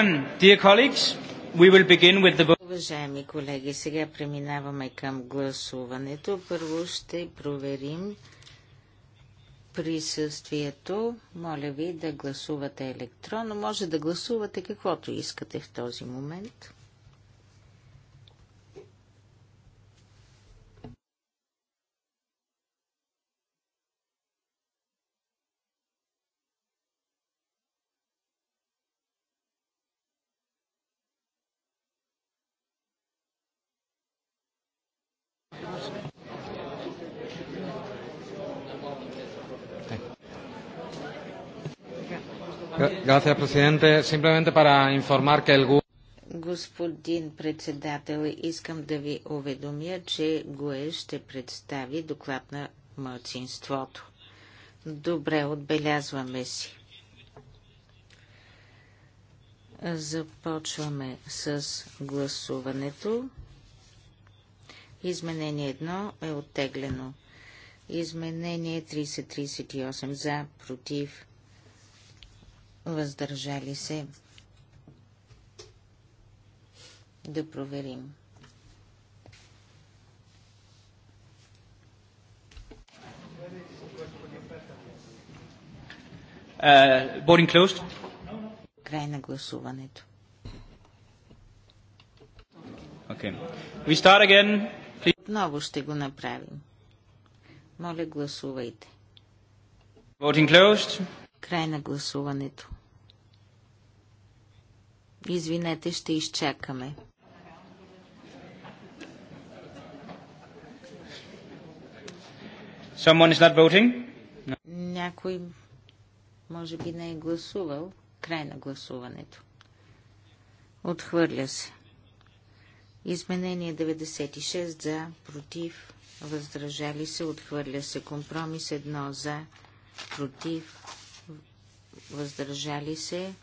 The... Уважаеми колеги, сега преминаваме към гласуването. Първо ще проверим присъствието. Моля ви да гласувате електронно. Може да гласувате каквото искате в този момент. Gracias, presidente. Simplemente para informar que el Господин председател, искам да ви уведомя, че ГОЕ ще представи доклад на мълцинството. Добре, отбелязваме си. Започваме с гласуването. Изменение 1 е оттеглено. Изменение 3038 за, против, въздържали се. Да проверим. Uh, Край на гласуването. Okay. We start again. Please. Отново ще го направим. Моля, гласувайте. Voting closed. Край на гласуването. Извинете, ще изчакаме. Someone is not voting? No. Някой може би не е гласувал. Край на гласуването. Отхвърля се. Изменение 96 за, против, въздържали се, отхвърля се. Компромис 1 за, против, въздържали се,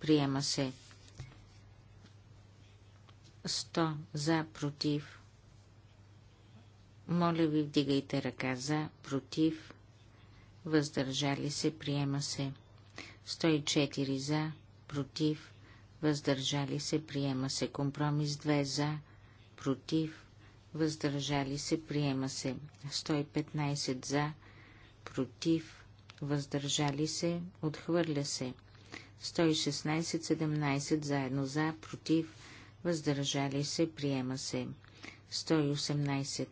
приема се. 100 за, против. Моля ви, вдигайте ръка за, против. Въздържали се, приема се. 104 за, против. Въздържали се, приема се. Компромис 2 за, против. Въздържали се, приема се. 115 за, против. Въздържали се, отхвърля се. 116-17 заедно за, против въздържали се, приема се. 118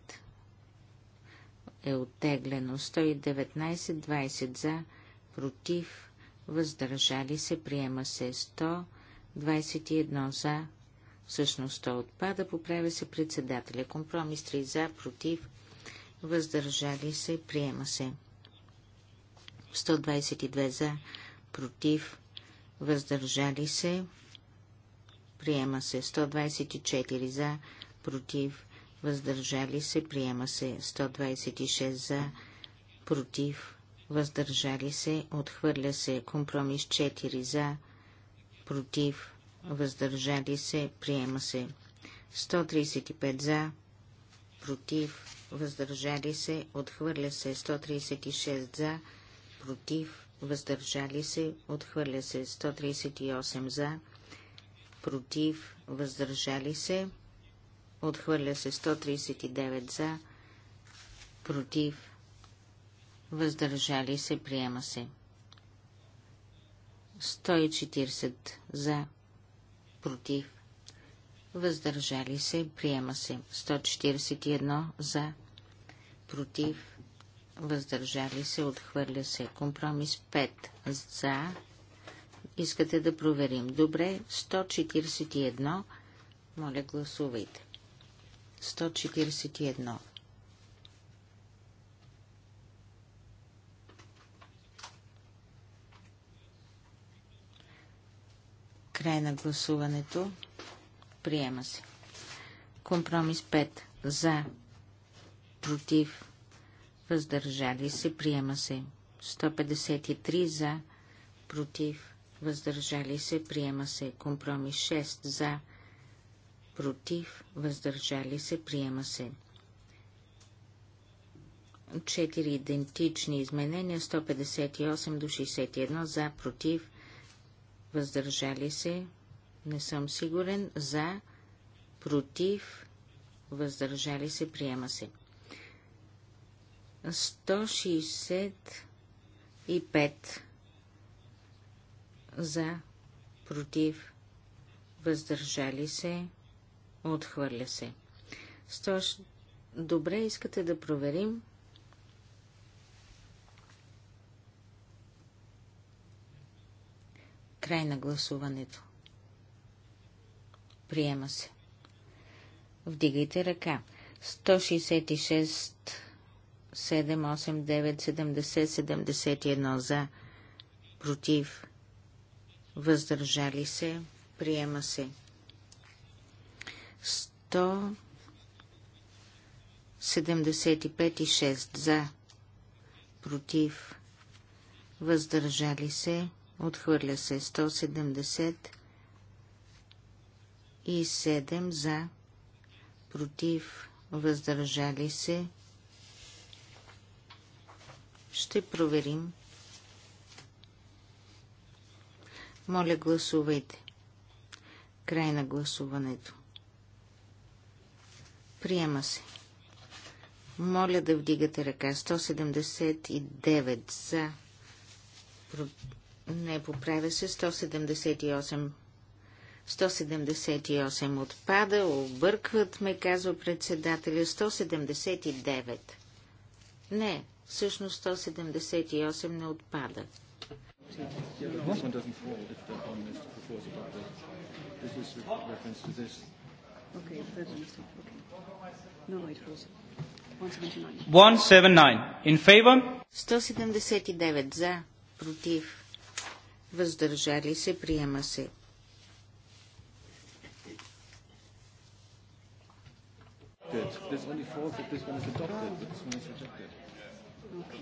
е оттеглено. 119, 20 за, против, въздържали се, приема се. 121 за, всъщност 100 отпада, поправя се председателя. Компромис 3 за, против, въздържали се, приема се. 122 за, против, въздържали се, приема се 124 за, против, въздържали се, приема се 126 за, против, въздържали се, отхвърля се компромис 4 за, против, въздържали се, приема се 135 за, против, въздържали се, отхвърля се 136 за, против, въздържали се, отхвърля се 138 за, против, въздържали се, отхвърля се 139 за, против, въздържали се, приема се. 140 за, против, въздържали се, приема се. 141 за, против, въздържали се, отхвърля се. Компромис 5 за, Искате да проверим. Добре, 141. Моля, гласувайте. 141. Край на гласуването. Приема се. Компромис 5. За. Против. Въздържали се. Приема се. 153 за. Против въздържали се, приема се. Компромис 6 за, против, въздържали се, приема се. 4 идентични изменения 158 до 61 за, против, въздържали се, не съм сигурен, за, против, въздържали се, приема се. 165 за, против, въздържали се, отхвърля се. Стош, добре, искате да проверим? Край на гласуването. Приема се. Вдигайте ръка. 166, 7, 8, 9, 70, 71 за, против, въздържали се, приема се. 175,6 за, против, въздържали се, отхвърля се 1707 за, против, въздържали се. Ще проверим Моля, гласувайте. Край на гласуването. Приема се. Моля да вдигате ръка. 179 за. Не поправя се. 178. 178 отпада. Объркват ме, казва председателя. 179. Не, всъщност 178 не отпада. Yeah, but this one doesn't fall if the Prime Minister prefers it like this. This is reference to this. Okay, third one is okay. No, it falls. 179. In favor? 179 за, против, въздържали се, приема се.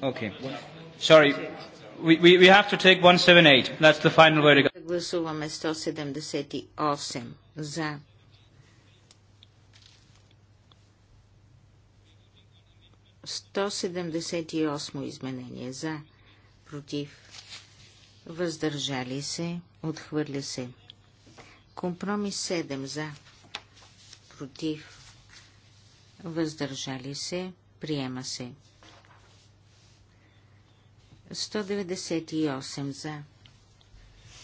Okay. Sorry. We, we, have to take 178. That's the final verdict. Гласуваме 178 за. Сто изменение за, против, въздържали се, отхвърля се. Компромис 7 за, против, въздържали се, приема се. 198 за.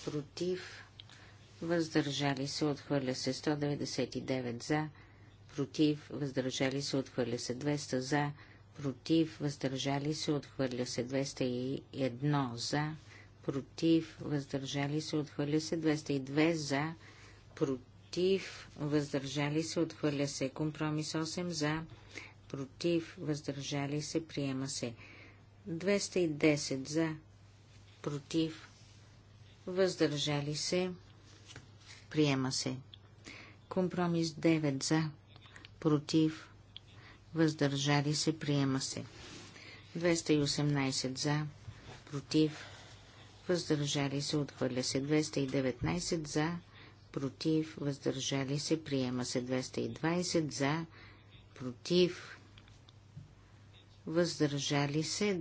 Против. Въздържали се. Отхвърля се. 199 за. Против. Въздържали се. Отхвърля се. 200 за. Против. Въздържали се. Отхвърля се. 201 за. Против. Въздържали се. Отхвърля се. 202 за. Против. Въздържали се. Отхвърля се. Компромис 8 за. Против. Въздържали се. Приема се. 210 за, против, въздържали се, приема се. Компромис 9 за, против, въздържали се, приема се. 218 за, против, въздържали се, отхвърля се. 219 за, против, въздържали се, приема се. 220 за, против, въздържали се,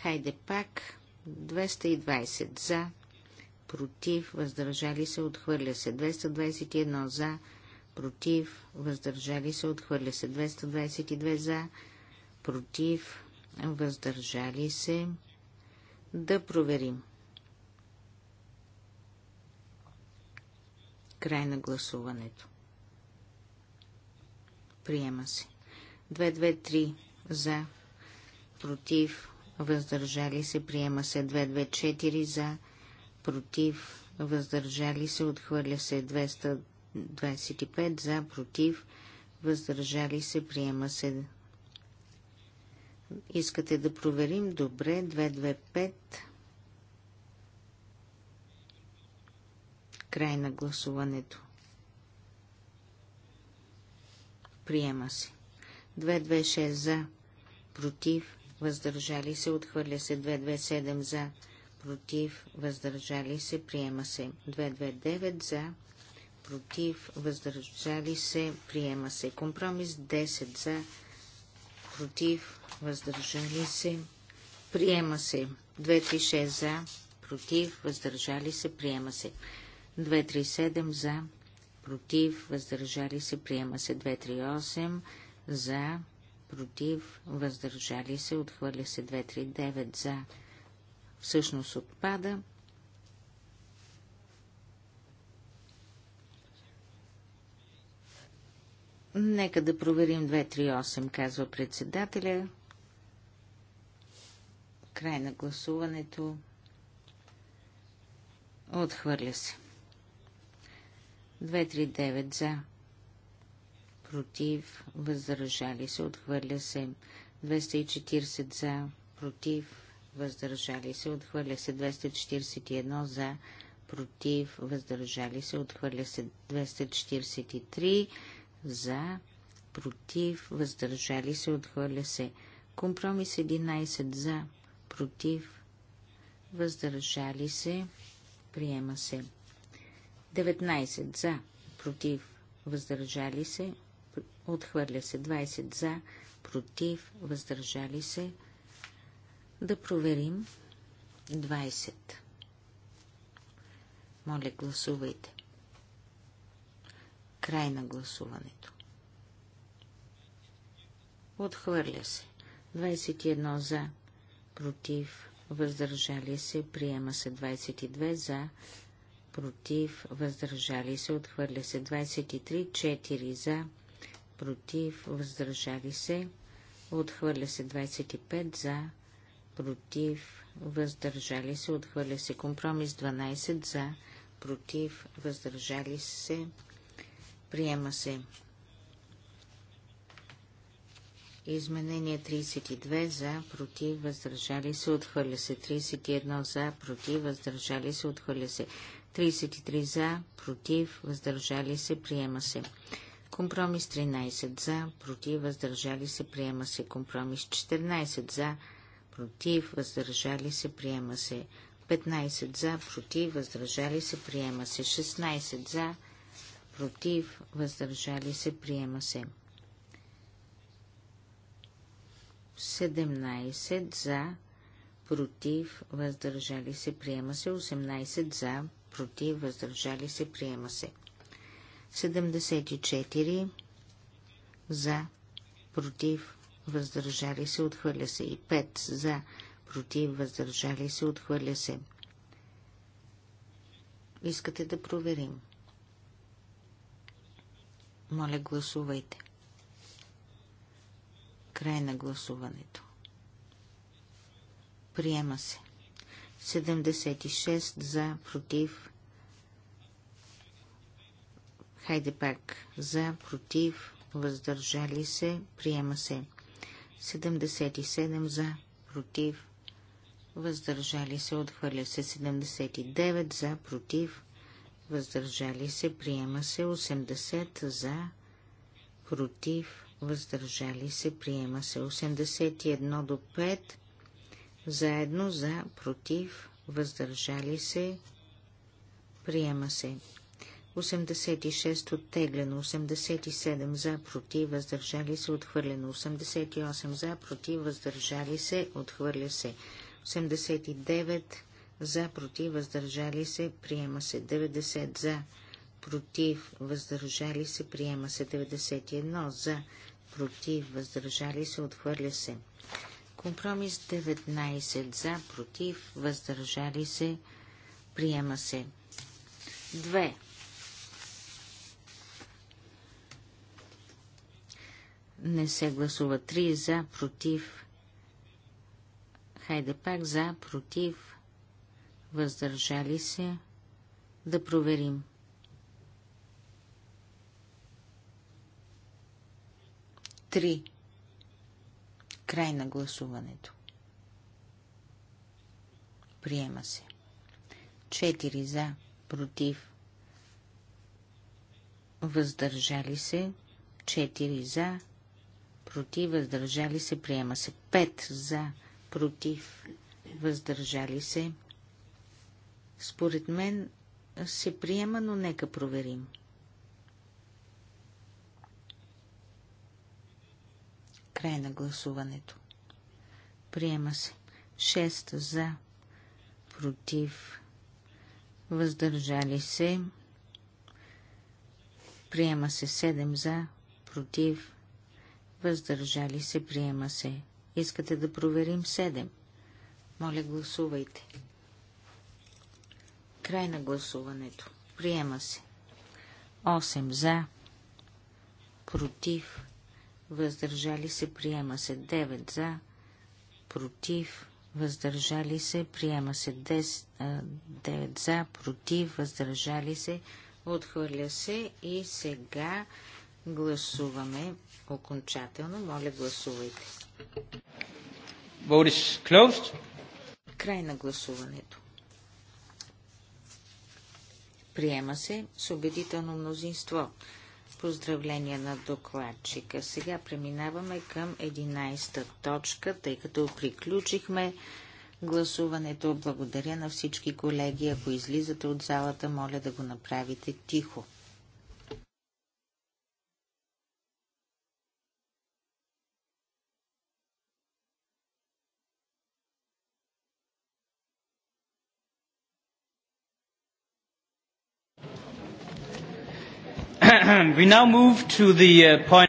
хайде пак, 220 за, против, въздържали се, отхвърля се, 221 за, против, въздържали се, отхвърля се, 222 за, против, въздържали се, да проверим. Край на гласуването. Приема се. 223 за, против, въздържали се, приема се 224 за, против, въздържали се, отхвърля се 225 за, против, въздържали се, приема се. Искате да проверим? Добре, 225. Край на гласуването. Приема се. 226 за, против, въздържали се, отхвърля се 227 за, против, въздържали се, приема се 229 за, против, въздържали се, приема се. Компромис 10 за, против, въздържали се, приема се. 236 за, против, въздържали се, приема се. 237 за, против, въздържали се, приема се. 238 за, против, въздържали се, отхвърля се 239 за, всъщност отпада. Нека да проверим 238, казва председателя. Край на гласуването. Отхвърля се. 239 за против, въздържали се, отхвърля се. 240 за, против, въздържали се, отхвърля се. 241 за, против, въздържали се, отхвърля се. 243 за, против, въздържали се, отхвърля се. Компромис 11 за, против, въздържали се, приема се. 19 за, против, въздържали се, Отхвърля се 20 за, против, въздържали се. Да проверим 20. Моля, гласувайте. Край на гласуването. Отхвърля се. 21 за, против, въздържали се, приема се 22 за, против, въздържали се, отхвърля се 23, 4 за, против, въздържали се, отхвърля се 25 за, против, въздържали се, отхвърля се компромис 12 за, против, въздържали се, приема се. Изменение 32 за, против, въздържали се, отхвърля се. 31 за, против, въздържали се, отхвърля се. 33 за, против, въздържали се, приема се. Компромис 13 за, против, въздържали се, приема се. Компромис 14 за, против, въздържали се, приема се. 15 за, против, въздържали се, приема се. 16 за, против, въздържали се, приема се. 17 за, против, въздържали се, приема се. 18 за, против, въздържали се, приема се. 74 за, против, въздържали се, отхвърля се. И 5 за, против, въздържали се, отхвърля се. Искате да проверим. Моля, гласувайте. Край на гласуването. Приема се. 76 за, против, Хайде пак. За, против, въздържали се, приема се. 77 за, против, въздържали се, отхвърля се. 79 за, против, въздържали се, приема се. 80 за, против, въздържали се, приема се. 81 до 5 заедно за, против, въздържали се, приема се. 86 оттеглено, 87 за, против, въздържали се, отхвърлено, 88 за, против, въздържали се, отхвърля се, 89 за, против, въздържали се, приема се, 90 за, против, въздържали се, приема се, 91 за, против, въздържали се, отхвърля се. Компромис 19 за, против, въздържали се, приема се. 2 Не се гласува 3 за, против. Хайде пак за, против. Въздържали се. Да проверим. Три. Край на гласуването. Приема се. 4 за, против, въздържали се, 4 за, против, въздържали се, приема се. 5 за, против, въздържали се. Според мен се приема, но нека проверим. Край на гласуването. Приема се. 6 за, против, въздържали се. Приема се 7 за, против, въздържали се, приема се. Искате да проверим 7. Моля, гласувайте. Край на гласуването. Приема се. 8 за, против, въздържали се, приема се. 9 за, против, въздържали се, приема се. 10, 9 за, против, въздържали се, отхвърля се. И сега Гласуваме окончателно. Моля, гласувайте. Vote is closed. Край на гласуването. Приема се с убедително мнозинство. Поздравления на докладчика. Сега преминаваме към 11-та точка, тъй като приключихме гласуването. Благодаря на всички колеги. Ако излизате от залата, моля да го направите тихо. Uh, point...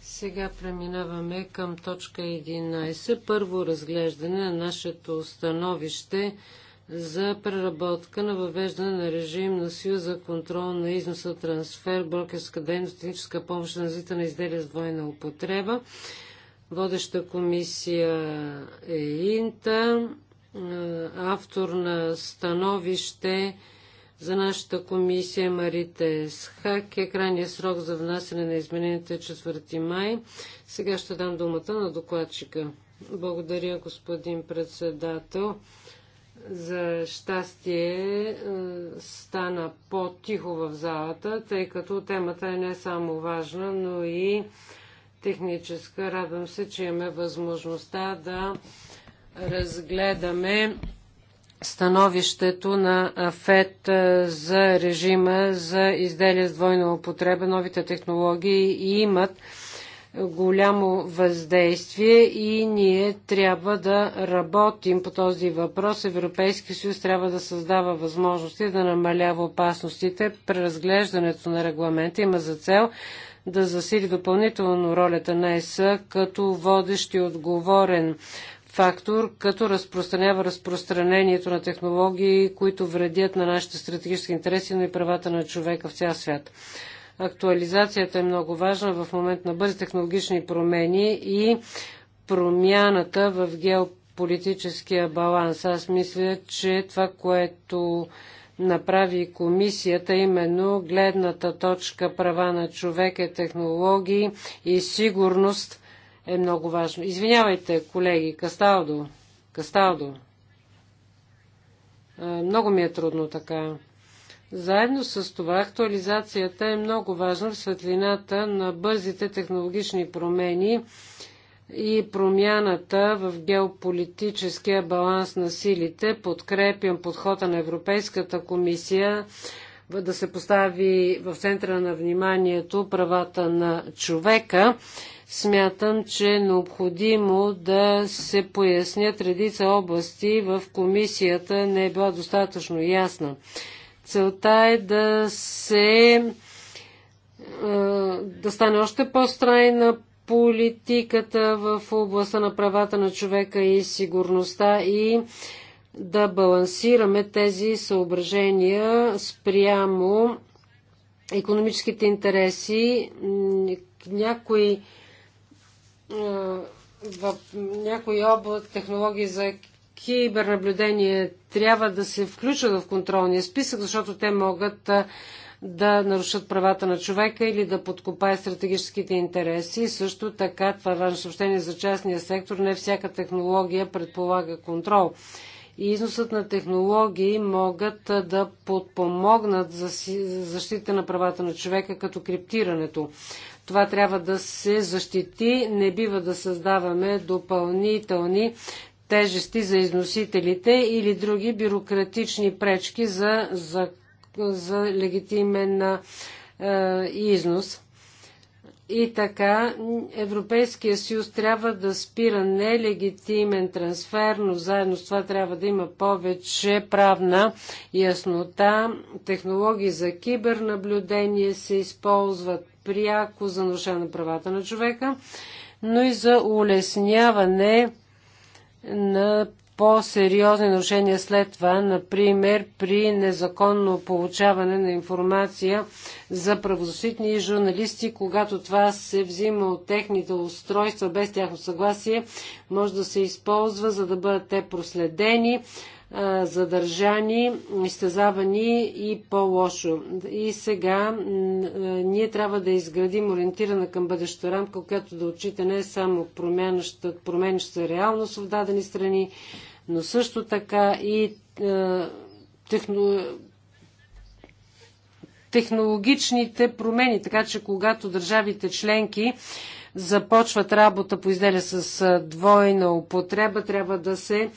Сега преминаваме към точка 11. Първо разглеждане на нашето становище за преработка на въвеждане на режим на Съюза за контрол на износа, трансфер, брокерска дейност, техническа помощ на зита на изделия с двойна употреба. Водеща комисия е Инта. Е, автор на становище е за нашата комисия Марите Схак е крайният срок за внасяне на измененията 4 май. Сега ще дам думата на докладчика. Благодаря, господин председател. За щастие е, стана по-тихо в залата, тъй като темата е не само важна, но и техническа. Радвам се, че имаме възможността да разгледаме становището на ФЕД за режима за изделия с двойна употреба, новите технологии имат голямо въздействие и ние трябва да работим по този въпрос. Европейски съюз трябва да създава възможности да намалява опасностите. Преразглеждането на регламента има за цел да засили допълнително ролята на ЕС като водещ и отговорен фактор, като разпространява разпространението на технологии, които вредят на нашите стратегически интереси, но и правата на човека в цял свят. Актуализацията е много важна в момент на бързи технологични промени и промяната в геополитическия баланс. Аз мисля, че това, което направи комисията, именно гледната точка права на човека, е технологии и сигурност е много важно. Извинявайте, колеги, Касталдо. Касталдо. Е, много ми е трудно така. Заедно с това актуализацията е много важна в светлината на бързите технологични промени и промяната в геополитическия баланс на силите. Подкрепям подхода на Европейската комисия да се постави в центъра на вниманието правата на човека Смятам, че е необходимо да се пояснят редица области в комисията не е била достатъчно ясна. Целта е да се да стане още по-страйна политиката в областта на правата на човека и сигурността и да балансираме тези съображения спрямо економическите интереси. Някои е, в някои област, технологии за кибернаблюдение трябва да се включат в контролния списък, защото те могат е, да нарушат правата на човека или да подкопаят стратегическите интереси. Също така, това е важно съобщение за частния сектор, не всяка технология предполага контрол и износът на технологии могат да подпомогнат за защита на правата на човека като криптирането. Това трябва да се защити. Не бива да създаваме допълнителни тежести за износителите или други бюрократични пречки за, за, за легитимен е, износ. И така Европейския съюз трябва да спира нелегитимен трансфер, но заедно с това трябва да има повече правна яснота. Технологии за кибернаблюдение се използват пряко за нарушение на правата на човека, но и за улесняване на по-сериозни нарушения след това, например при незаконно получаване на информация за правозащитни журналисти, когато това се взима от техните устройства без тяхно съгласие, може да се използва, за да бъдат те проследени, задържани, изтезавани и по-лошо. И сега ние трябва да изградим ориентирана към бъдеща рамка, която да отчита не само променяща реалност в дадени страни, но също така и техно, технологичните промени, така че когато държавите членки започват работа по изделия с двойна употреба, трябва да се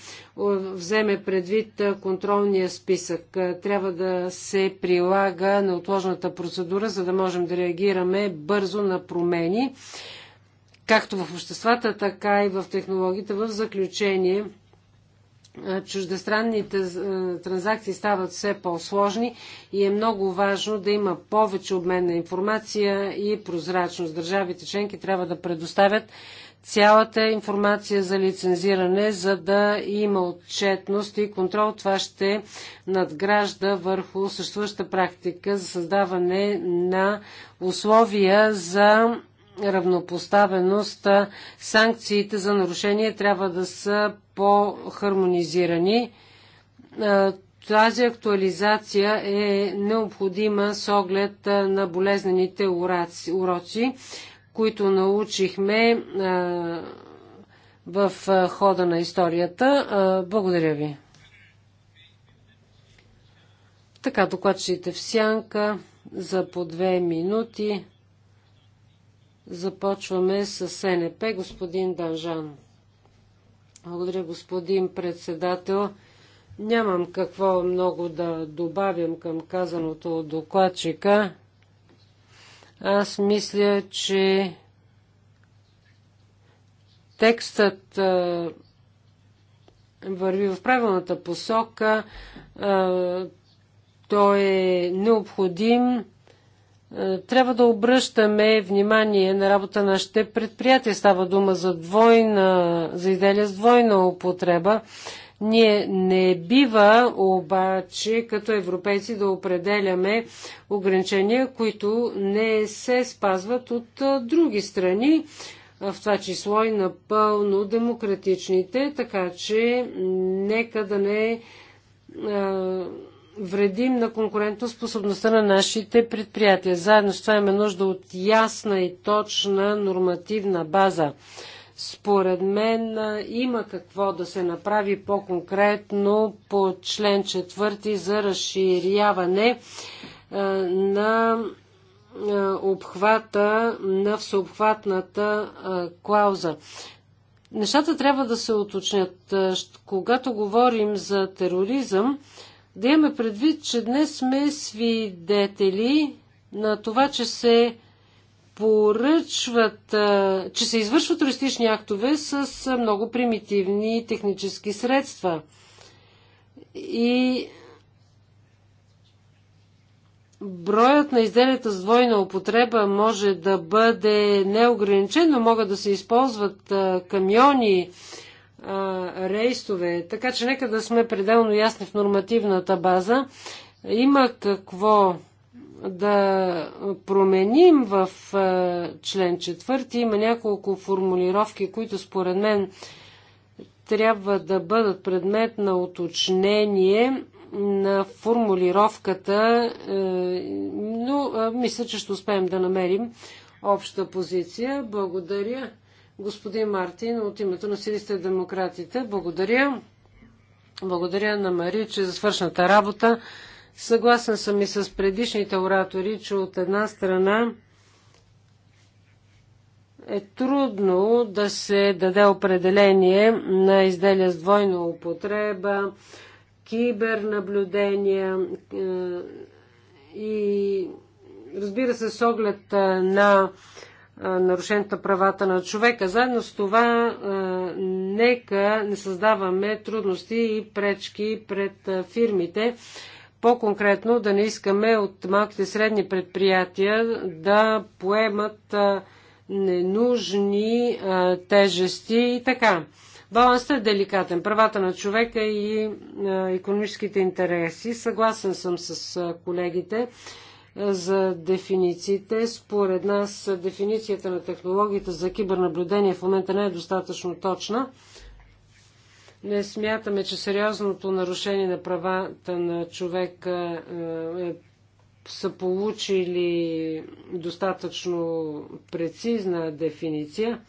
вземе предвид контролния списък. Трябва да се прилага неотложната процедура, за да можем да реагираме бързо на промени, както в обществата, така и в технологията. В заключение, чуждестранните транзакции стават все по-сложни и е много важно да има повече обмен на информация и прозрачност. Държавите членки трябва да предоставят цялата информация за лицензиране, за да има отчетност и контрол. Това ще надгражда върху съществуваща практика за създаване на условия за равнопоставеност, санкциите за нарушение трябва да са по-хармонизирани. Тази актуализация е необходима с оглед на болезнените уроци, които научихме в хода на историята. Благодаря ви. Така, докладчите в сянка за по две минути. Започваме с НП, господин Данжан. Благодаря, господин председател. Нямам какво много да добавям към казаното от докладчика. Аз мисля, че текстът върви в правилната посока. Той е необходим е, трябва да обръщаме внимание на работа на нашите предприятия. Става дума за двойна, за изделия с двойна употреба. Ние не бива обаче като европейци да определяме ограничения, които не се спазват от е, други страни, в това число и напълно демократичните, така че нека да не е, вредим на конкурентоспособността на нашите предприятия. Заедно с това имаме нужда от ясна и точна нормативна база. Според мен има какво да се направи по-конкретно по член 4 за разширяване на обхвата на всеобхватната клауза. Нещата трябва да се уточнят. Когато говорим за тероризъм, да имаме предвид, че днес сме свидетели на това, че се поръчват, че се извършват туристични актове с много примитивни технически средства. И броят на изделията с двойна употреба може да бъде неограничен, но могат да се използват камиони, рейсове. Така че нека да сме пределно ясни в нормативната база. Има какво да променим в член 4. Има няколко формулировки, които според мен трябва да бъдат предмет на уточнение на формулировката, е, но мисля, че ще успеем да намерим обща позиция. Благодаря. Господин Мартин от името на Силиста и демократите, благодаря. Благодаря на Мариче за свършната работа. Съгласен съм и с предишните оратори, че от една страна е трудно да се даде определение на изделия с двойна употреба, кибернаблюдения е, и разбира се с оглед е, на нарушението на правата на човека. Заедно с това, нека не създаваме трудности и пречки пред фирмите. По-конкретно да не искаме от малките и средни предприятия да поемат ненужни тежести и така. Балансът е деликатен. Правата на човека и економическите интереси. Съгласен съм с колегите за дефинициите. Според нас дефиницията на технологията за кибернаблюдение в момента не е достатъчно точна. Не смятаме, че сериозното нарушение на правата на човека е, е са получили достатъчно прецизна дефиниция.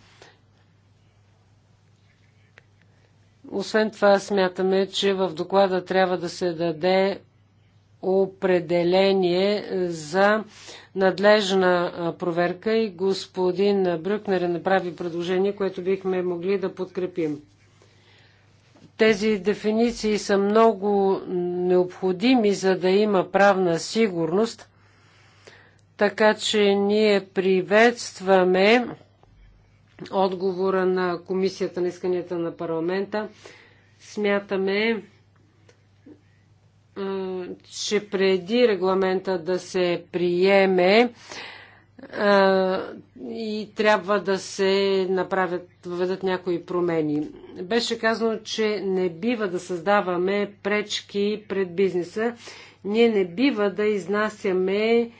Освен това, смятаме, че в доклада трябва да се даде определение за надлежна проверка и господин Брюкнер е направи предложение, което бихме могли да подкрепим. Тези дефиниции са много необходими, за да има правна сигурност, така че ние приветстваме отговора на Комисията на исканията на парламента. Смятаме, че преди регламента да се приеме и трябва да се направят, въведат някои промени. Беше казано, че не бива да създаваме пречки пред бизнеса. Ние не бива да изнасяме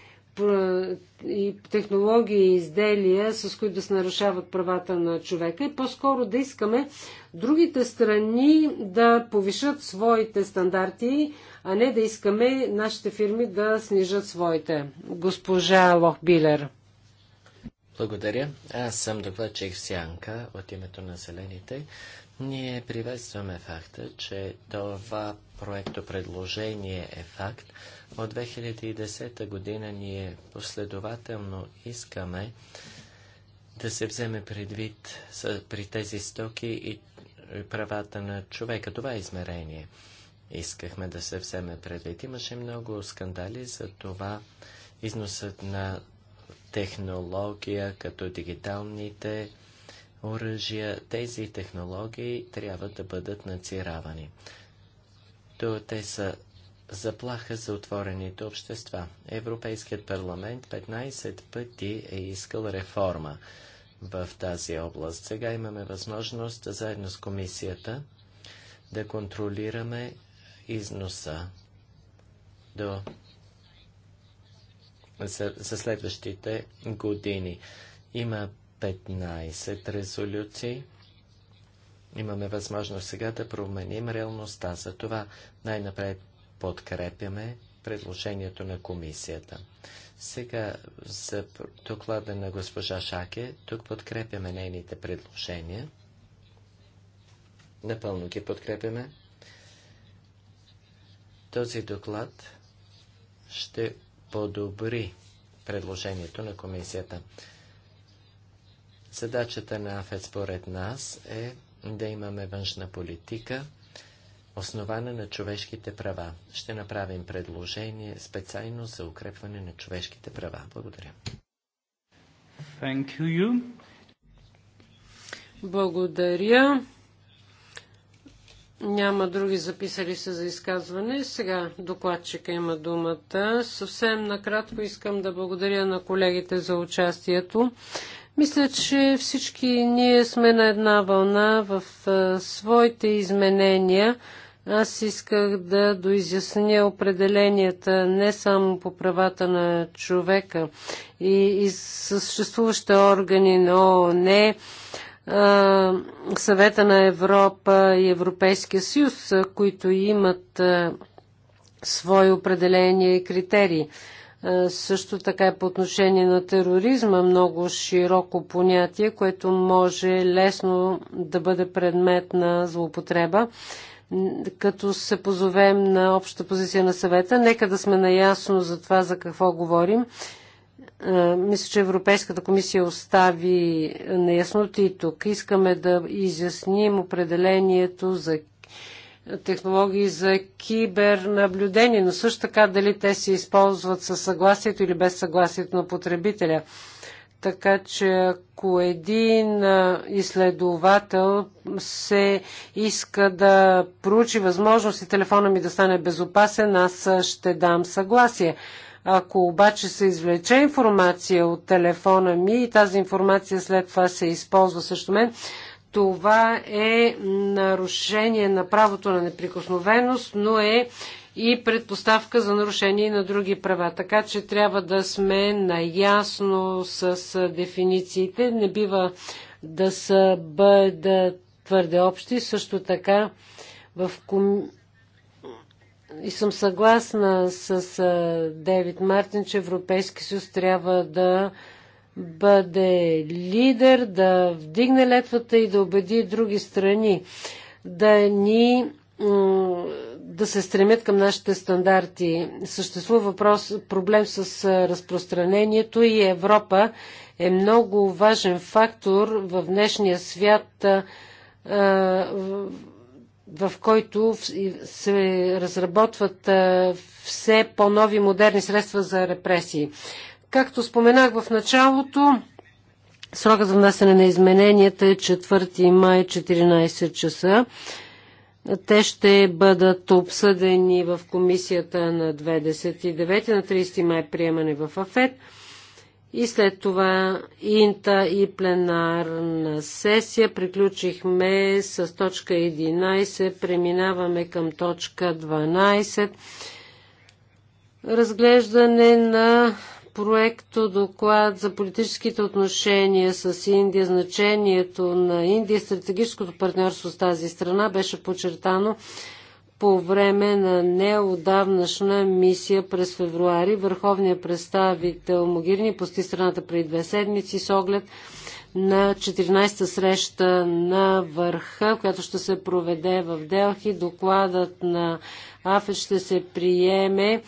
и технологии и изделия, с които да се нарушават правата на човека и по-скоро да искаме другите страни да повишат своите стандарти, а не да искаме нашите фирми да снижат своите. Госпожа Лохбилер. Благодаря. Аз съм докладчик Сянка от името на Зелените. Ние приветстваме факта, че това проекто предложение е факт. От 2010 година ние последователно искаме да се вземе предвид при тези стоки и правата на човека. Това е измерение. Искахме да се вземе предвид. Имаше много скандали за това износът на технология, като дигиталните оръжия, тези технологии трябва да бъдат надзиравани. То те са заплаха за отворените общества. Европейският парламент 15 пъти е искал реформа в тази област. Сега имаме възможност заедно с комисията да контролираме износа до за, за следващите години. Има 15 резолюции. Имаме възможност сега да променим реалността. За това най-напред подкрепяме предложението на комисията. Сега за доклада на госпожа Шаке, тук подкрепяме нейните предложения. Напълно ги подкрепяме. Този доклад ще подобри предложението на комисията. Задачата на АФЕД според нас е да имаме външна политика, основана на човешките права. Ще направим предложение специално за укрепване на човешките права. Благодаря. Thank you. Благодаря. Няма други записали се за изказване. Сега докладчика има думата. Съвсем накратко искам да благодаря на колегите за участието. Мисля, че всички ние сме на една вълна в своите изменения. Аз исках да доизясня определенията не само по правата на човека и, и съществуващите органи на ООН, Съвета на Европа и Европейския съюз, които имат свои определения и критерии. Е, също така е по отношение на тероризма много широко понятие, което може лесно да бъде предмет на злоупотреба. Като се позовем на общата позиция на съвета, нека да сме наясно за това за какво говорим. Е, мисля, че Европейската комисия остави неясноти тук. Искаме да изясним определението за технологии за кибернаблюдение, но също така дали те се използват със съгласието или без съгласието на потребителя. Така че ако един изследовател се иска да проучи възможност и телефона ми да стане безопасен, аз ще дам съгласие. Ако обаче се извлече информация от телефона ми и тази информация след това се използва срещу мен, това е нарушение на правото на неприкосновеност, но е и предпоставка за нарушение на други права. Така че трябва да сме наясно с дефинициите. Не бива да са бъдат твърде общи. Също така в ком... и съм съгласна с Девид Мартин, че Европейски съюз трябва да бъде лидер, да вдигне летвата и да убеди други страни да ни да се стремят към нашите стандарти. Съществува въпрос, проблем с разпространението и Европа е много важен фактор в днешния свят, в който се разработват все по-нови модерни средства за репресии. Както споменах в началото, срока за внасяне на измененията е 4 май 14 часа. Те ще бъдат обсъдени в комисията на 29 на 30 май приемане в АФЕД и след това инта и пленарна сесия. Приключихме с точка 11, преминаваме към точка 12. Разглеждане на проекто доклад за политическите отношения с Индия, значението на Индия стратегическото партньорство с тази страна беше подчертано по време на неодавнашна мисия през февруари. Върховният представител Могирни пости страната преди две седмици с оглед на 14-та среща на върха, която ще се проведе в Делхи. Докладът на АФЕ ще се приеме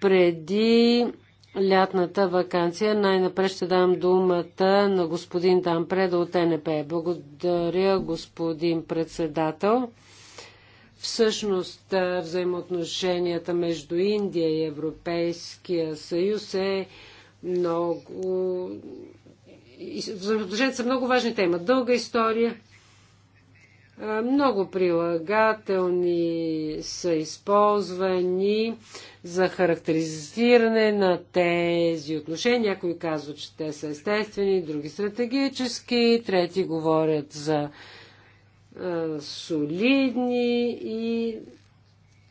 преди лятната вакансия. Най-напред ще дам думата на господин Дампред от НП. Благодаря, господин председател. Всъщност, взаимоотношенията между Индия и Европейския съюз е много... Взаимоотношенията са много важни. Те имат дълга история е, много прилагателни са използвани за характеризиране на тези отношения. Някои казват, че те са естествени, други стратегически, трети говорят за а, е, солидни и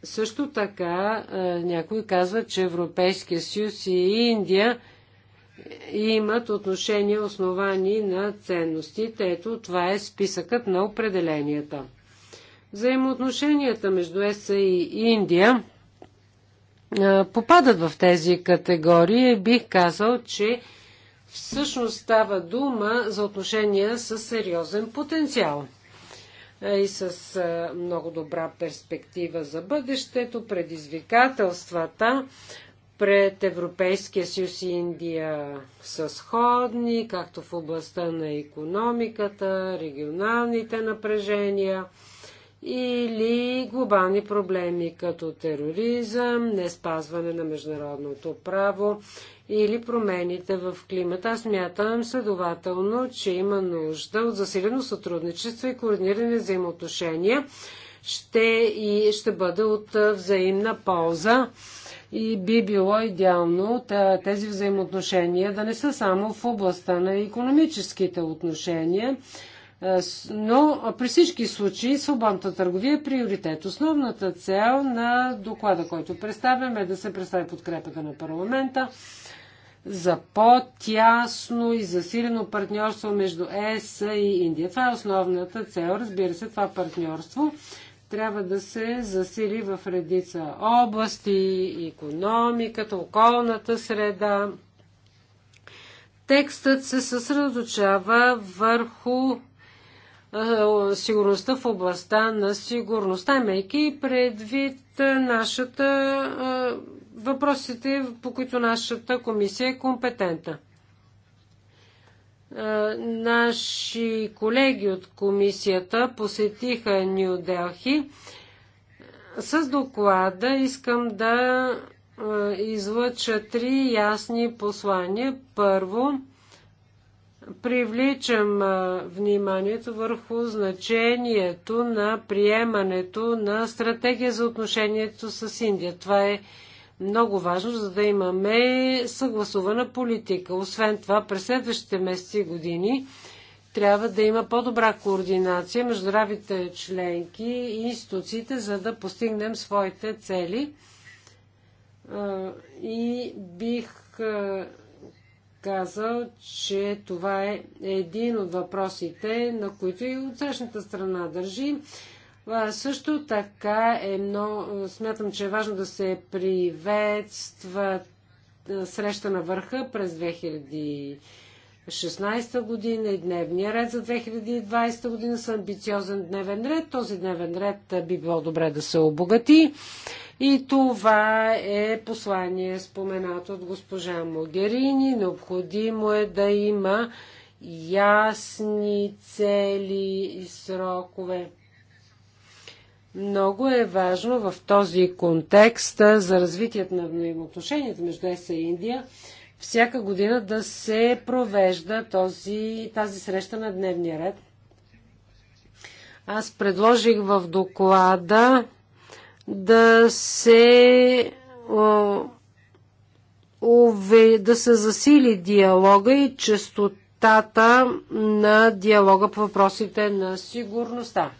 също така а, е, някои казват, че Европейския съюз и Индия – и имат отношение, основани на ценностите. Ето, това е списъкът на определенията. Взаимоотношенията между ЕСА и Индия попадат в тези категории и бих казал, че всъщност става дума за отношения с сериозен потенциал и с много добра перспектива за бъдещето, предизвикателствата пред Европейския съюз и Индия са сходни, както в областта на економиката, регионалните напрежения или глобални проблеми като тероризъм, не спазване на международното право или промените в климата. Аз мятам следователно, че има нужда от засилено сътрудничество и координиране взаимоотношения ще, и ще бъде от взаимна полза и би било идеално тези взаимоотношения да не са само в областта на економическите отношения, но при всички случаи свободната търговия е приоритет. Основната цел на доклада, който представяме е да се представи подкрепата на парламента за по-тясно и засилено партньорство между ЕС и Индия. Това е основната цел. Разбира се, това партньорство трябва да се засили в редица области, економиката, околната среда. Текстът се съсредоточава върху сигурността в областта на сигурността, имайки предвид нашата въпросите, по които нашата комисия е компетентна. Е, наши колеги от комисията посетиха Нью Делхи. С доклада искам да е, излъча три ясни послания. Първо, привличам е, вниманието върху значението на приемането на стратегия за отношението с Индия. Това е много важно, за да имаме съгласувана политика. Освен това, през следващите месеци и години трябва да има по-добра координация между здравите членки и институциите, за да постигнем своите цели. И бих казал, че това е един от въпросите, на които и от срещната страна държи. Също така е много, смятам, че е важно да се приветства среща на върха през 2016 година и дневния ред за 2020 година с амбициозен дневен ред. Този дневен ред би било добре да се обогати. И това е послание споменато от госпожа Могерини. Необходимо е да има ясни цели и срокове. Много е важно в този контекст за развитието на взаимоотношенията между ЕС и Индия всяка година да се провежда този, тази среща на дневния ред. Аз предложих в доклада да се да се засили диалога и честотата на диалога по въпросите на сигурността.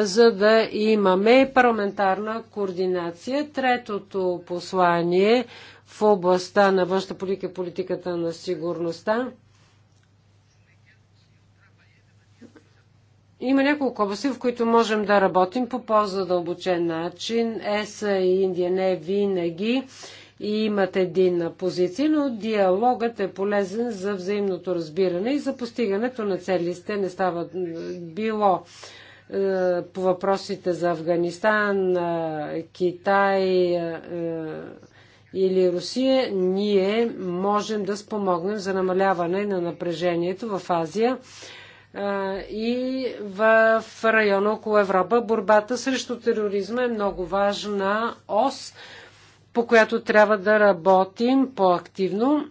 за да имаме парламентарна координация. Третото послание в областта на външната политика и политиката на сигурността. Има няколко области, в които можем да работим по по-задълбочен начин. ЕС и Индия не винаги и имат единна позиция, но диалогът е полезен за взаимното разбиране и за постигането на целите. Не става било е, по въпросите за Афганистан, е, Китай е, или Русия, ние можем да спомогнем за намаляване на напрежението в Азия и в района около Европа. Борбата срещу тероризма е много важна ос, по която трябва да работим по-активно.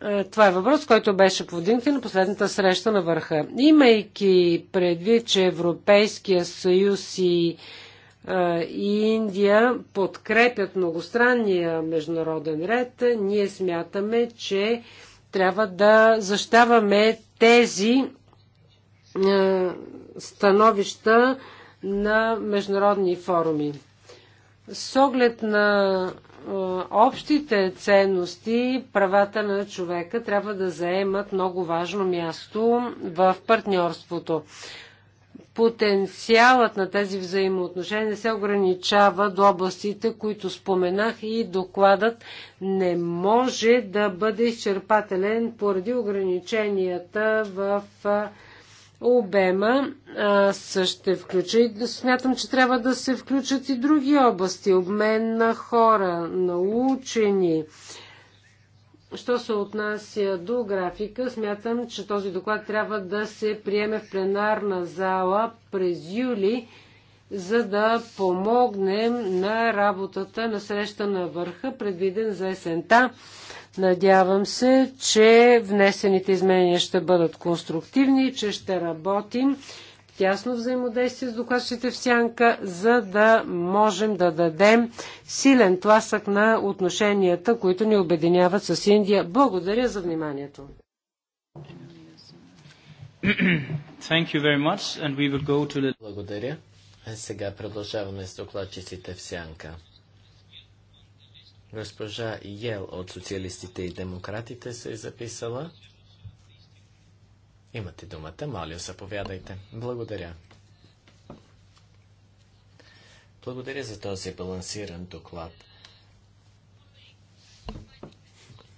Е, това е въпрос, който беше повдигнат на последната среща на върха. Имайки предвид, че Европейския съюз и, е, и Индия подкрепят многостранния международен ред, ние смятаме, че трябва да защаваме тези е, становища на международни форуми. С оглед на е, общите ценности, правата на човека трябва да заемат много важно място в партньорството. Потенциалът на тези взаимоотношения не се ограничава до областите, които споменах и докладът не може да бъде изчерпателен поради ограниченията в е, обема. а, ще включа и смятам, че трябва да се включат и други области. Обмен на хора, на учени. Що се отнася до графика, смятам, че този доклад трябва да се приеме в пленарна зала през юли, за да помогнем на работата на среща на върха, предвиден за есента. Надявам се, че внесените изменения ще бъдат конструктивни и че ще работим тясно взаимодействие с докладчите в сянка, за да можем да дадем силен тласък на отношенията, които ни обединяват с Индия. Благодаря за вниманието. The... Благодаря. А сега продължаваме с докладчиците в сянка. Госпожа Йел от Социалистите и Демократите се е записала. Имате думата, моля, заповядайте. Благодаря. Благодаря за този балансиран доклад.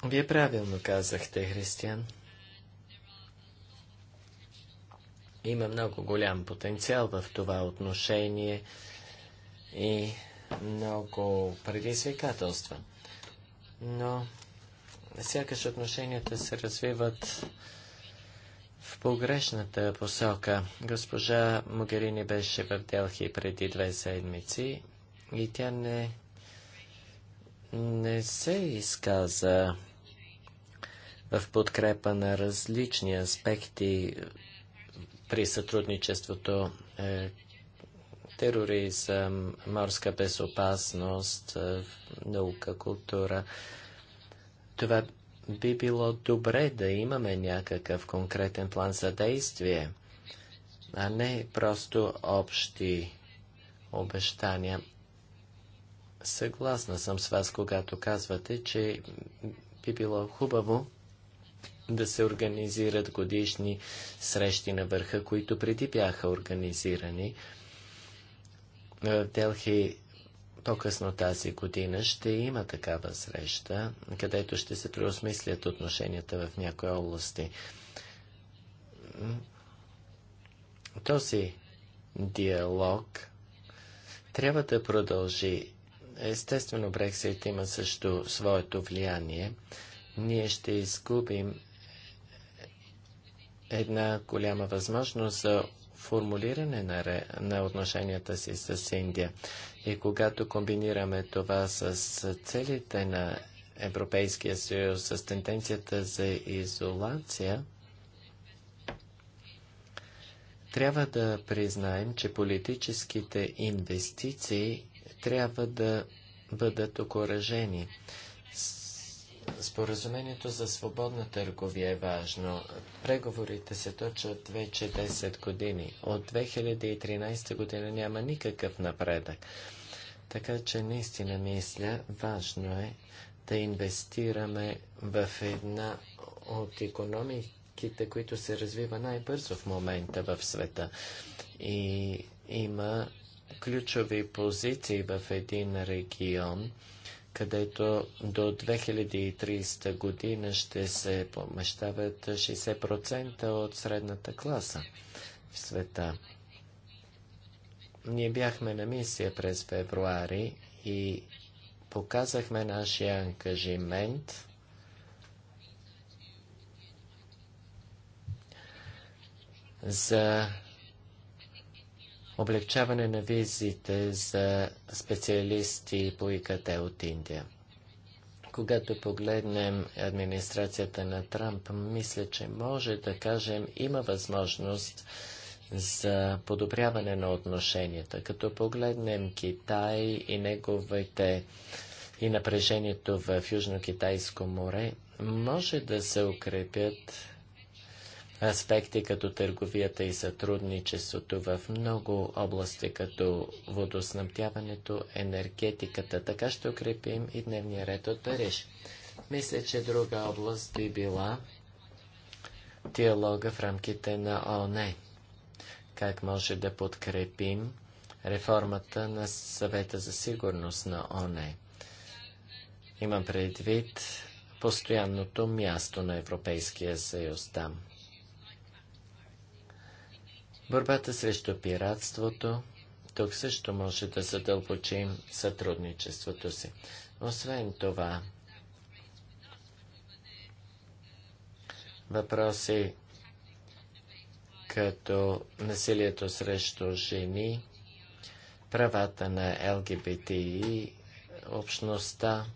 Вие правилно казахте, Християн. Има много голям потенциал в това отношение и много предизвикателства. Но сякаш отношенията се развиват в погрешната посока. Госпожа Могерини беше в Делхи преди две седмици и тя не, не се изказа в подкрепа на различни аспекти при сътрудничеството, е, тероризъм, морска безопасност, е, наука, култура. Това би било добре да имаме някакъв конкретен план за действие, а не просто общи обещания. Съгласна съм с вас, когато казвате, че би било хубаво да се организират годишни срещи на върха, които преди бяха организирани. Е, Делхи по-късно тази година ще има такава среща, където ще се преосмислят отношенията в някои области. Този диалог трябва да продължи. Естествено, Брексит има също своето влияние. Ние ще изгубим една голяма възможност за формулиране на, ре, на отношенията си с Индия. И когато комбинираме това с целите на Европейския съюз, с тенденцията за изолация, трябва да признаем, че политическите инвестиции трябва да бъдат окоръжени. Споразумението за свободна търговия е важно. Преговорите се точат вече 10 години. От 2013 година няма никакъв напредък. Така че наистина мисля, важно е да инвестираме в една от економиките, които се развива най-бързо в момента в света. И има ключови позиции в един регион – където до 2030 година ще се помещават 60% от средната класа в света. Ние бяхме на мисия през февруари и показахме нашия ангажимент за облегчаване на визите за специалисти по ИКТ от Индия. Когато погледнем администрацията на Трамп, мисля, че може да кажем, има възможност за подобряване на отношенията. Като погледнем Китай и неговите и напрежението в Южно-Китайско море, може да се укрепят аспекти, като търговията и сътрудничеството в много области, като водоснабдяването, енергетиката. Така ще укрепим и дневния ред от Париж. Мисля, че друга област би била диалога в рамките на ООН. Как може да подкрепим реформата на съвета за сигурност на ОНЕ. Имам предвид постоянното място на Европейския съюз там. Борбата срещу пиратството. Тук също може да задълбочим сътрудничеството си. Освен това, въпроси като насилието срещу жени, правата на ЛГБТИ, общността.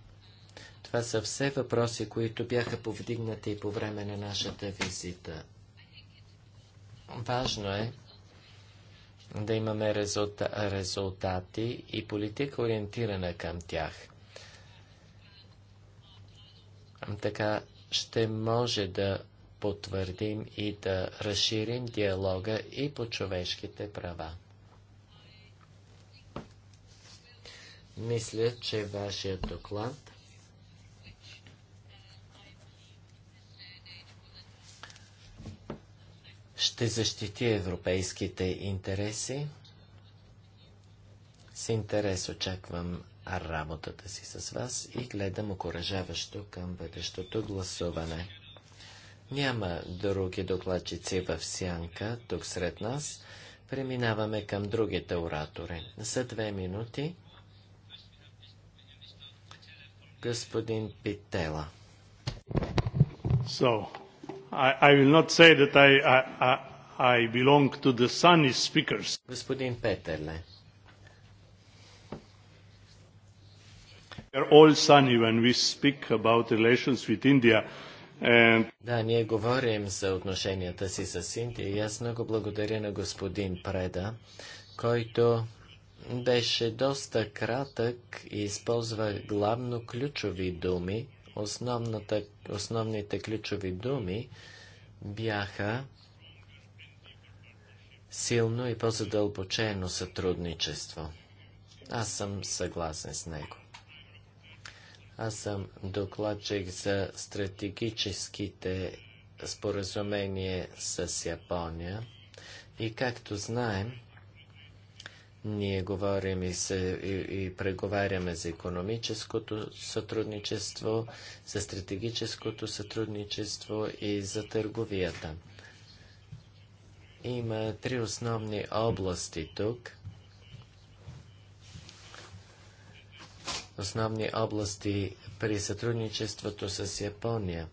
Това са все въпроси, които бяха повдигнати по време на нашата визита. Важно е да имаме резулта, резултати и политика ориентирана към тях. Така ще може да потвърдим и да разширим диалога и по човешките права. Мисля, че вашият доклад ще защити европейските интереси. С интерес очаквам работата си с вас и гледам окоръжаващо към бъдещото гласуване. Няма други докладчици в сянка тук сред нас. Преминаваме към другите оратори. За две минути господин Питела. So, I, I will not say that I, I, I belong to the sunny speakers. Господин Петерле. all sunny when we speak about relations with India. And... Да, ние говорим за отношенията си с Индия и аз много благодаря на господин Преда, който беше доста кратък и използва главно ключови думи. Основната, основните ключови думи бяха силно и по-задълбочено сътрудничество. Аз съм съгласен с него. Аз съм докладчик за стратегическите споразумения с Япония. И както знаем, ние говорим и, се, и, и преговаряме за економическото сътрудничество, за стратегическото сътрудничество и за търговията. Има три основни области тук. Основни области при сътрудничеството с Япония.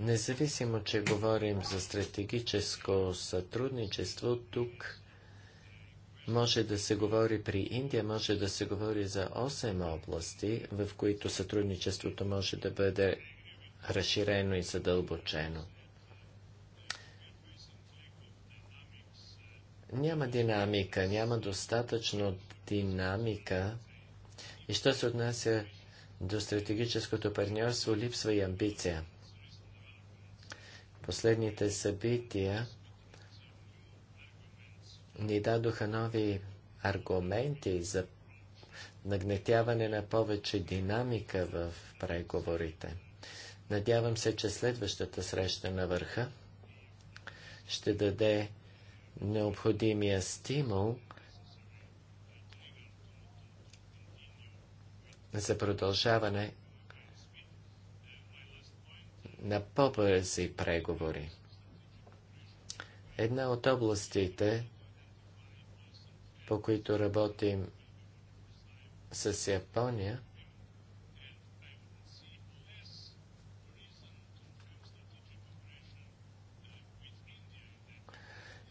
Независимо, че говорим за стратегическо сътрудничество, тук може да се говори при Индия, може да се говори за 8 области, в които сътрудничеството може да бъде разширено и задълбочено. Няма динамика, няма достатъчно динамика. И що се отнася до стратегическото партньорство, липсва и амбиция. Последните събития ни дадоха нови аргументи за нагнетяване на повече динамика в преговорите. Надявам се, че следващата среща на върха ще даде необходимия стимул за продължаване на по-бързи преговори. Една от областите, по които работим с Япония,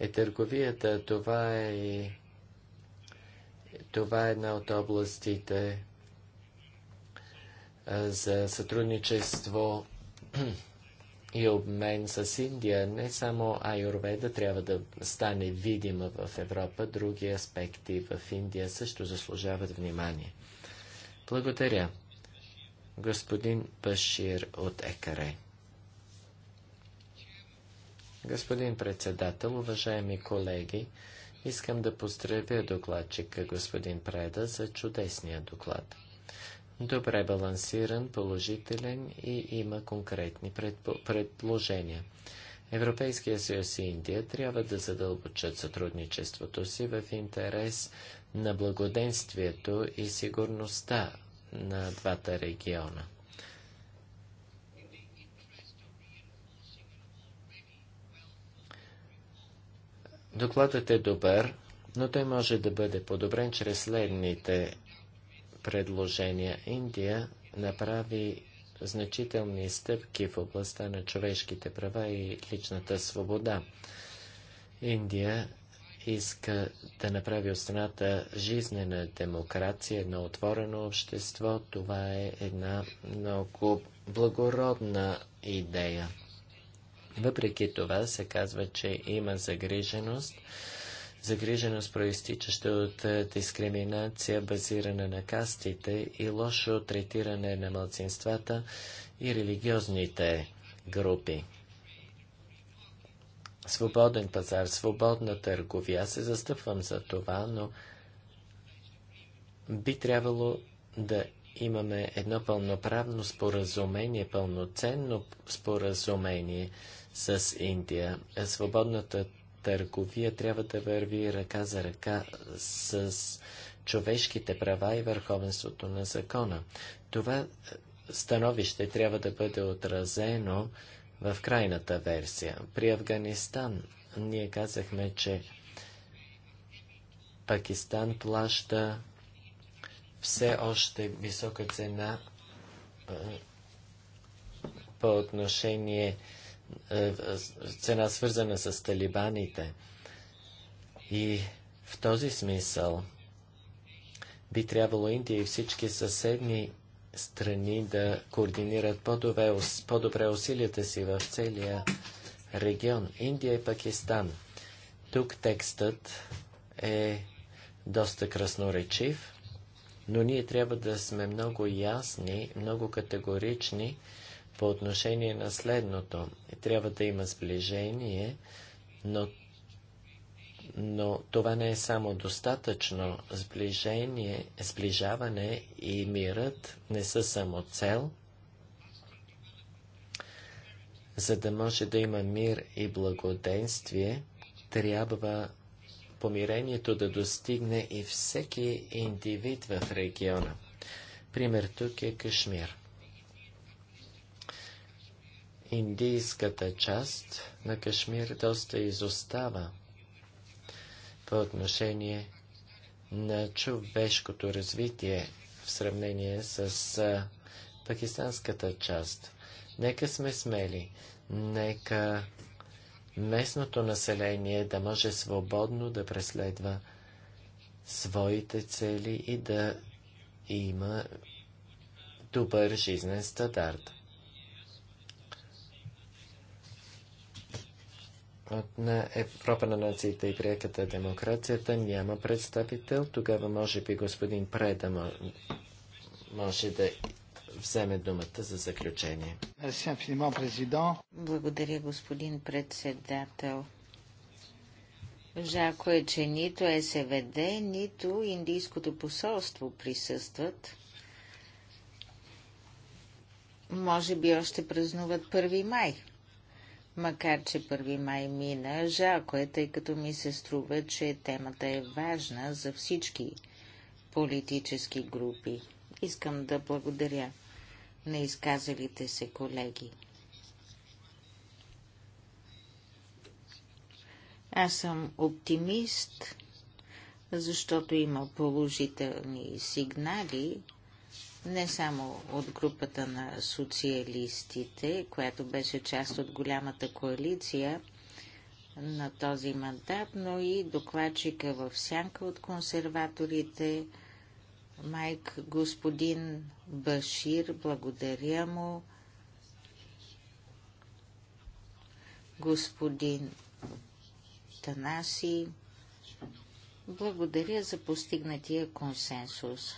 е търговията. Това е, това е една от областите за сътрудничество и обмен с Индия. Не само Айорведа трябва да стане видима в Европа, други аспекти в Индия също заслужават внимание. Благодаря. Господин Башир от Екаре. Господин председател, уважаеми колеги, искам да поздравя докладчика господин Преда за чудесния доклад. Добре балансиран, положителен и има конкретни предложения. Европейския съюз и Индия трябва да задълбочат сътрудничеството си в интерес на благоденствието и сигурността на двата региона. Докладът е добър, но той може да бъде подобрен чрез следните предложения. Индия направи значителни стъпки в областта на човешките права и личната свобода. Индия иска да направи от страната жизнена демокрация, едно отворено общество. Това е една много благородна идея. Въпреки това се казва, че има загриженост, загриженост проистичаща от е, дискриминация, базирана на кастите и лошо третиране на мълцинствата и религиозните групи. Свободен пазар, свободна търговия, се застъпвам за това, но би трябвало да имаме едно пълноправно споразумение, пълноценно споразумение с Индия. Свободната търговия трябва да върви ръка за ръка с човешките права и върховенството на закона. Това е, становище трябва да бъде отразено в крайната версия. При Афганистан ние казахме, че Пакистан плаща все още висока цена по отношение цена свързана с талибаните. И в този смисъл би трябвало Индия и всички съседни страни да координират по-добре, по-добре усилията си в целия регион. Индия и Пакистан. Тук текстът е доста красноречив но ние трябва да сме много ясни, много категорични по отношение на следното. Трябва да има сближение, но, но това не е само достатъчно. Сближение, сближаване и мирът не са само цел, за да може да има мир и благоденствие, трябва помирението да достигне и всеки индивид в региона. Пример тук е Кашмир. Индийската част на Кашмир доста изостава по отношение на човешкото развитие в сравнение с пакистанската част. Нека сме смели, нека местното население да може свободно да преследва своите цели и да има добър жизнен стандарт. От на Европа на нациите и греката демокрацията няма представител. Тогава може би господин Преда може да вземе думата за заключение. Благодаря, господин председател. Жако е, че нито СВД, нито Индийското посолство присъстват. Може би още празнуват 1 май. Макар, че 1 май мина, жалко е, тъй като ми се струва, че темата е важна за всички политически групи. Искам да благодаря на изказалите се колеги. Аз съм оптимист, защото има положителни сигнали, не само от групата на социалистите, която беше част от голямата коалиция на този мандат, но и докладчика в сянка от консерваторите – Майк, господин Башир, благодаря му. Господин Танаси, благодаря за постигнатия консенсус.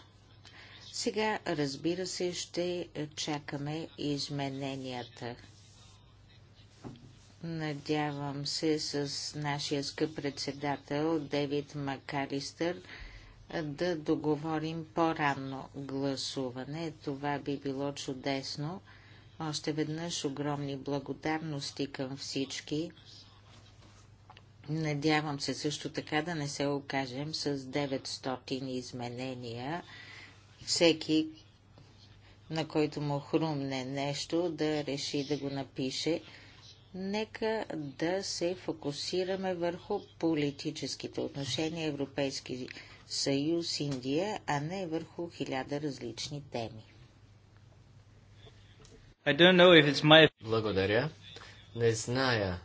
Сега, разбира се, ще чакаме измененията. Надявам се с нашия скъп председател Девид Макалистър да договорим по-ранно гласуване. Това би било чудесно. Още веднъж огромни благодарности към всички. Надявам се също така да не се окажем с 900 изменения. Всеки, на който му хрумне нещо, да реши да го напише. Нека да се фокусираме върху политическите отношения Европейски Съюз Индия, а не върху хиляда различни теми. My... Благодаря. Не зная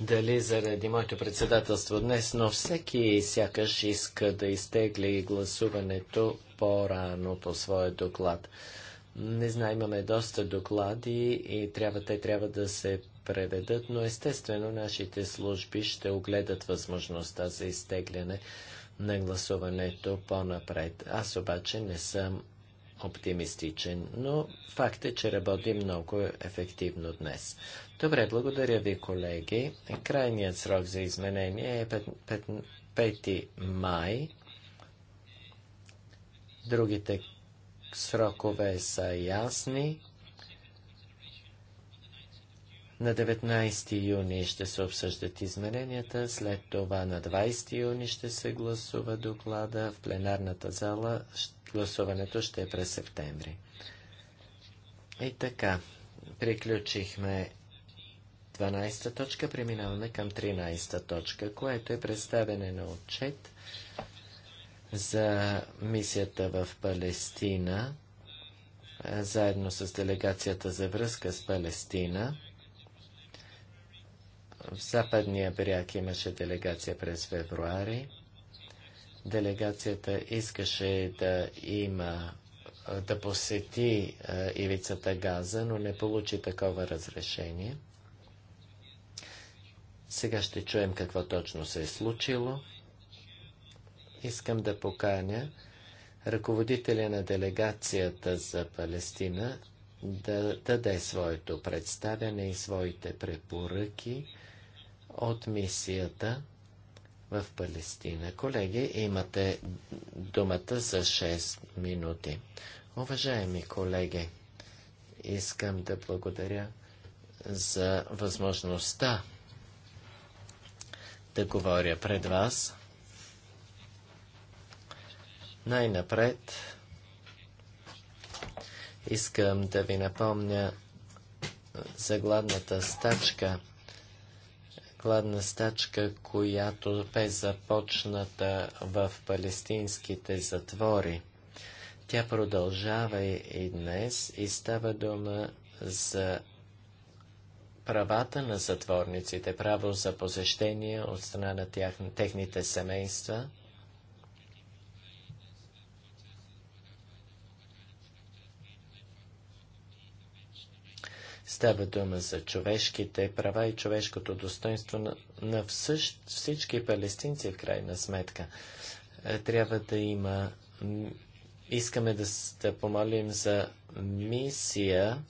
дали заради моето председателство днес, но всеки сякаш иска да изтегли гласуването по-рано по своя доклад. Не знам, имаме доста доклади и трябва, те трябва да се преведат, но естествено нашите служби ще огледат възможността за изтегляне на гласуването по-напред. Аз обаче не съм оптимистичен, но факт е, че работи много ефективно днес. Добре, благодаря ви, колеги. Крайният срок за изменение е 5 май. Другите срокове са ясни. На 19 юни ще се обсъждат измененията, след това на 20 юни ще се гласува доклада в пленарната зала. Гласуването ще е през септември. И така, приключихме 12-та точка, преминаваме към 13-та точка, което е представене на отчет за мисията в Палестина, заедно с делегацията за връзка с Палестина. В Западния бряг имаше делегация през февруари. Делегацията искаше да има да посети ивицата Газа, но не получи такова разрешение. Сега ще чуем какво точно се е случило. Искам да поканя ръководителя на делегацията за Палестина да даде своето представяне и своите препоръки от мисията в Палестина. Колеги, имате думата за 6 минути. Уважаеми колеги, искам да благодаря за възможността да говоря пред вас. Най-напред искам да ви напомня за гладната стачка – гладна стачка, която бе започната в палестинските затвори. Тя продължава и днес и става дума за правата на затворниците, право за посещение от страна на тях, техните семейства – Става дума за човешките права и човешкото достоинство на, на всъщ, всички палестинци в крайна сметка. Е, трябва да има. Искаме да, да помолим за мисия,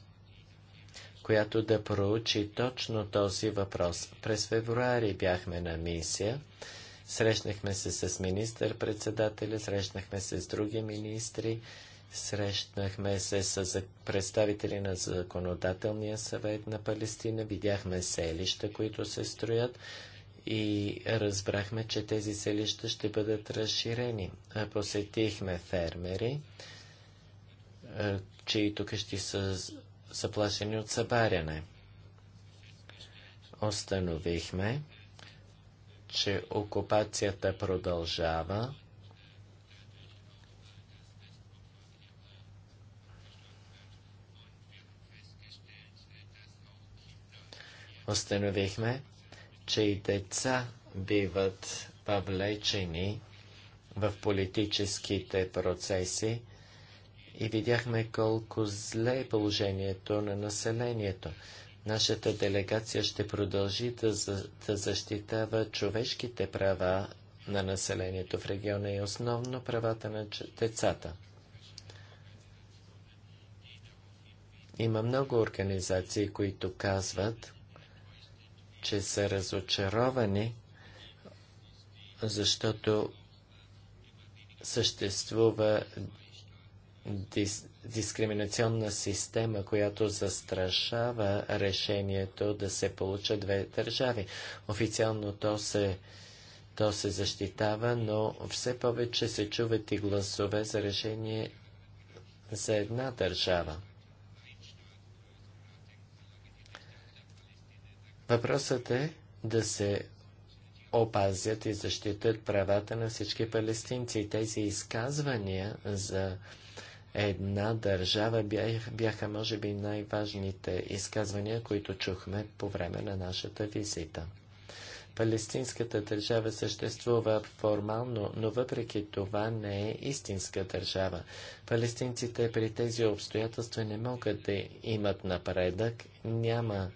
която да проучи точно този въпрос. През февруари бяхме на мисия. Срещнахме се с министър-председателя, срещнахме се с други министри. Срещнахме се с представители на Законодателния съвет на Палестина, видяхме селища, които се строят и разбрахме, че тези селища ще бъдат разширени. Посетихме фермери, чието къщи са заплашени от събаряне. Остановихме, че окупацията продължава установихме, че и деца биват въвлечени в политическите процеси и видяхме колко зле е положението на населението. Нашата делегация ще продължи да, за, да защитава човешките права на населението в региона и основно правата на децата. Има много организации, които казват, че са разочаровани, защото съществува дис, дискриминационна система, която застрашава решението да се получат две държави. Официално то се, то се защитава, но все повече се чуват и гласове за решение за една държава. Въпросът е да се опазят и защитят правата на всички палестинци. Тези изказвания за една държава бяха, може би, най-важните изказвания, които чухме по време на нашата визита. Палестинската държава съществува формално, но въпреки това не е истинска държава. Палестинците при тези обстоятелства не могат да имат напредък, няма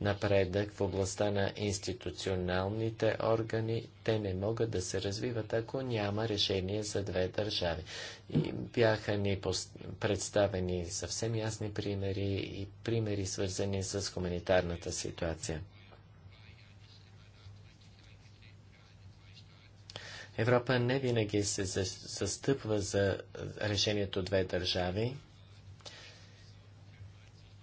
напредък в областта на институционалните органи. Те не могат да се развиват, ако няма решение за две държави. И бяха ни представени съвсем ясни примери и примери свързани с хуманитарната ситуация. Европа не винаги се застъпва за решението две държави.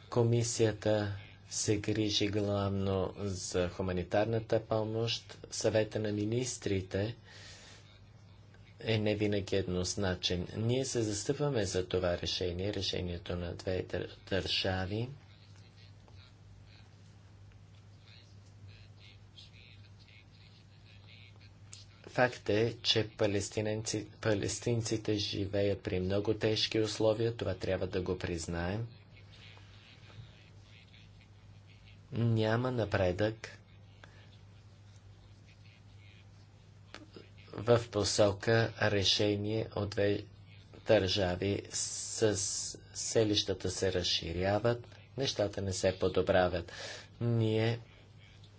Комисията се грижи главно за хуманитарната помощ. Съвета на министрите е не винаги еднозначен. Ние се застъпваме за това решение, решението на две държави. Факт е, че палестинците живеят при много тежки условия, това трябва да го признаем. няма напредък в посока решение от две държави с селищата се разширяват, нещата не се подобравят. Ние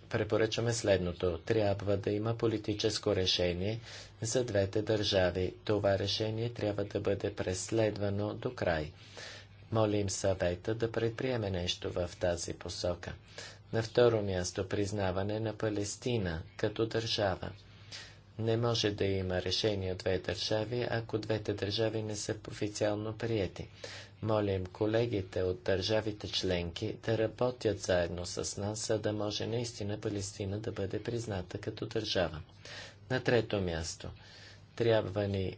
препоръчваме следното. Трябва да има политическо решение за двете държави. Това решение трябва да бъде преследвано до край. Молим съвета да предприеме нещо в тази посока. На второ място признаване на Палестина като държава. Не може да има решение от две държави, ако двете държави не са официално приети. Молим колегите от държавите членки да работят заедно с нас, за да може наистина Палестина да бъде призната като държава. На трето място трябва ни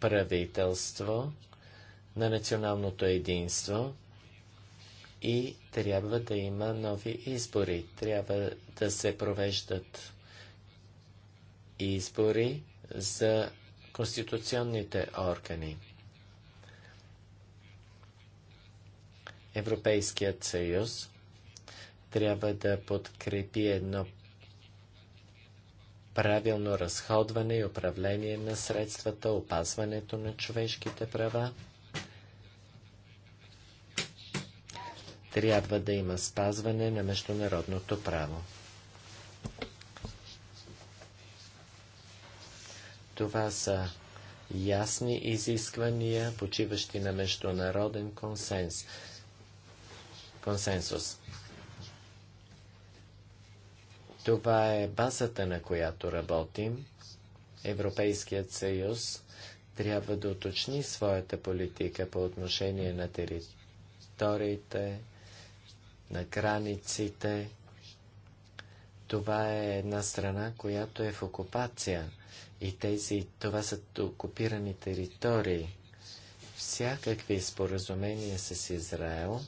правителство, на националното единство и трябва да има нови избори. Трябва да се провеждат избори за конституционните органи. Европейският съюз трябва да подкрепи едно правилно разходване и управление на средствата, опазването на човешките права. трябва да има спазване на международното право. Това са ясни изисквания, почиващи на международен консенс. консенсус. Това е базата, на която работим. Европейският съюз трябва да уточни своята политика по отношение на териториите на границите. Това е една страна, която е в окупация и тези, това са окупирани територии. Всякакви споразумения с Израел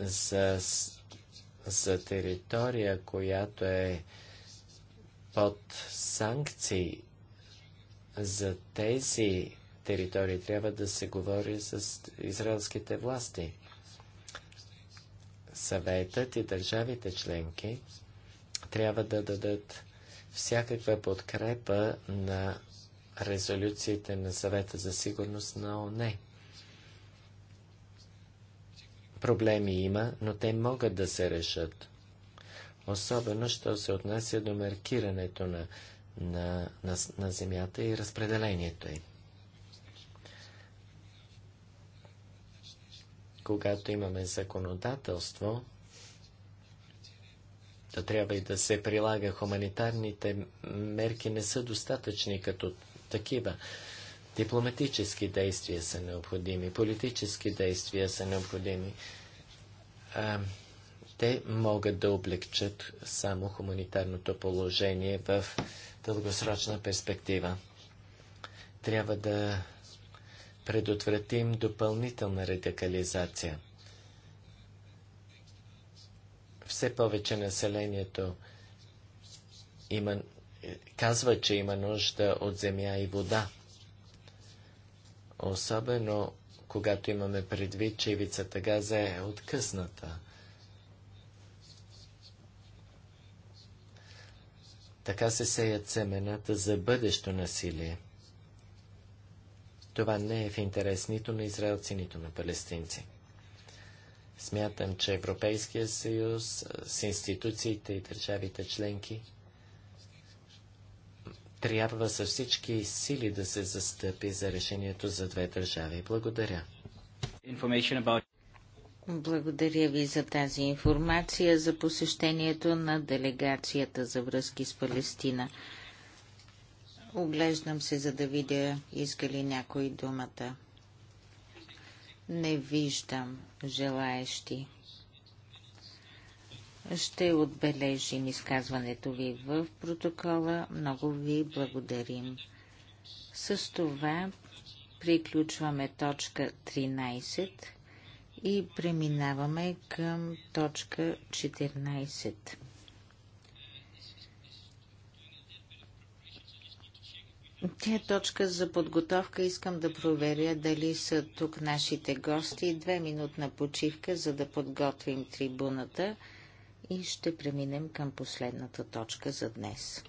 за, за територия, която е под санкции за тези територии трябва да се говори с израелските власти съветът и държавите членки трябва да дадат всякаква подкрепа на резолюциите на съвета за сигурност на ОНЕ. Проблеми има, но те могат да се решат. Особено, що се отнася до маркирането на, на, на, на земята и разпределението им. когато имаме законодателство, то трябва и да се прилага. Хуманитарните мерки не са достатъчни като такива. Дипломатически действия са необходими, политически действия са необходими. А, те могат да облегчат само хуманитарното положение в дългосрочна перспектива. Трябва да предотвратим допълнителна радикализация. Все повече населението има, казва, че има нужда от земя и вода. Особено когато имаме предвид, че ивицата газа е откъсната. Така се сеят семената за бъдещо насилие. Това не е в интерес нито на израелци, нито на палестинци. Смятам, че Европейския съюз с институциите и държавите членки трябва със всички сили да се застъпи за решението за две държави. Благодаря. Благодаря ви за тази информация за посещението на делегацията за връзки с Палестина. Оглеждам се, за да видя иска ли някой думата. Не виждам желаещи. Ще отбележим изказването ви в протокола. Много ви благодарим. С това приключваме точка 13 и преминаваме към точка 14. Тя е точка за подготовка искам да проверя дали са тук нашите гости. Две минутна почивка, за да подготвим трибуната и ще преминем към последната точка за днес.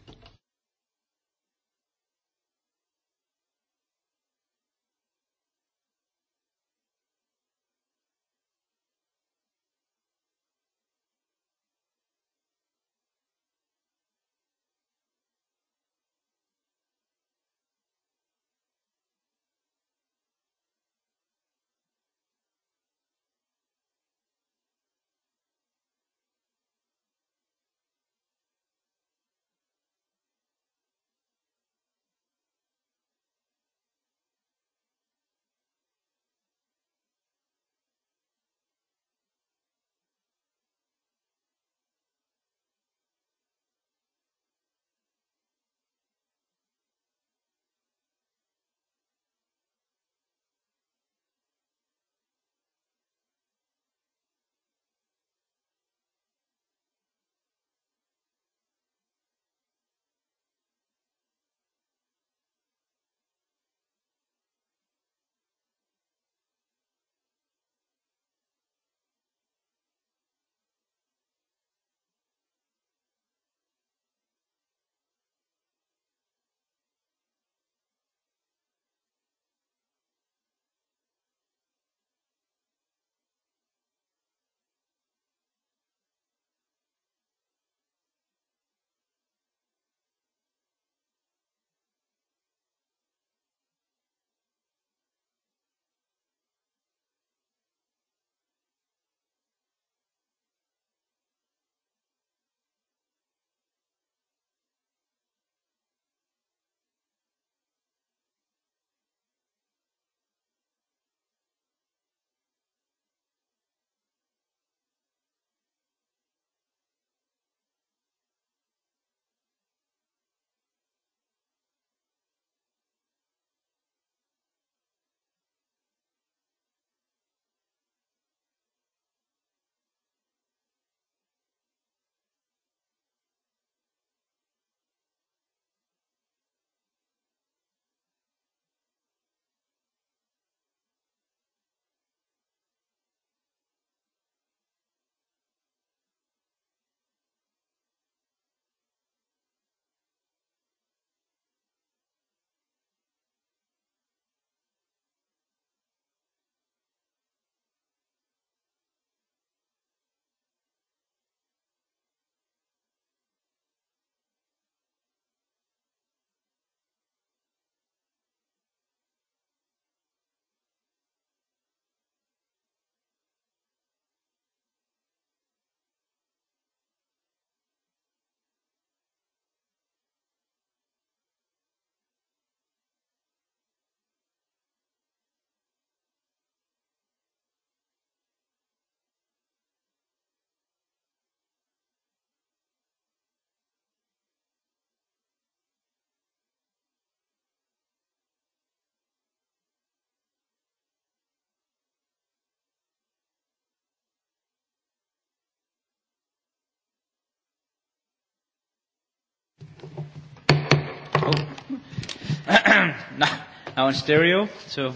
now in stereo, so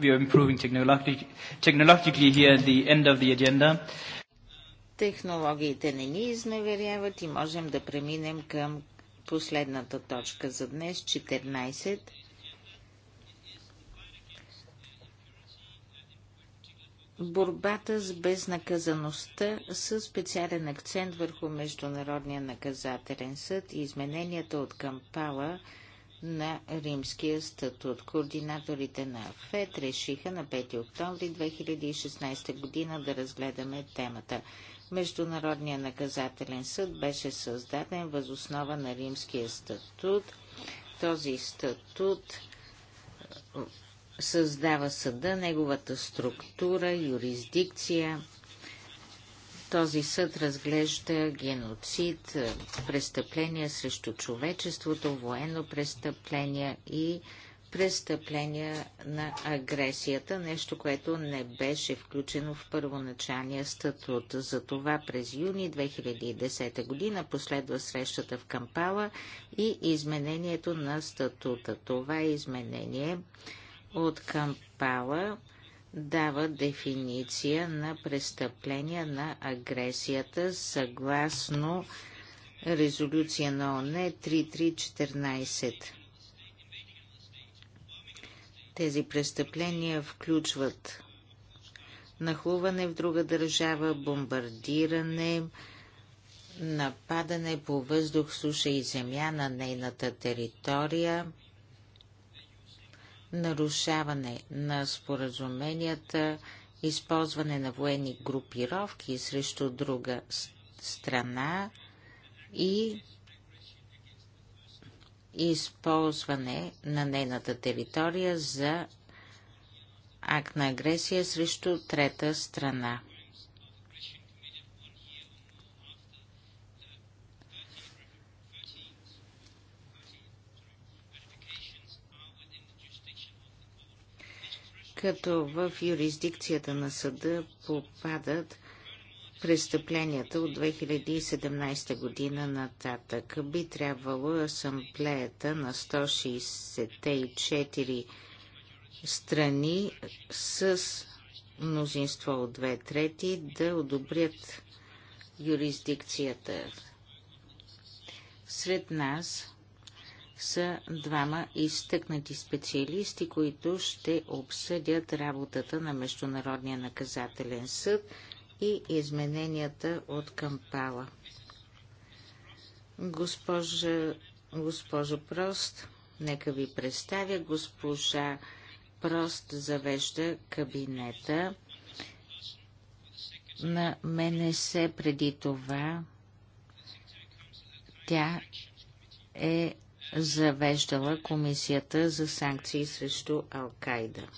we are improving technologi- technologically here at the end of the agenda. Технологиите не ни изневеряват и можем да преминем към последната точка за днес, 14. борбата с безнаказаността с специален акцент върху Международния наказателен съд и измененията от Кампала – на римския статут. Координаторите на ФЕД решиха на 5 октомври 2016 година да разгледаме темата. Международният наказателен съд беше създаден възоснова на римския статут. Този статут създава съда, неговата структура, юрисдикция този съд разглежда геноцид, престъпления срещу човечеството, военно престъпление и престъпления на агресията, нещо, което не беше включено в първоначалния статут. За това през юни 2010 година последва срещата в Кампала и изменението на статута. Това е изменение от Кампала дава дефиниция на престъпления на агресията съгласно резолюция на ОНЕ 3314. Тези престъпления включват нахлуване в друга държава, бомбардиране, нападане по въздух, суша и земя на нейната територия, нарушаване на споразуменията, използване на военни групировки срещу друга страна и използване на нейната територия за акт на агресия срещу трета страна. като в юрисдикцията на съда попадат престъпленията от 2017 година нататък. Би трябвало асамблеята на 164 страни с мнозинство от две трети да одобрят юрисдикцията. Сред нас са двама изтъкнати специалисти, които ще обсъдят работата на Международния наказателен съд и измененията от Кампала. Госпожа, госпожо Прост, нека ви представя. Госпожа Прост завежда кабинета на МНС преди това. Тя е завеждала Комисията за санкции срещу Ал-Кайда.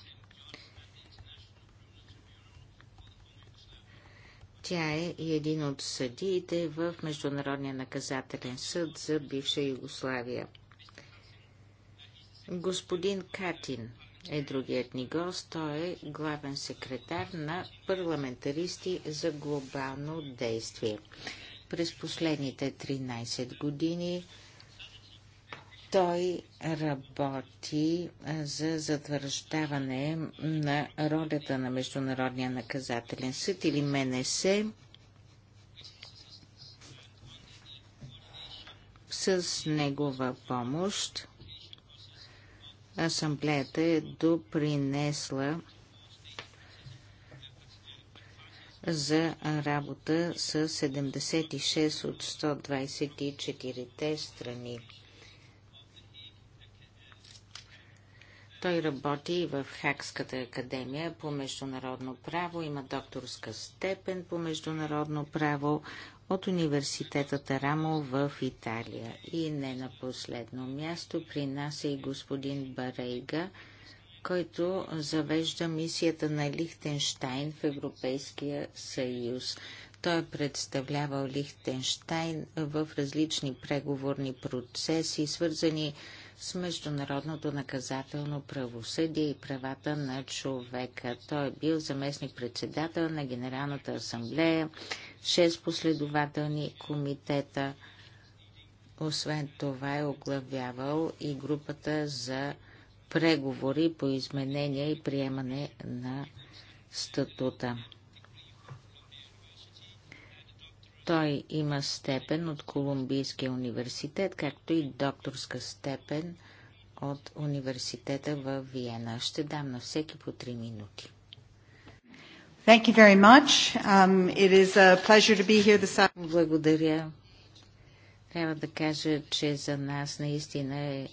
Тя е и един от съдиите в Международния наказателен съд за бивша Югославия. Господин Катин е другият ни гост. Той е главен секретар на парламентаристи за глобално действие. През последните 13 години той работи за затвърждаване на ролята на Международния наказателен съд или МНС с негова помощ. Асамблеята е допринесла за работа с 76 от 124 страни. Той работи и в Хакската академия по международно право, има докторска степен по международно право от университета Тарамо в Италия. И не на последно място при нас е и господин Барейга, който завежда мисията на Лихтенштайн в Европейския съюз. Той е представлявал Лихтенштайн в различни преговорни процеси, свързани с с международното наказателно правосъдие и правата на човека. Той е бил заместник-председател на Генералната асамблея, 6 последователни комитета. Освен това е оглавявал и групата за преговори по изменения и приемане на статута. Той има степен от Колумбийския университет, както и докторска степен от университета в Виена. Ще дам на всеки по три минути. Thank you very much. Um, it is a pleasure to be here this Благодаря. Трябва да кажа, че за нас наистина е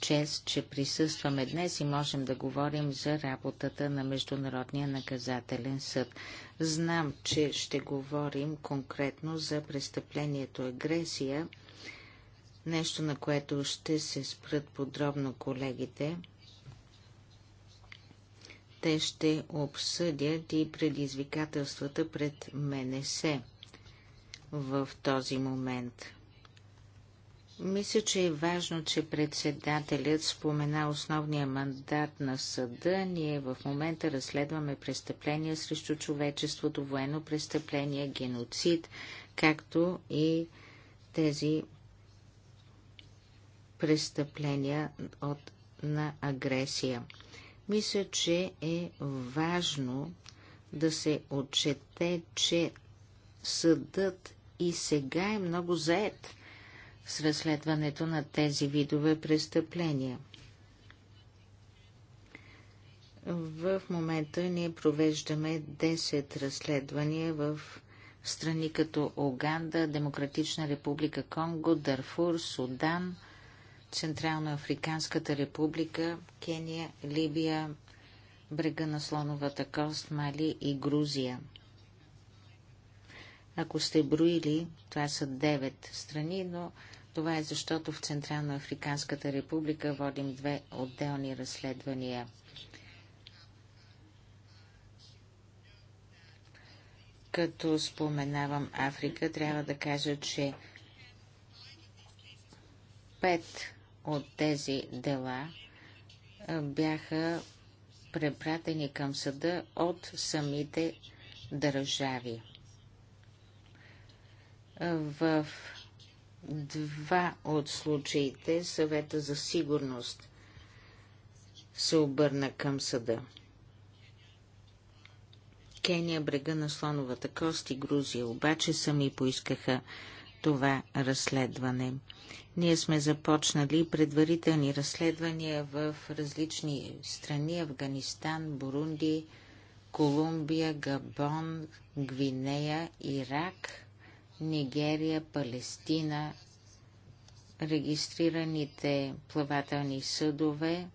чест, че присъстваме днес и можем да говорим за работата на Международния наказателен съд. Знам, че ще говорим конкретно за престъплението агресия, нещо на което ще се спрат подробно колегите. Те ще обсъдят и предизвикателствата пред МНС в този момент – мисля, че е важно, че председателят спомена основния мандат на съда. Ние в момента разследваме престъпления срещу човечеството, военно престъпление, геноцид, както и тези престъпления от, на агресия. Мисля, че е важно да се отчете, че съдът и сега е много заед – с разследването на тези видове престъпления. В момента ние провеждаме 10 разследвания в страни като Оганда, Демократична република Конго, Дарфур, Судан, Централна Африканската република, Кения, Либия, брега на Слоновата кост, Мали и Грузия. Ако сте броили, това са 9 страни, но това е защото в Централна Африканската република водим две отделни разследвания. Като споменавам Африка, трябва да кажа, че пет от тези дела бяха препратени към съда от самите държави. В два от случаите съвета за сигурност се обърна към съда. Кения, брега на Слоновата кост и Грузия обаче сами поискаха това разследване. Ние сме започнали предварителни разследвания в различни страни Афганистан, Бурунди, Колумбия, Габон, Гвинея, Ирак – Нигерия, Палестина, регистрираните плавателни съдове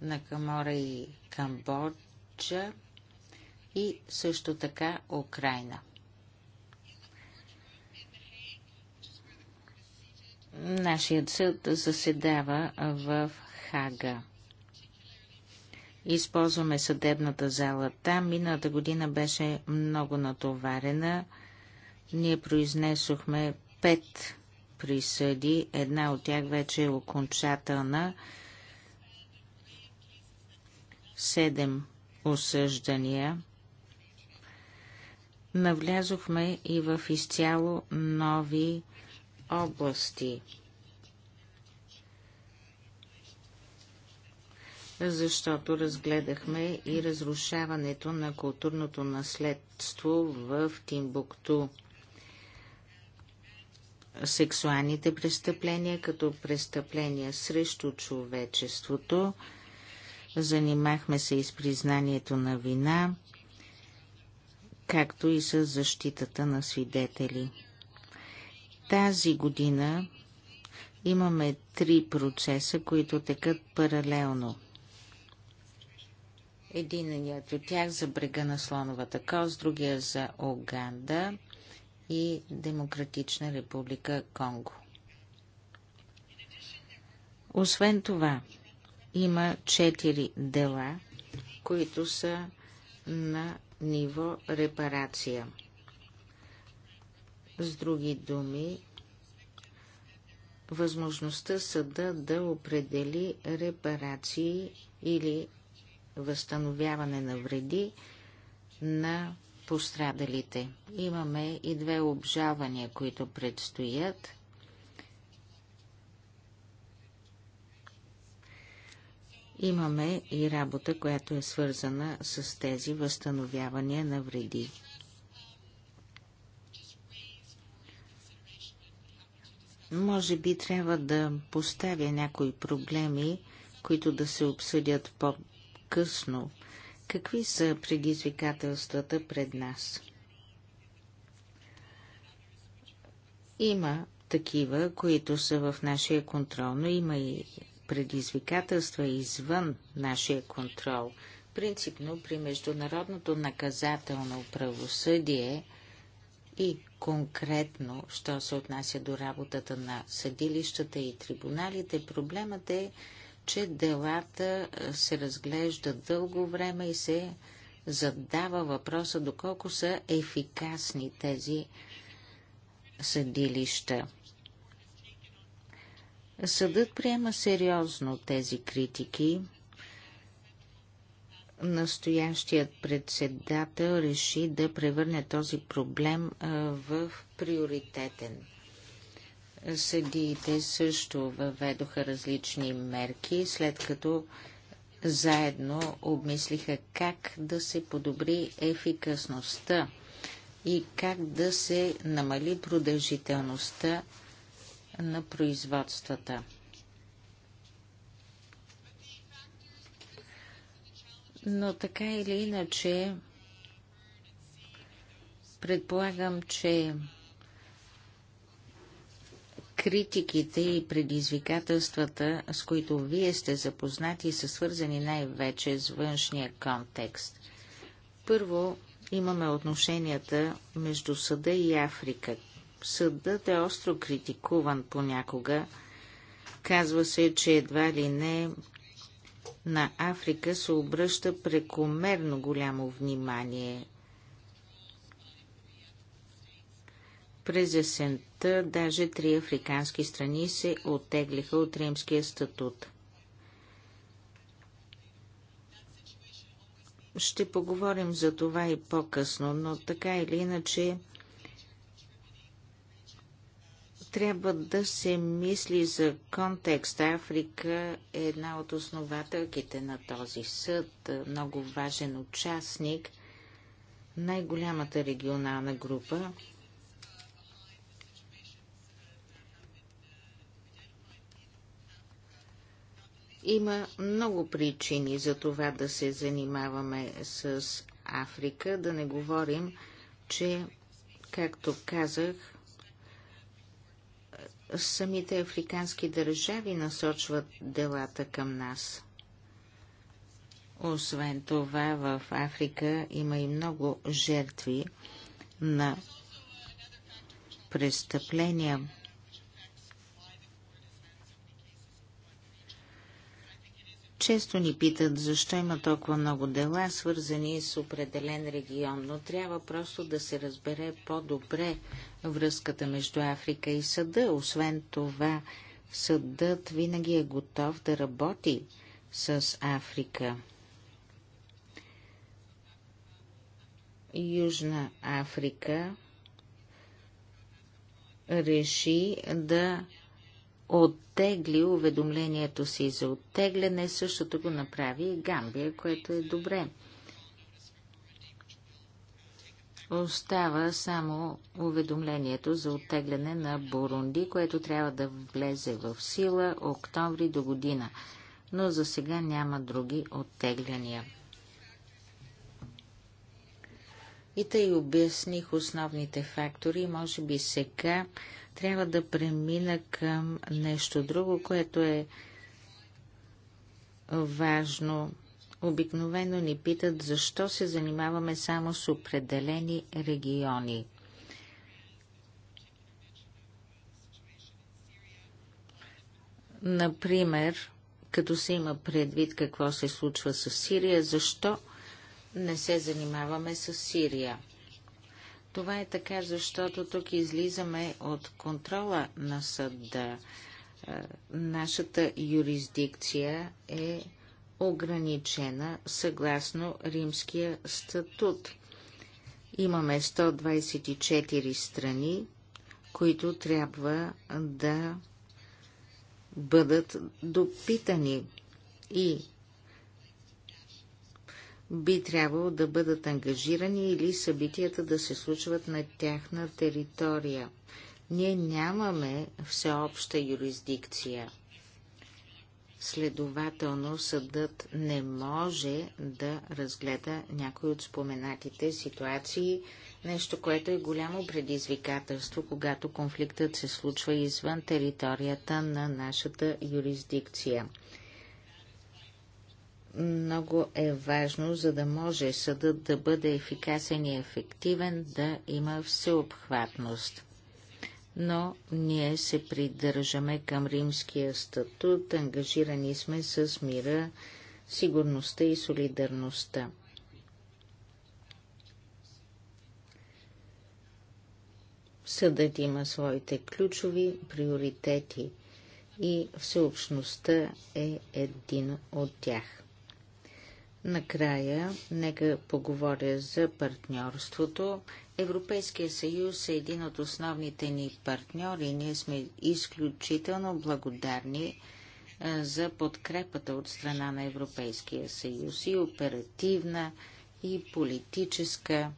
на Камора и Камбоджа и също така Украина. Нашият съд заседава в Хага. Използваме съдебната зала там. Миналата година беше много натоварена. Ние произнесохме пет присъди, една от тях вече е окончателна, седем осъждания. Навлязохме и в изцяло нови области. защото разгледахме и разрушаването на културното наследство в Тимбукту сексуалните престъпления като престъпления срещу човечеството. Занимахме се и с признанието на вина, както и с защитата на свидетели. Тази година имаме три процеса, които текат паралелно. Единият от тях за брега на слоновата кост, другия за Оганда – и Демократична република Конго. Освен това, има четири дела, които са на ниво репарация. С други думи, възможността съда да определи репарации или възстановяване на вреди на пострадалите. Имаме и две обжавания, които предстоят. Имаме и работа, която е свързана с тези възстановявания на вреди. Може би трябва да поставя някои проблеми, които да се обсъдят по-късно Какви са предизвикателствата пред нас? Има такива, които са в нашия контрол, но има и предизвикателства извън нашия контрол. Принципно при международното наказателно правосъдие и конкретно, що се отнася до работата на съдилищата и трибуналите, проблемът е, че делата се разглеждат дълго време и се задава въпроса доколко са ефикасни тези съдилища. Съдът приема сериозно тези критики. Настоящият председател реши да превърне този проблем в приоритетен. Съдиите също въведоха различни мерки, след като заедно обмислиха как да се подобри ефикасността и как да се намали продължителността на производствата. Но така или иначе, предполагам, че критиките и предизвикателствата, с които вие сте запознати, са свързани най-вече с външния контекст. Първо, имаме отношенията между съда и Африка. Съдът е остро критикуван понякога. Казва се, че едва ли не на Африка се обръща прекомерно голямо внимание. През есента даже три африкански страни се оттеглиха от римския статут. Ще поговорим за това и по-късно, но така или иначе трябва да се мисли за контекст. Африка е една от основателките на този съд, много важен участник, най-голямата регионална група Има много причини за това да се занимаваме с Африка, да не говорим, че, както казах, самите африкански държави насочват делата към нас. Освен това, в Африка има и много жертви на престъпления. Често ни питат, защо има толкова много дела, свързани с определен регион, но трябва просто да се разбере по-добре връзката между Африка и съда. Освен това, съдът винаги е готов да работи с Африка. Южна Африка реши да оттегли уведомлението си за оттегляне. Същото го направи и Гамбия, което е добре. Остава само уведомлението за оттегляне на Бурунди, което трябва да влезе в сила октомври до година, но за сега няма други оттегляния. И тъй обясних основните фактори, може би сега трябва да премина към нещо друго, което е важно. Обикновено ни питат защо се занимаваме само с определени региони. Например, като се има предвид какво се случва с Сирия, защо не се занимаваме с Сирия? Това е така, защото тук излизаме от контрола на съда. Е, нашата юрисдикция е ограничена съгласно римския статут. Имаме 124 страни, които трябва да бъдат допитани и би трябвало да бъдат ангажирани или събитията да се случват на тяхна територия. Ние нямаме всеобща юрисдикция. Следователно, съдът не може да разгледа някои от споменатите ситуации, нещо, което е голямо предизвикателство, когато конфликтът се случва извън територията на нашата юрисдикция много е важно, за да може съдът да бъде ефикасен и ефективен, да има всеобхватност. Но ние се придържаме към римския статут, ангажирани сме с мира, сигурността и солидарността. Съдът има своите ключови приоритети и всеобщността е един от тях. Накрая, нека поговоря за партньорството. Европейския съюз е един от основните ни партньори. Ние сме изключително благодарни за подкрепата от страна на Европейския съюз и оперативна, и политическа.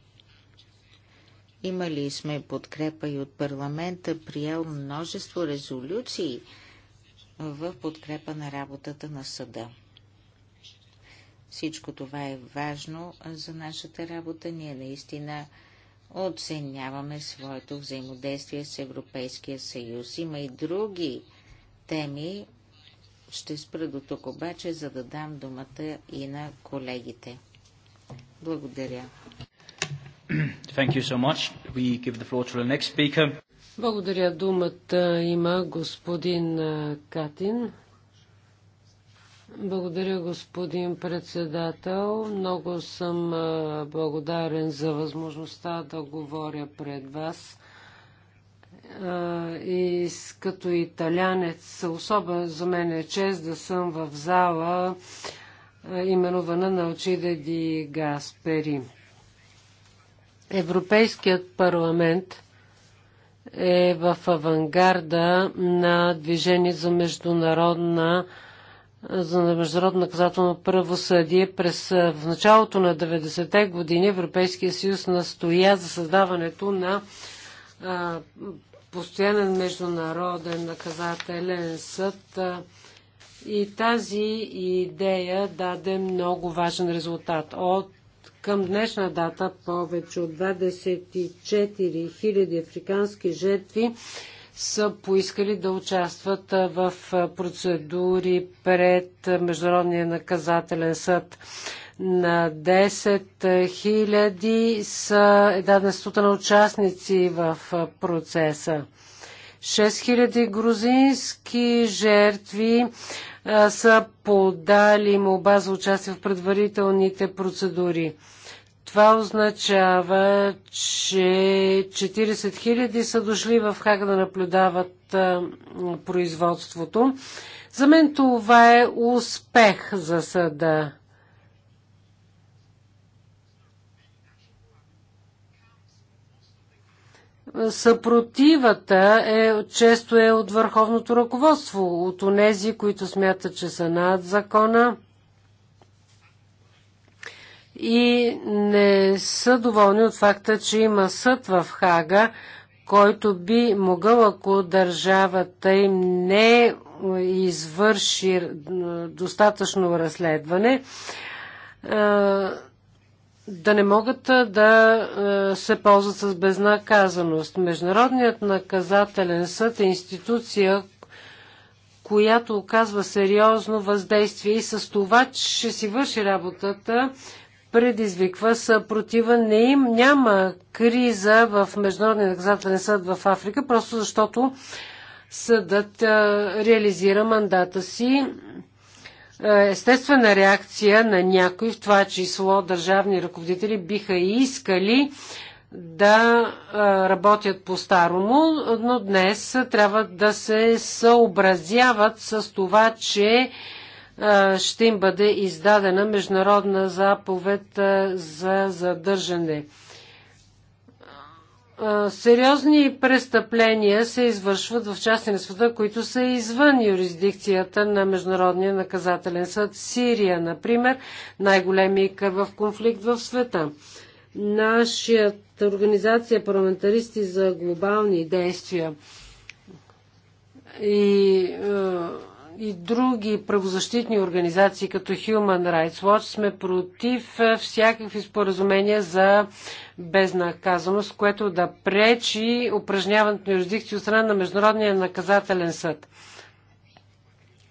Имали сме подкрепа и от парламента, приел множество резолюции в подкрепа на работата на съда. Всичко това е важно за нашата работа. Ние наистина оценяваме своето взаимодействие с Европейския съюз. Има и други теми. Ще спра до тук обаче, за да дам думата и на колегите. Благодаря. Thank you so much. We give the floor to the next speaker. Благодаря. Думата има господин Катин. Благодаря, господин председател. Много съм благодарен за възможността да говоря пред вас. И като италянец, особено за мен е чест да съм в зала, именувана на Очиде Ди Гаспери. Европейският парламент е в авангарда на движение за международна за международно наказателно правосъдие. През в началото на 90-те години Европейския съюз настоя за създаването на а, постоянен международен наказателен съд а, и тази идея даде много важен резултат. От към днешна дата повече от 24 000 африкански жертви са поискали да участват в процедури пред Международния наказателен съд. На 10 000 са е даден на участници в процеса. 6000 грузински жертви а, са подали молба за участие в предварителните процедури. Това означава, че 40 000 са дошли в Хага да наблюдават производството. За мен това е успех за съда. съпротивата е, често е от върховното ръководство, от онези, които смятат, че са над закона и не са доволни от факта, че има съд в Хага, който би могъл, ако държавата им не извърши е, достатъчно разследване, е, да не могат е, да се ползват с безнаказаност. Международният наказателен съд е институция, която оказва сериозно въздействие и с това, че си върши работата, предизвиква съпротива. Не им няма криза в Международния наказателен съд в Африка, просто защото съдът реализира мандата си. Естествена реакция на някои, в това число държавни ръководители, биха искали да работят по-старому, но днес трябва да се съобразяват с това, че ще им бъде издадена международна заповед за задържане. Сериозни престъпления се извършват в части на света, които са извън юрисдикцията на Международния наказателен съд. Сирия, например, най-големи кървав конфликт в света. Нашият организация парламентаристи за глобални действия и и други правозащитни организации, като Human Rights Watch, сме против е, всякакви споразумения за безнаказаност, което да пречи упражняването на юрисдикция от страна на Международния наказателен съд.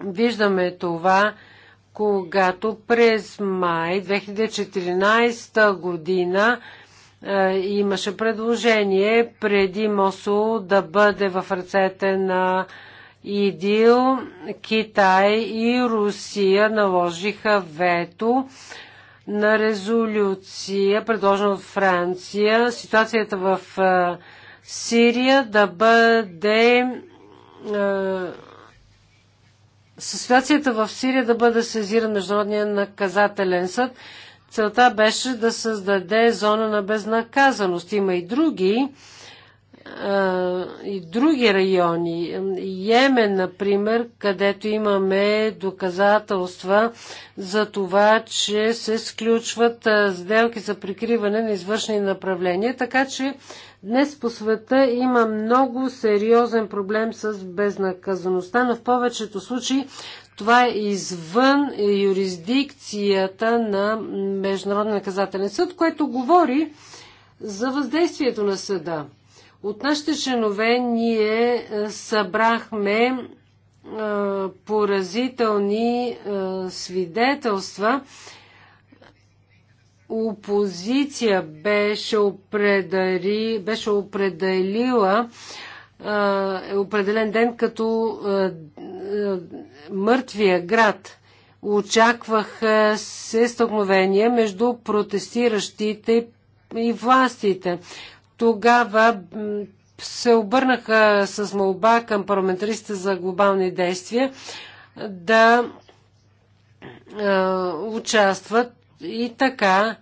Виждаме това, когато през май 2014 година е, имаше предложение преди МОСО да бъде в ръцете на ИДИЛ, Китай и Русия наложиха вето на резолюция, предложена от Франция, ситуацията в Сирия да бъде е, ситуацията в Сирия да бъде сезиран Международния наказателен съд. Целта беше да създаде зона на безнаказаност. Има и други и други райони. Йемен, например, където имаме доказателства за това, че се сключват сделки за прикриване на извършни направления. Така че днес по света има много сериозен проблем с безнаказаността, но в повечето случаи това е извън юрисдикцията на международния наказателен съд, което говори за въздействието на съда. От нашите членове ние е, събрахме е, поразителни е, свидетелства. Опозиция беше, определи, беше определила е определен ден като мъртвия град. Очакваха се стълкновения между протестиращите и властите. Тогава се обърнаха с молба към парламентаристите за глобални действия да участват и така.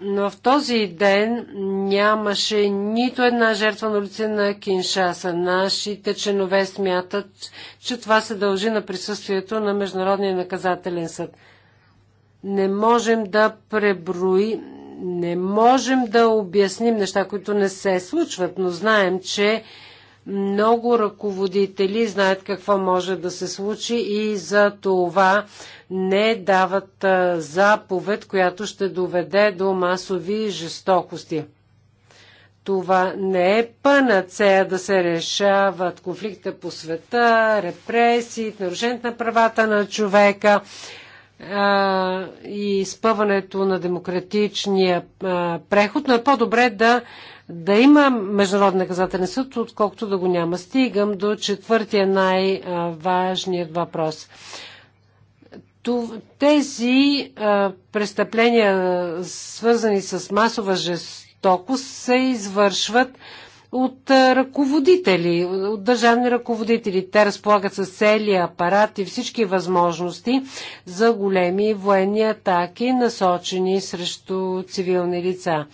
Но в този ден нямаше нито една жертва на улица на Киншаса. Нашите членове смятат, че това се дължи на присъствието на Международния наказателен съд. Не можем да преброи, не можем да обясним неща, които не се случват, но знаем, че много ръководители знаят какво може да се случи и за това не дават заповед, която ще доведе до масови жестокости. Това не е панацея да се решават конфликта по света, репресии, нарушението на правата на човека, и изпъването на демократичния преход, но е по-добре да, да има Международен наказателен съд, отколкото да го няма. Стигам до четвъртия най-важният въпрос. Тези престъпления, свързани с масова жестокост, се извършват от ръководители, от държавни ръководители. Те разполагат с цели, апарат и всички възможности за големи военни атаки, насочени срещу цивилни лица.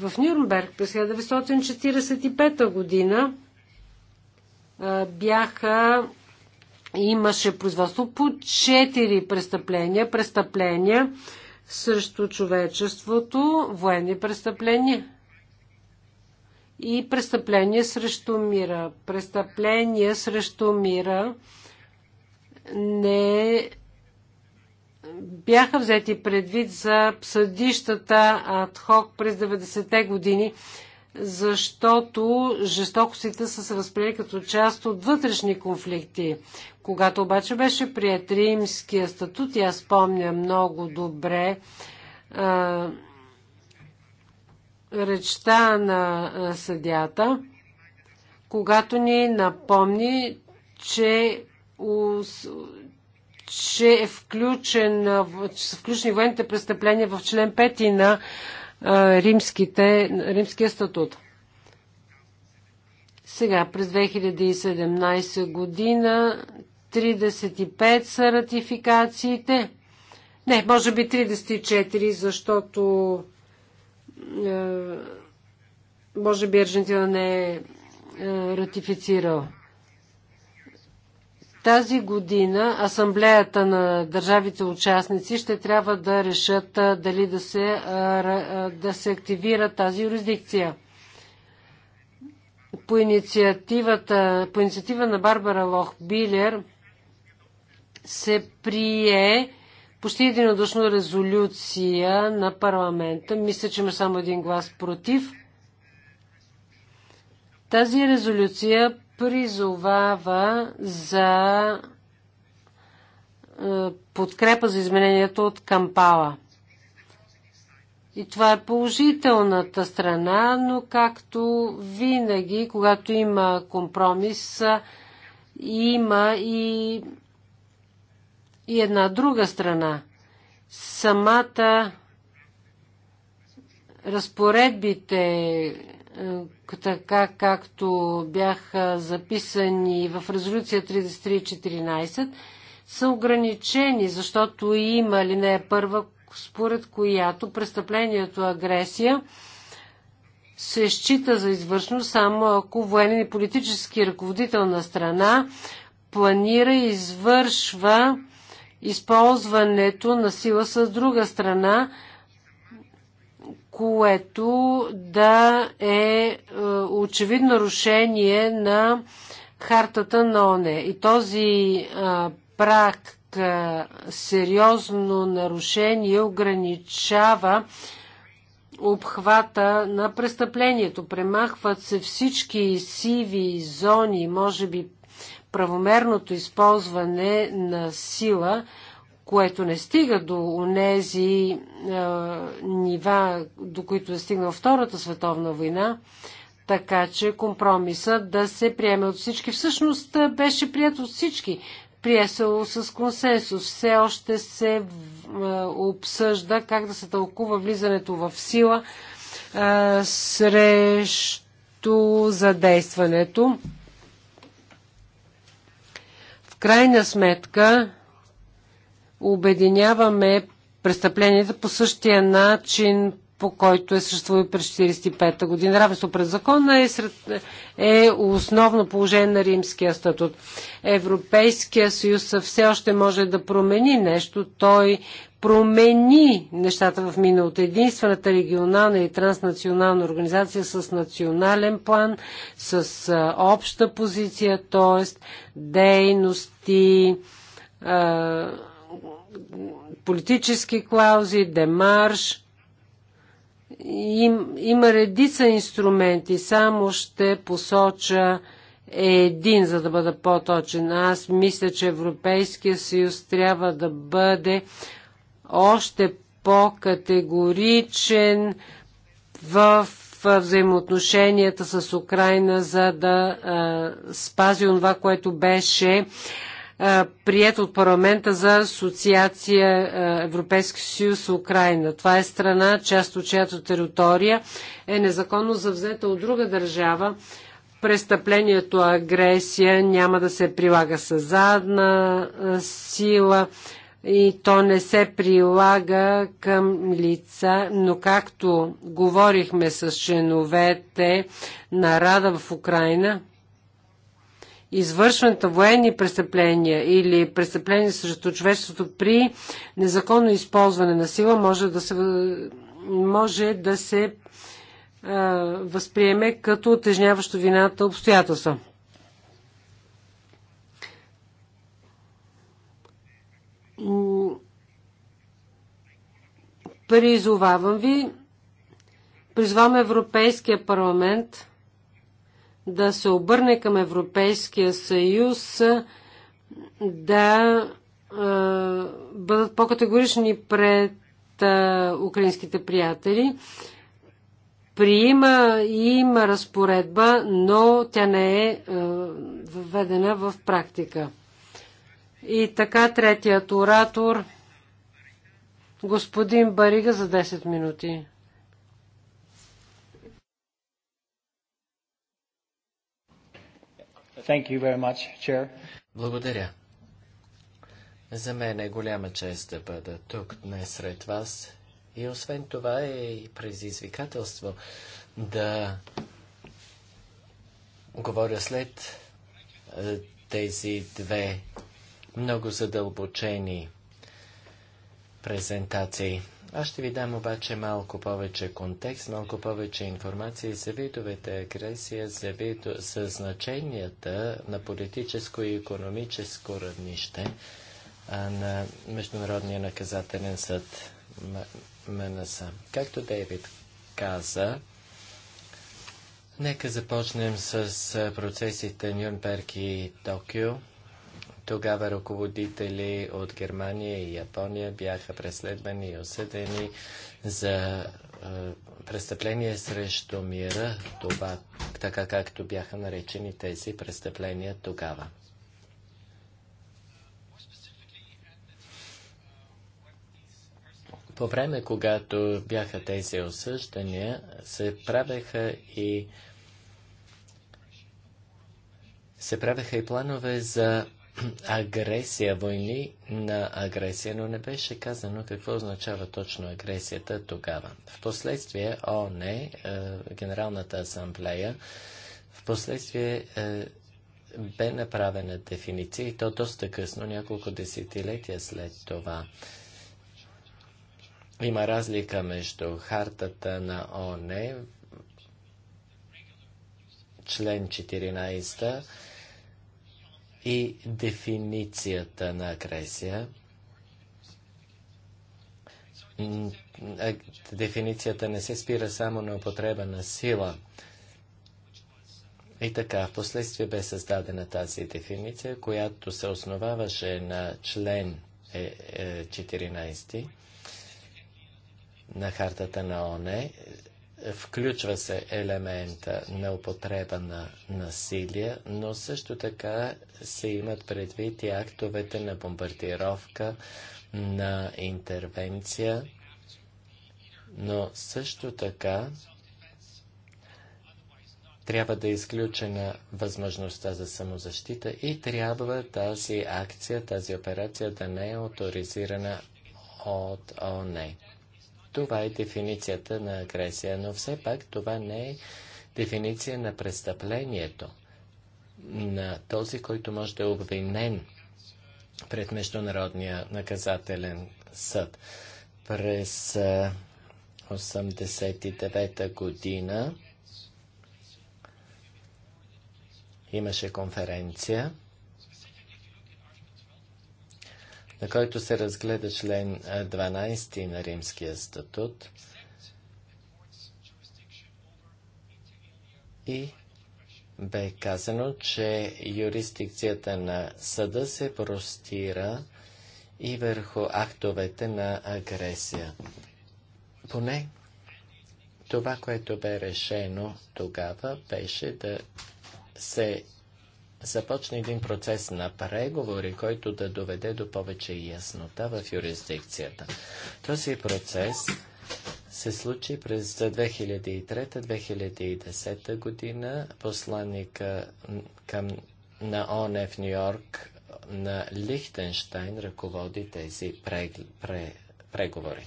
В Нюрнберг през 1945 година бяха имаше производство по 4 престъпления. Престъпления срещу човечеството, военни престъпления, и престъпления срещу мира. Престъпления срещу мира не бяха взети предвид за съдищата адхок през 90-те години, защото жестокостите са се възприели като част от вътрешни конфликти. Когато обаче беше прият римския статут, аз спомня много добре речта на съдята, когато ни напомни, че, че, е включен, че са включени военните престъпления в член 5 на римските, римския статут. Сега, през 2017 година 35 са ратификациите. Не, може би 34, защото е, може би Аржентина не е, е ратифицирал. Тази година асамблеята на държавите участници ще трябва да решат е, дали да се, да се активира тази юрисдикция. По, инициативата, по инициатива на Барбара Лох Билер се прие почти единодушно резолюция на парламента. Мисля, че има само един глас против. Тази резолюция призовава за е, подкрепа за изменението от Кампала. И това е положителната страна, но както винаги, когато има компромис, има и и една друга страна. Самата разпоредбите, е, така както бяха записани в резолюция 3314, са ограничени, защото има ли не е първа, според която престъплението агресия се счита за извършно само ако военен и политически ръководител на страна планира и извършва използването на сила с друга страна, което да е, е очевидно нарушение на хартата на ОНЕ. И този прак сериозно нарушение ограничава обхвата на престъплението. Премахват се всички сиви зони, може би правомерното използване на сила, което не стига до онези е, нива, до които е стигнала Втората световна война, така че компромисът да се приеме от всички. Всъщност беше прият от всички. Приесало с консенсус. Все още се е, обсъжда как да се тълкува влизането в сила е, срещу задействането крайна сметка обединяваме престъпленията по същия начин, по който е съществувал през 1945 година. Равенство пред закона е, сред, е основно положение на римския статут. Европейския съюз все още може да промени нещо. Той промени нещата в миналото. Единствената регионална и транснационална организация с национален план, с обща позиция, т.е. дейности, политически клаузи, демарш. Им, има редица инструменти, само ще посоча е един, за да бъда по-точен. Аз мисля, че Европейския съюз трябва да бъде още по-категоричен в взаимоотношенията с Украина, за да а, спази това, което беше прият от парламента за асоциация Европейски съюз Украина. Това е страна, част от чиято територия е незаконно завзета от друга държава. Престъплението агресия няма да се прилага със задна сила и то не се прилага към лица, но както говорихме с членовете на Рада в Украина, извършването военни престъпления или престъпления срещу човечеството при незаконно използване на сила може да се, може да се а, възприеме като отежняващо вината обстоятелство. Призовавам ви, призвам Европейския парламент да се обърне към Европейския съюз да е, бъдат по-категорични пред е, украинските приятели. Приима и има разпоредба, но тя не е, е введена в практика. И така третият оратор – Господин Барига за 10 минути. Thank you very much, Chair. Благодаря. За мен е голяма чест да бъда тук днес сред вас. И освен това е и предизвикателство да говоря след е, тези две много задълбочени презентации. Аз ще ви дам обаче малко повече контекст, малко повече информация за видовете агресия, за, видо... за значенията на политическо и економическо равнище на Международния наказателен съд МНС. Както Дейвид каза, нека започнем с процесите Нюрнберг и Токио. Тогава ръководители от Германия и Япония бяха преследвани и осъдени за е, престъпление срещу мира, това, така както бяха наречени тези престъпления тогава. По време, когато бяха тези осъждания, се правеха и се правеха и планове за агресия, войни на агресия, но не беше казано какво означава точно агресията тогава. Впоследствие ООН, е, Генералната асамблея, впоследствие е, бе направена дефиниция и то доста късно, няколко десетилетия след това. Има разлика между хартата на ОНЕ. член 14 и дефиницията на агресия. Дефиницията не се спира само на употреба на сила. И така, в последствие бе създадена тази дефиниция, която се основаваше на член 14 е, е, на хартата на ОНЕ. Включва се елемента на употреба на насилие, но също така се имат предвид и актовете на бомбардировка, на интервенция, но също така трябва да е изключена възможността за самозащита и трябва тази акция, тази операция да не е авторизирана от ОНЕ. Това е дефиницията на агресия, но все пак това не е дефиниция на престъплението, на този, който може да е обвинен пред Международния наказателен съд. През 1989-та година имаше конференция на който се разгледа член 12 на Римския статут и бе казано, че юрисдикцията на съда се простира и върху актовете на агресия. Поне това, което бе решено тогава, беше да се започне един процес на преговори, който да доведе до повече яснота в юрисдикцията. Този процес се случи през 2003-2010 година. Посланника към, на ОНЕ в Нью-Йорк на Лихтенштайн ръководи тези прег, пре, преговори.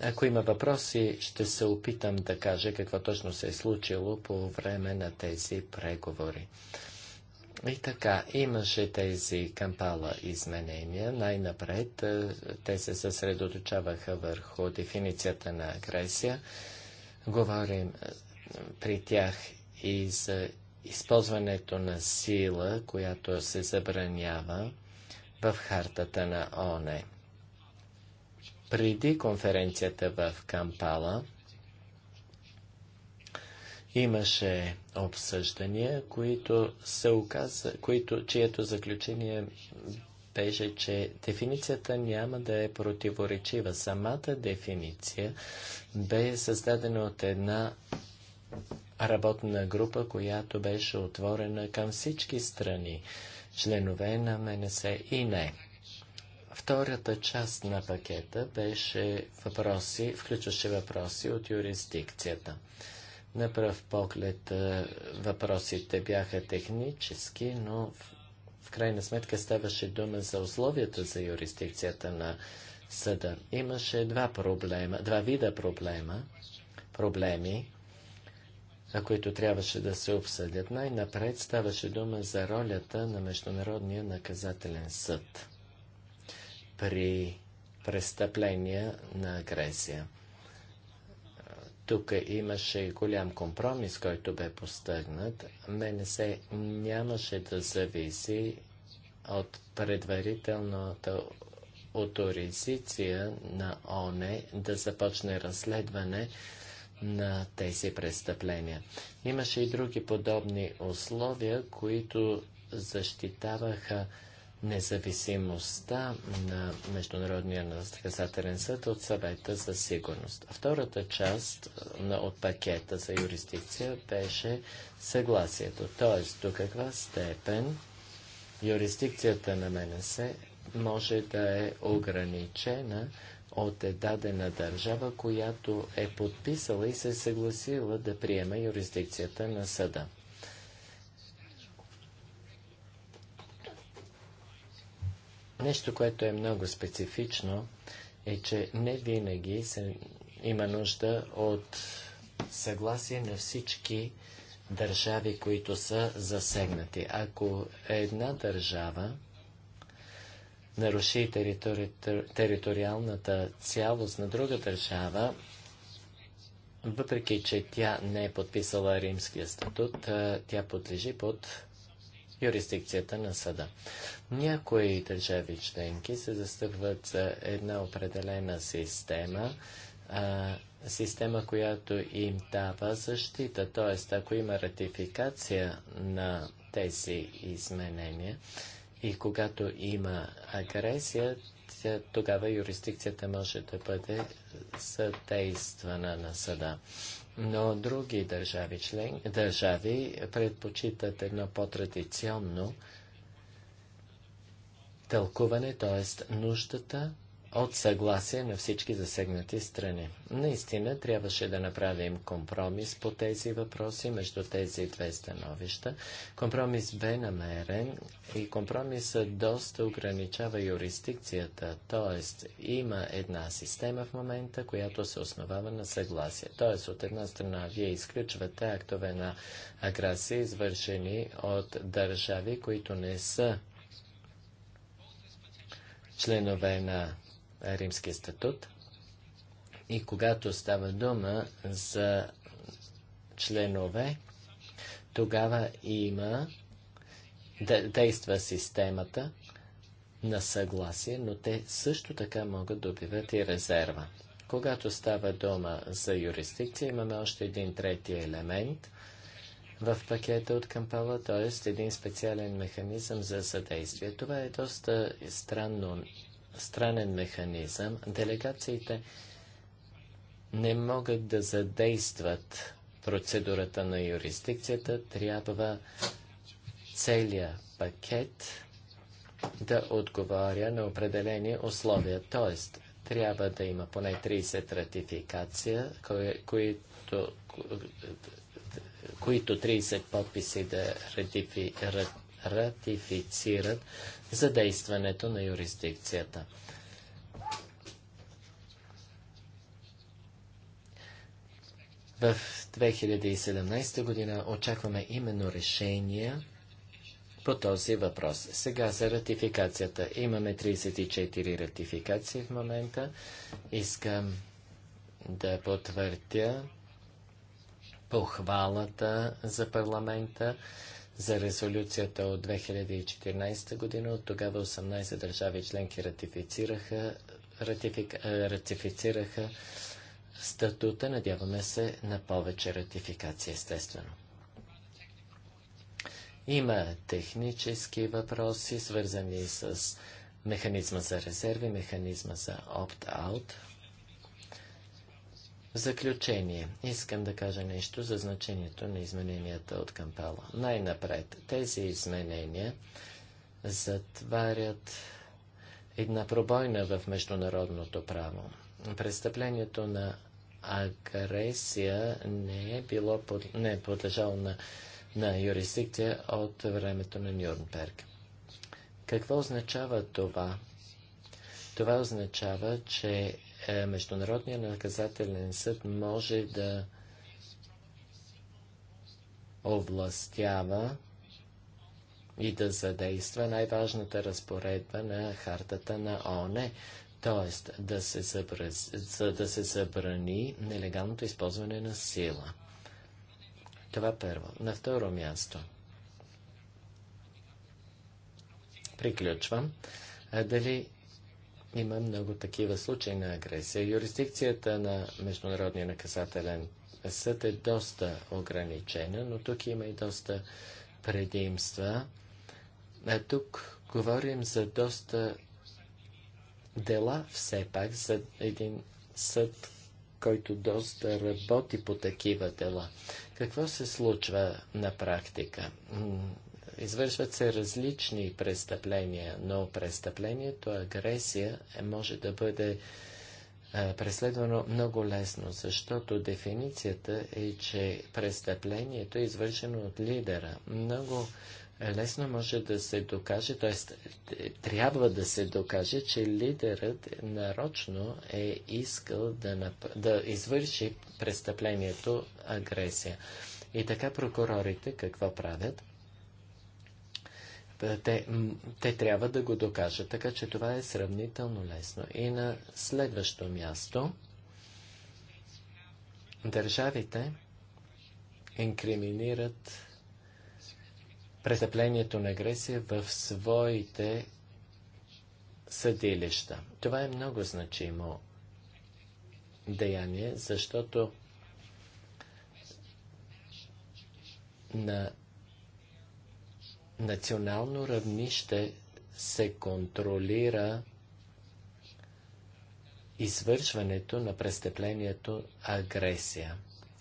Ако има въпроси, ще се опитам да кажа какво точно се е случило по време на тези преговори. И така, имаше тези кампала изменения. Най-напред те се съсредоточаваха върху дефиницията на агресия. Говорим при тях и за използването на сила, която се забранява в хартата на ОНЕ преди конференцията в Кампала имаше обсъждания, които се оказа, които, чието заключение беше, че дефиницията няма да е противоречива. Самата дефиниция бе създадена от една работна група, която беше отворена към всички страни, членове на МНС и не. Втората част на пакета беше въпроси, включваше въпроси от юрисдикцията. На пръв поглед е, въпросите бяха технически, но в, в крайна сметка ставаше дума за условията за юрисдикцията на съда. Имаше два проблема, два вида проблема, проблеми, които трябваше да се обсъдят. Най-напред ставаше дума за ролята на Международния наказателен съд при престъпления на агресия. Тук имаше голям компромис, който бе постъгнат. Мене се нямаше да зависи от предварителната оторизиция на ОНЕ да започне разследване на тези престъпления. Имаше и други подобни условия, които защитаваха независимостта на Международния наказателен съд от съвета за сигурност. Втората част на, от пакета за юрисдикция беше съгласието, т.е. до каква степен юрисдикцията на МНС може да е ограничена от е дадена държава, която е подписала и се съгласила да приеме юрисдикцията на съда. Нещо, което е много специфично, е, че не винаги се, има нужда от съгласие на всички държави, които са засегнати. Ако една държава наруши територи... териториалната цялост на друга държава, въпреки че тя не е подписала римския статут, тя подлежи под юрисдикцията на съда. Някои държави членки се застъпват за една определена система, а, система, която им дава защита. Т.е. ако има ратификация на тези изменения и когато има агресия, тя, тогава юрисдикцията може да бъде съдействана на съда но други държави, член, държави предпочитат едно по-традиционно тълкуване, т.е. нуждата от съгласие на всички засегнати страни. Наистина трябваше да направим компромис по тези въпроси между тези две становища. Компромис бе намерен и компромисът доста ограничава юрисдикцията, т.е. има една система в момента, която се основава на съгласие. Т.е. от една страна вие изключвате актове на агресия, извършени от държави, които не са членове на римския статут. И когато става дума за членове, тогава има, действа системата на съгласие, но те също така могат да добиват и резерва. Когато става дума за юрисдикция, имаме още един трети елемент в пакета от Кампала, т.е. един специален механизъм за съдействие. Това е доста странно странен механизъм, делегациите не могат да задействат процедурата на юрисдикцията, трябва целият пакет да отговаря на определени условия. Т.е. трябва да има поне 30 ратификация, които, които 30 подписи да ратифицират ратифицират за действането на юрисдикцията. В 2017 година очакваме именно решения по този въпрос. Сега за ратификацията. Имаме 34 ратификации в момента. Искам да потвърдя похвалата за парламента за резолюцията от 2014 година. От тогава 18 държави членки ратифицираха, ратифик, е, ратифицираха статута. Надяваме се на повече ратификация, естествено. Има технически въпроси, свързани с механизма за резерви, механизма за опт-аут заключение, искам да кажа нещо за значението на измененията от Кампала. Най-напред, тези изменения затварят една пробойна в международното право. Престъплението на агресия не е било под, не е подлежало на, на юрисдикция от времето на Нюрнберг. Какво означава това? Това означава, че е, Международният наказателен съд може да овластява и да задейства най-важната разпоредба на хартата на ОНЕ, т.е. Да, се забрани да се забрани нелегалното използване на сила. Това първо. На второ място. Приключвам. дали има много такива случаи на агресия. Юрисдикцията на Международния наказателен съд е доста ограничена, но тук има и доста предимства. А тук говорим за доста дела все пак, за един съд, който доста работи по такива дела. Какво се случва на практика? Извършват се различни престъпления, но престъплението агресия е, може да бъде преследвано много лесно, защото дефиницията е, че престъплението е извършено от лидера. Много лесно може да се докаже, т.е. трябва да се докаже, че лидерът нарочно е искал да, нап... да извърши престъплението агресия. И така прокурорите какво правят? Е, те, те трябва да го докажат, така че това е сравнително лесно. И на следващо място, държавите инкриминират престъплението на агресия в своите съдилища. Това е много значимо деяние, защото на национално равнище се контролира извършването на престъплението агресия.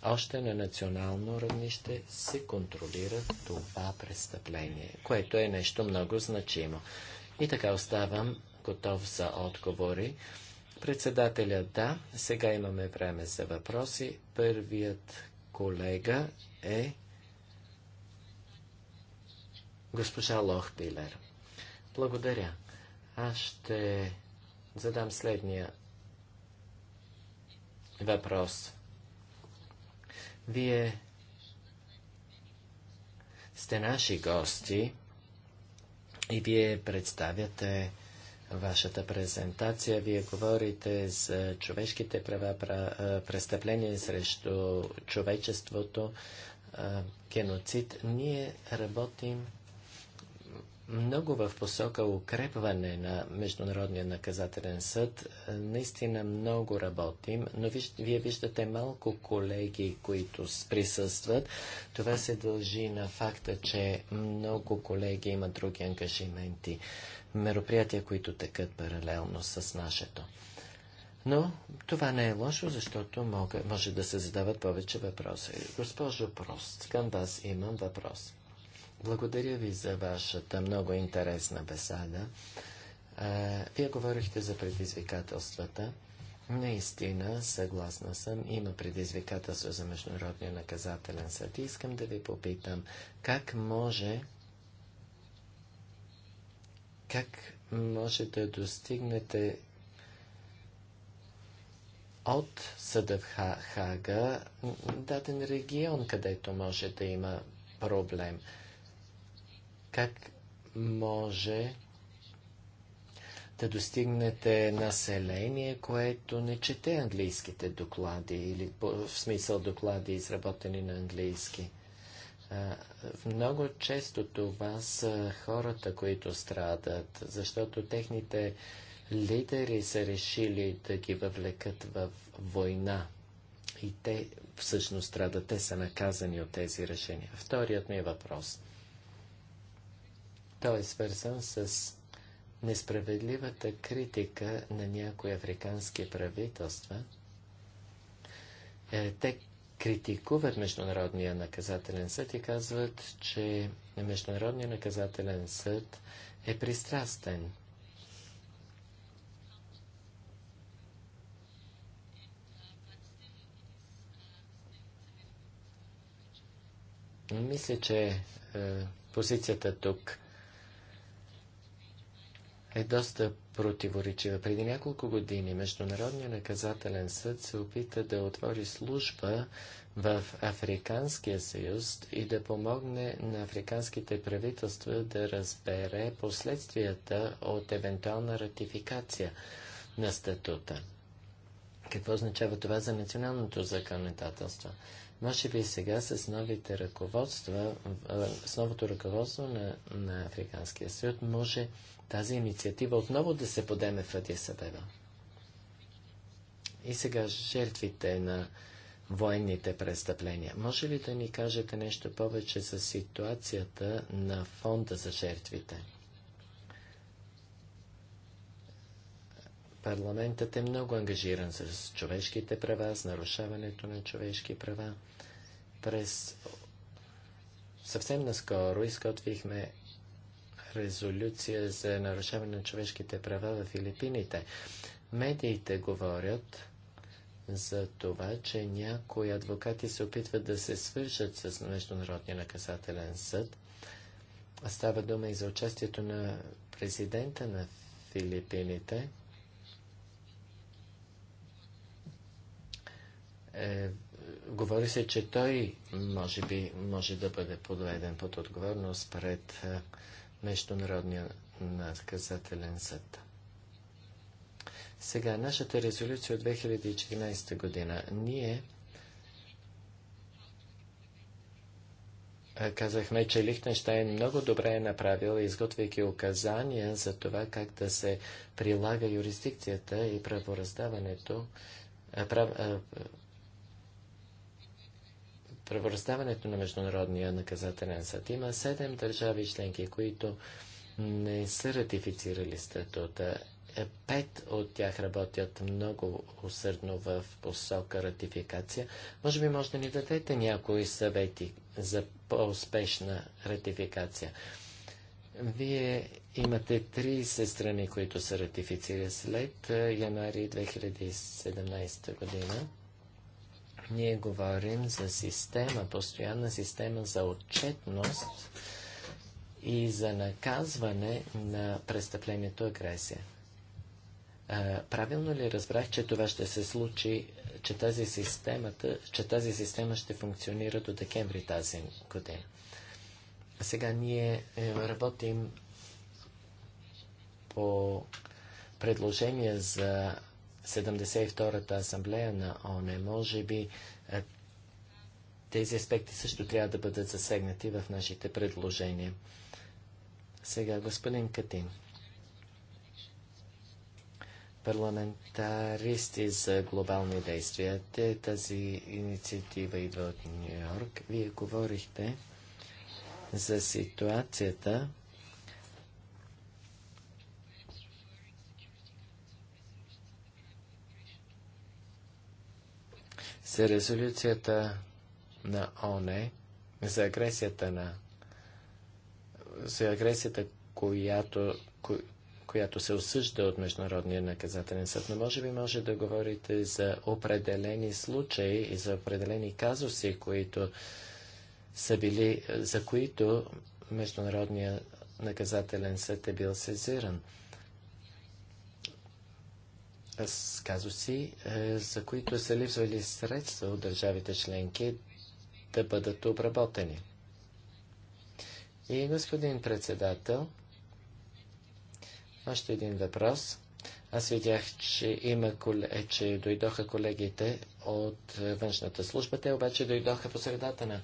Още на национално равнище се контролира това престъпление, което е нещо много значимо. И така оставам готов за отговори. Председателя да, сега имаме време за въпроси. Първият колега е Госпожа Лохпилер. Благодаря. Аз ще задам следния въпрос. Вие сте наши гости и вие представяте вашата презентация. Вие говорите за човешките права, престъпления срещу човечеството, геноцид. Ние работим много в посока укрепване на Международния наказателен съд. Е, наистина много работим, но виж, вие виждате малко колеги, които присъстват. Това се дължи на факта, че много колеги имат други ангажименти, мероприятия, които текат паралелно с нашето. Но това не е лошо, защото мога, може да се задават повече въпроси. Госпожо Прост, към вас имам въпрос. Благодаря ви за вашата много интересна беседа. Вие говорихте за предизвикателствата. Наистина, съгласна съм, има предизвикателство за Международния наказателен съд. Искам да ви попитам, как може как може да достигнете от съда в Хага даден регион, където може да има проблем. Как може да достигнете население, което не чете английските доклади или в смисъл доклади, изработени на английски? Много често това са хората, които страдат, защото техните лидери са решили да ги въвлекат в война. И те всъщност страдат, те са наказани от тези решения. Вторият ми въпрос. Той е свързан с несправедливата критика на някои африкански правителства. Е, те критикуват Международния наказателен съд и казват, че Международния наказателен съд е пристрастен. Мисля, че е, позицията тук е доста противоречива. Преди няколко години Международният наказателен съд се опита да отвори служба в Африканския съюз и да помогне на африканските правителства да разбере последствията от евентуална ратификация на статута. Какво означава това за националното законодателство? Може би сега с новите ръководства, с новото ръководство на, на Африканския съюз може тази инициатива отново да се подеме в Адия Абеба. И сега жертвите на военните престъпления. Може ли да ни кажете нещо повече за ситуацията на фонда за жертвите? Парламентът е много ангажиран с човешките права, с нарушаването на човешки права. През съвсем наскоро изготвихме резолюция за нарушаване на човешките права в Филипините. Медиите говорят за това, че някои адвокати се опитват да се свържат с Международния наказателен съд. Става дума и за участието на президента на Филипините. Е, говори се, че той може би може да бъде подведен под отговорност пред е, Международния наказателен съд. Сега, нашата резолюция от 2014 година. Ние казахме, че Лихтенштайн е много добре е направил, изготвяйки указания за това как да се прилага юрисдикцията и правораздаването, прав, правораздаването на Международния наказателен съд. Има седем държави членки, които не са ратифицирали статута. Е, пет от тях работят много усърдно в посока ратификация. Може би може да ни дадете някои съвети за по-успешна ратификация. Вие имате 30 страни, които са ратифицирали след е, януари 2017 година. Ние говорим за система, постоянна система за отчетност и за наказване на престъплението агресия. правилно ли разбрах, че това ще се случи, че тази, системата, че тази система ще функционира до декември тази година? Сега ние е, работим по предложения за 72-та асамблея на ОНЕ. Може би е, тези аспекти също трябва да бъдат засегнати в нашите предложения. Сега господин Катин. Парламентаристи за глобални действия. Те, тази инициатива идва от Нью Йорк. Вие говорихте за ситуацията за резолюцията на ОНЕ, за агресията на за агресията, която, ко, която се осъжда от Международния наказателен съд. Но може би може да говорите за определени случаи и за определени казуси, които са били, за които Международния наказателен съд е бил сезиран с казуси, е, за които са липсвали средства от държавите членки да бъдат обработени. И господин председател, още един въпрос. Аз видях, че, има, е, че дойдоха колегите от е, външната служба. Те обаче дойдоха по средата на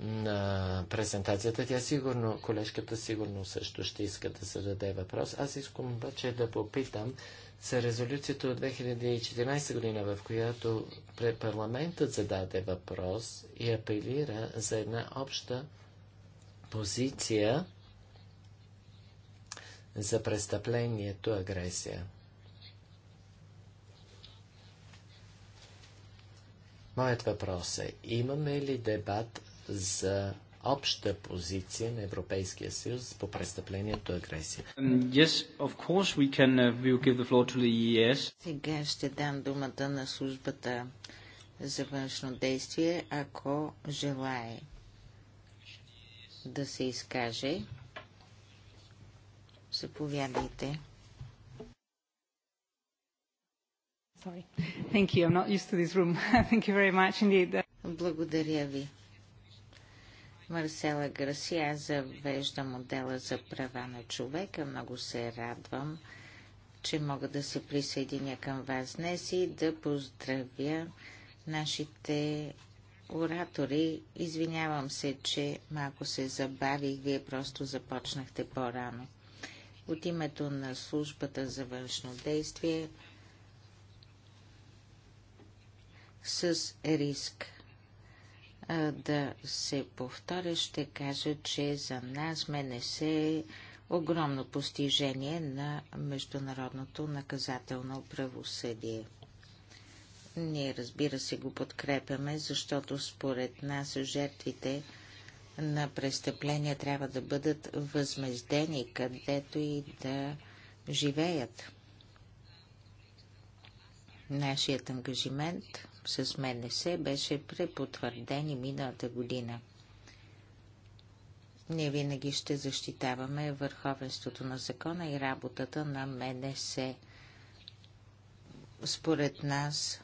на презентацията. Тя сигурно, колежката сигурно също ще иска да зададе въпрос. Аз искам обаче да попитам за резолюцията от 2014 година, в която парламентът зададе въпрос и апелира за една обща позиция за престъплението агресия. Моят въпрос е, имаме ли дебат за обща позиция на Европейския съюз по престъплението агресия. Um, yes, we can, uh, we e Сега ще дам думата на службата за външно действие, ако желае да се изкаже. Заповядайте. Благодаря ви. Марсела Гарсия завежда модела за права на човека. Много се радвам, че мога да се присъединя към вас днес и да поздравя нашите оратори. Извинявам се, че малко се забавих, вие просто започнахте по-рано. От името на службата за външно действие с риск да се повторя, ще кажа, че за нас МНС е огромно постижение на международното наказателно правосъдие. Ние, разбира се, го подкрепяме, защото според нас жертвите на престъпления трябва да бъдат възмездени, където и да живеят. Нашият ангажимент с МНС се беше препотвърден и миналата година. Ние винаги ще защитаваме върховенството на закона и работата на МНС. Според нас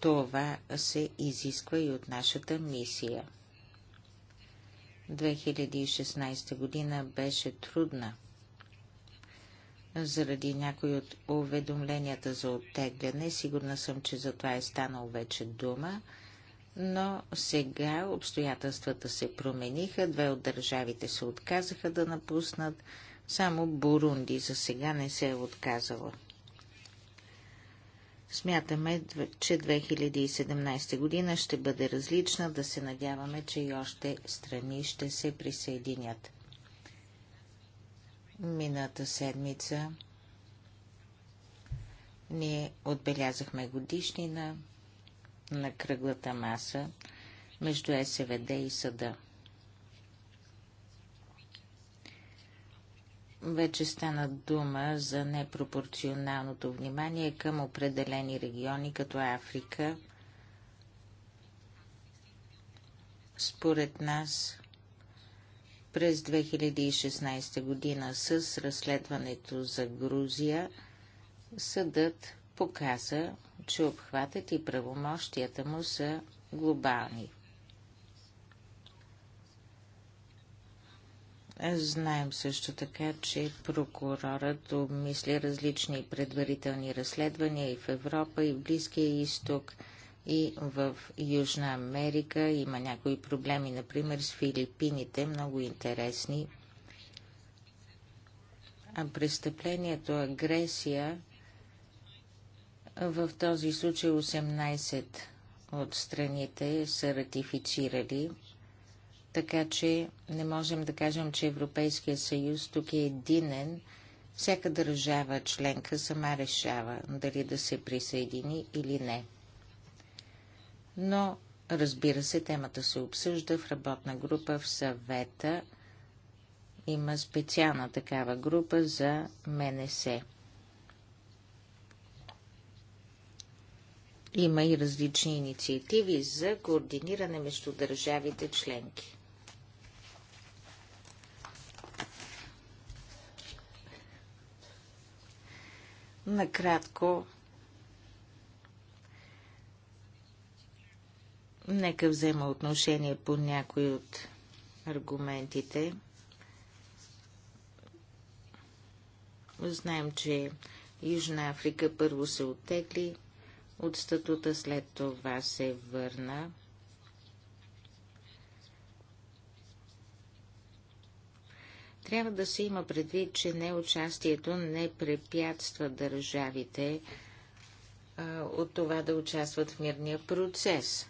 това се изисква и от нашата мисия. 2016 година беше трудна – заради някои от уведомленията за оттегляне. Сигурна съм, че за това е станал вече дума. Но сега обстоятелствата се промениха, две от държавите се отказаха да напуснат, само Бурунди за сега не се е отказала. Смятаме, че 2017 година ще бъде различна, да се надяваме, че и още страни ще се присъединят. Мината седмица ние отбелязахме годишнина на кръглата маса между СВД и съда. Вече стана дума за непропорционалното внимание към определени региони, като Африка. Според нас през 2016 година с разследването за Грузия, съдът показа, че обхватът и правомощията му са глобални. Знаем също така, че прокурорът обмисли различни предварителни разследвания и в Европа, и в Близкия изток – и в Южна Америка. Има някои проблеми, например с Филипините, много интересни. А престъплението агресия в този случай 18 от страните са ратифицирали, така че не можем да кажем, че Европейския съюз тук е единен. Всяка държава членка сама решава дали да се присъедини или не но разбира се, темата се обсъжда в работна група в съвета. Има специална такава група за МНС. Има и различни инициативи за координиране между държавите членки. Накратко Нека взема отношение по някои от аргументите. Знаем, че Южна Африка първо се оттегли от статута, след това се върна. Трябва да се има предвид, че неучастието не препятства държавите а, от това да участват в мирния процес.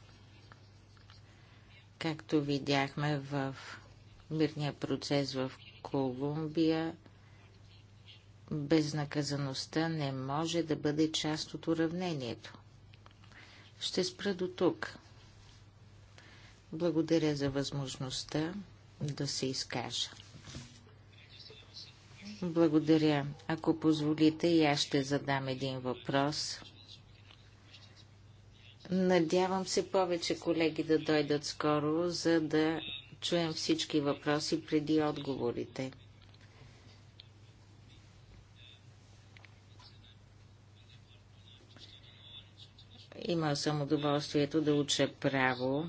Както видяхме в мирния процес в Колумбия, безнаказаността не може да бъде част от уравнението. Ще спра до тук. Благодаря за възможността да се изкажа. Благодаря. Ако позволите, и аз ще задам един въпрос. Надявам се повече колеги да дойдат скоро, за да чуем всички въпроси преди отговорите. Имал съм удоволствието да уча право,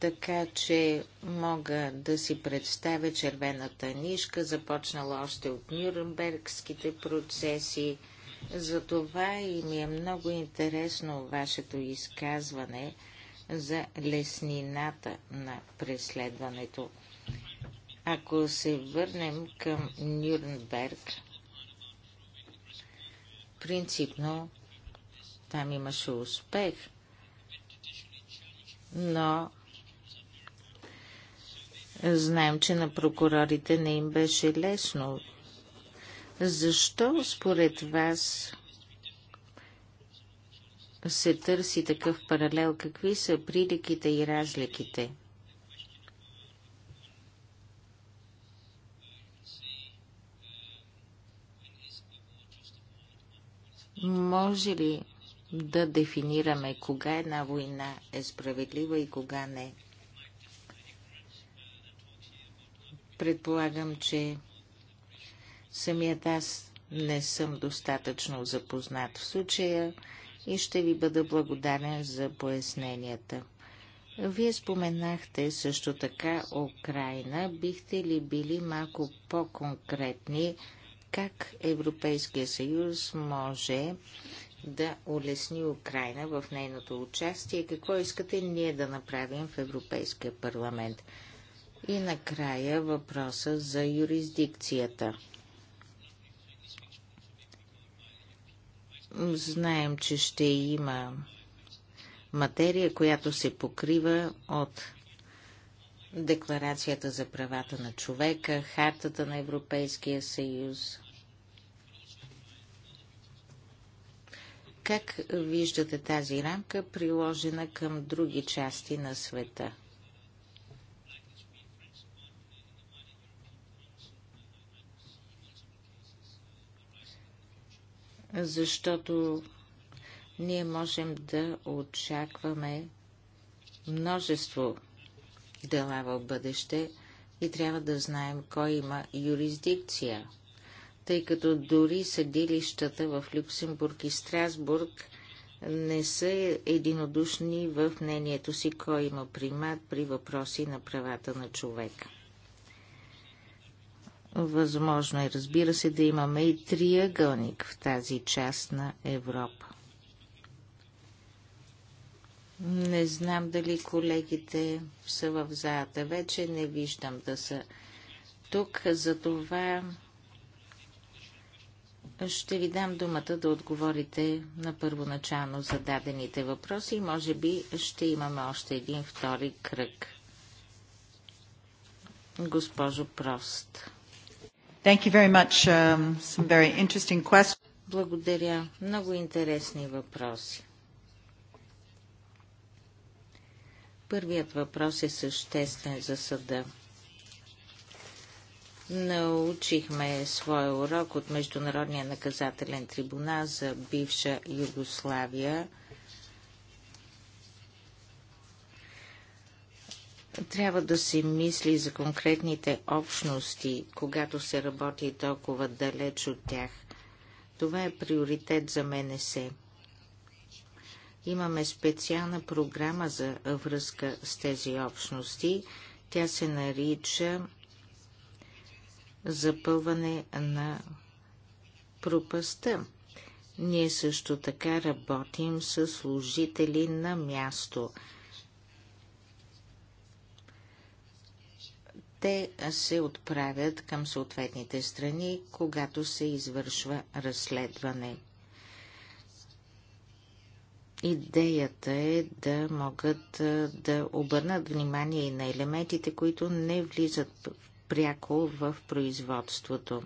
така че мога да си представя червената нишка, започнала още от Нюрнбергските процеси – затова и ми е много интересно вашето изказване за леснината на преследването. Ако се върнем към Нюрнберг, принципно там имаше успех, но знаем, че на прокурорите не им беше лесно. Защо според вас се търси такъв паралел? Какви са приликите и разликите? Може ли да дефинираме кога една война е справедлива и кога не? Предполагам, че Самият аз не съм достатъчно запознат в случая и ще ви бъда благодарен за поясненията. Вие споменахте също така Украина. Бихте ли били малко по-конкретни как Европейския съюз може да улесни Украина в нейното участие? Какво искате ние да направим в Европейския парламент? И накрая въпроса за юрисдикцията. Знаем, че ще има материя, която се покрива от Декларацията за правата на човека, Хартата на Европейския съюз. Как виждате тази рамка, приложена към други части на света? защото ние можем да очакваме множество дела в бъдеще и трябва да знаем кой има юрисдикция, тъй като дори съдилищата в Люксембург и Страсбург не са единодушни в мнението си кой има примат при въпроси на правата на човека. Възможно е, разбира се, да имаме и триъгълник в тази част на Европа. Не знам дали колегите са в заята. Вече не виждам да са тук. Затова ще ви дам думата да отговорите на първоначално зададените въпроси и може би ще имаме още един втори кръг. Госпожо Прост. Thank you very much. Um, some very interesting questions. Благодаря. Много интересни въпроси. Първият въпрос е съществен за съда. Научихме своя урок от Международния наказателен трибунал за бивша Югославия – Трябва да се мисли за конкретните общности, когато се работи толкова далеч от тях. Това е приоритет за мене се. Имаме специална програма за връзка с тези общности. Тя се нарича запълване на пропаста. Ние също така работим с служители на място – те се отправят към съответните страни, когато се извършва разследване. Идеята е да могат да обърнат внимание и на елементите, които не влизат пряко в производството.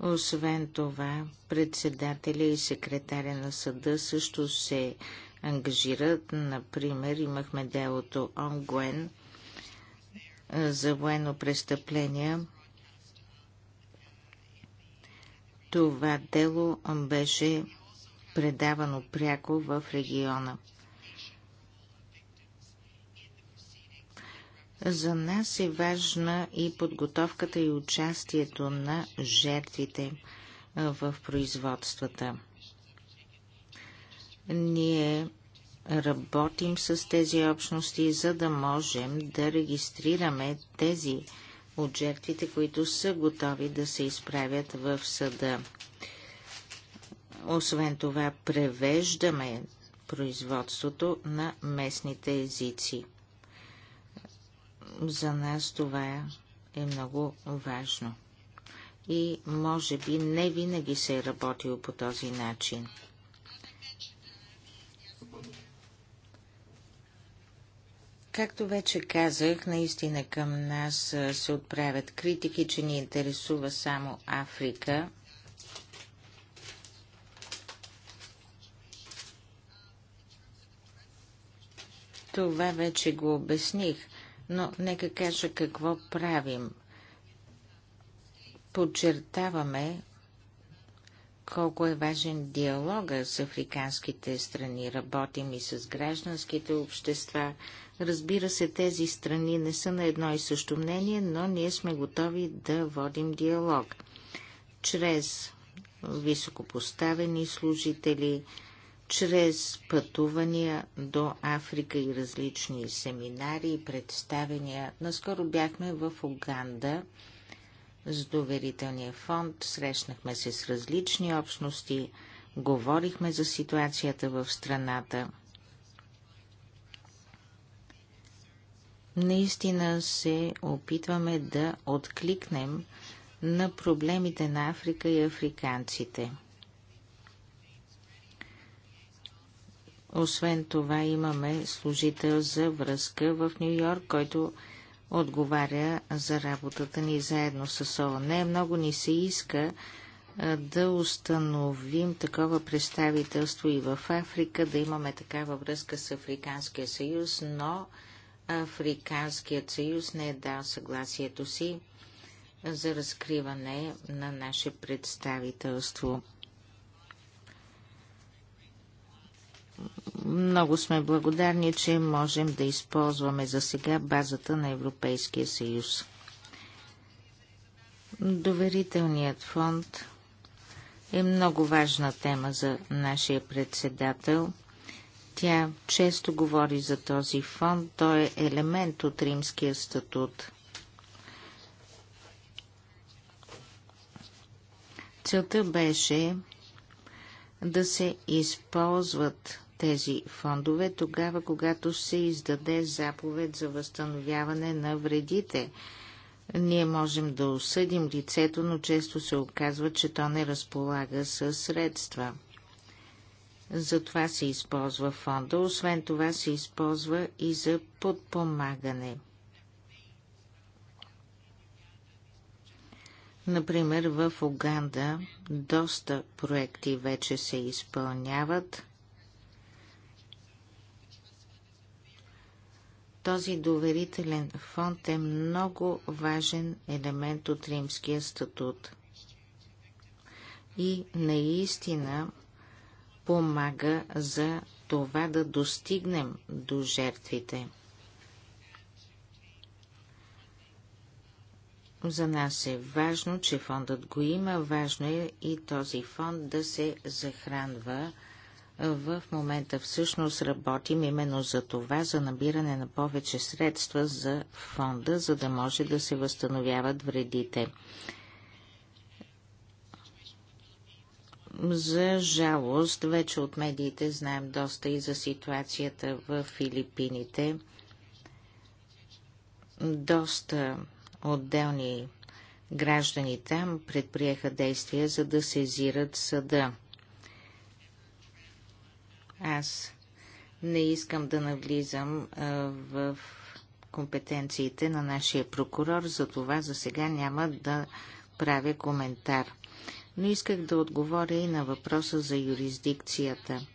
Освен това, председателя и секретаря на съда също се ангажират. Например, имахме делото Онгуен за военно престъпление. Това дело беше предавано пряко в региона. За нас е важна и подготовката и участието на жертвите в производствата. Ние работим с тези общности, за да можем да регистрираме тези от жертвите, които са готови да се изправят в съда. Освен това, превеждаме производството на местните езици. За нас това е много важно. И може би не винаги се е работило по този начин. Както вече казах, наистина към нас се отправят критики, че ни интересува само Африка. Това вече го обясних, но нека кажа какво правим. Подчертаваме колко е важен диалога с африканските страни. Работим и с гражданските общества, Разбира се, тези страни не са на едно и също мнение, но ние сме готови да водим диалог. Чрез високопоставени служители, чрез пътувания до Африка и различни семинари и представения. Наскоро бяхме в Уганда с доверителния фонд, срещнахме се с различни общности, говорихме за ситуацията в страната – наистина се опитваме да откликнем на проблемите на Африка и африканците. Освен това имаме служител за връзка в Нью Йорк, който отговаря за работата ни заедно с ООН. Много ни се иска да установим такова представителство и в Африка, да имаме такава връзка с Африканския съюз, но Африканският съюз не е дал съгласието си за разкриване на наше представителство. Много сме благодарни, че можем да използваме за сега базата на Европейския съюз. Доверителният фонд е много важна тема за нашия председател. Тя често говори за този фонд. Той е елемент от римския статут. Целта беше да се използват тези фондове тогава, когато се издаде заповед за възстановяване на вредите. Ние можем да осъдим лицето, но често се оказва, че то не разполага със средства. За това се използва фонда. Освен това се използва и за подпомагане. Например, в Уганда доста проекти вече се изпълняват. Този доверителен фонд е много важен елемент от римския статут. И наистина помага за това да достигнем до жертвите. За нас е важно, че фондът го има, важно е и този фонд да се захранва. В момента всъщност работим именно за това, за набиране на повече средства за фонда, за да може да се възстановяват вредите. За жалост, вече от медиите знаем доста и за ситуацията в Филипините. Доста отделни граждани там предприеха действия, за да сезират съда. Аз не искам да навлизам в компетенциите на нашия прокурор, за това за сега няма да правя коментар но исках да отговоря и на въпроса за юрисдикцията.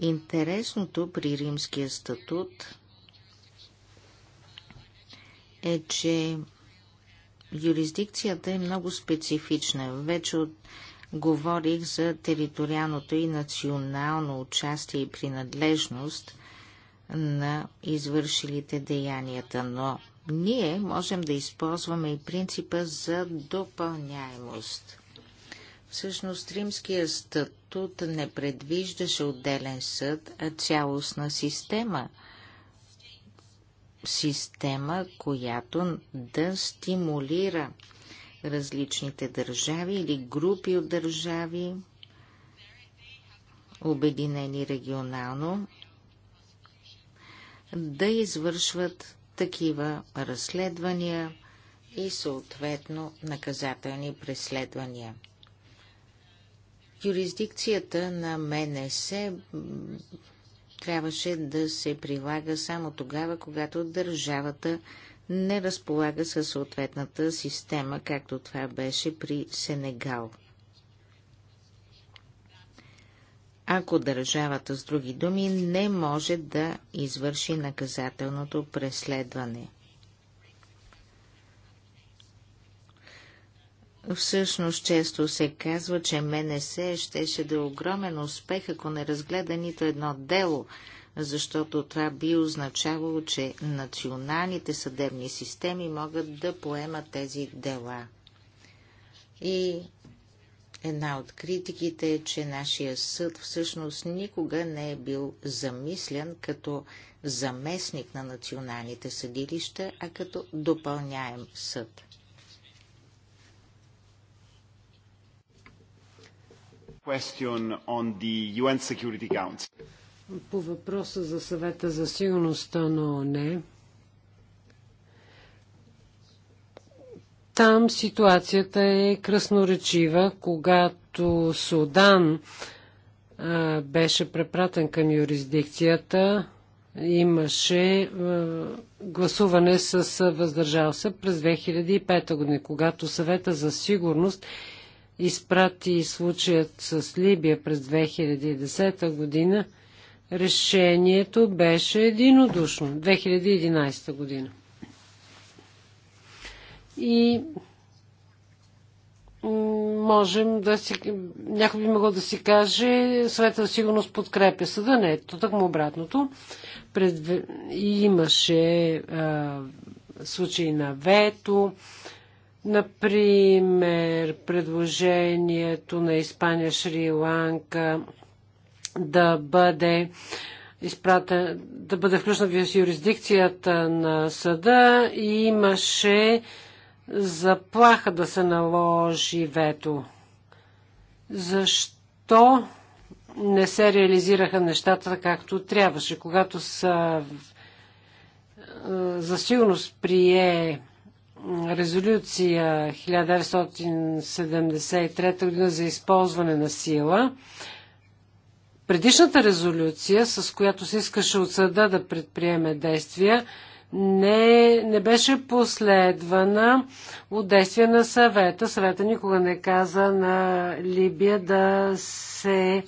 Интересното при римския статут е, че юрисдикцията е много специфична. Вече от... говорих за териториалното и национално участие и принадлежност на извършилите деянията, но ние можем да използваме и принципа за допълняемост. Всъщност римския статут не предвиждаше отделен съд, а цялостна система. Система, която да стимулира различните държави или групи от държави, обединени регионално, да извършват такива разследвания и съответно наказателни преследвания. Юрисдикцията на МНС трябваше да се прилага само тогава, когато държавата не разполага със съответната система, както това беше при Сенегал. ако държавата, с други думи, не може да извърши наказателното преследване. Всъщност често се казва, че МНС щеше да е огромен успех, ако не разгледа нито едно дело, защото това би означавало, че националните съдебни системи могат да поемат тези дела. И Една от критиките е, че нашия съд всъщност никога не е бил замислен като заместник на националните съдилища, а като допълняем съд. По въпроса за съвета за сигурността на не. Там ситуацията е кръсноречива, когато Судан а, беше препратен към юрисдикцията, имаше а, гласуване с а, въздържал се през 2005 година, когато съвета за сигурност изпрати случаят с Либия през 2010 година, решението беше единодушно 2011 година и можем да си... Някой би могло да си каже, съвета за сигурност подкрепя съда. Не, то му обратното. Пред... Имаше а, случаи на вето, например, предложението на Испания, Шри-Ланка да бъде изпрата, да бъде включена в юрисдикцията на съда и имаше заплаха да се наложи вето. Защо не се реализираха нещата както трябваше? Когато са е, за сигурност прие резолюция 1973 година за използване на сила, предишната резолюция, с която се искаше от съда да предприеме действия, не, не беше последвана от действия на съвета. Съвета никога не каза на Либия да се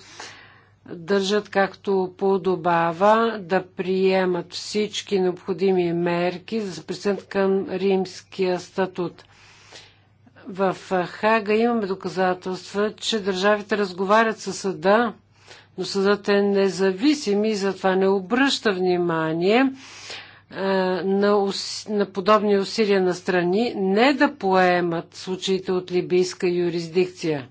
държат както подобава, да приемат всички необходими мерки за да се присъединят към римския статут. В Хага имаме доказателства, че държавите разговарят със съда, но съдът е независим и затова не обръща внимание е, на, ус... на подобни усилия на страни не да поемат случаите от либийска юрисдикция.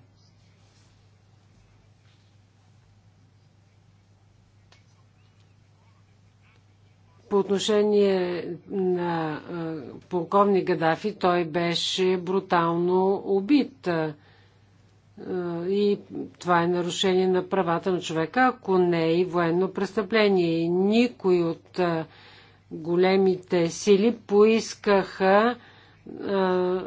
По отношение на е, полковник Гадафи, той беше брутално убит. Е, и това е нарушение на правата на човека, ако не е и военно престъпление. И никой от големите сили поискаха а,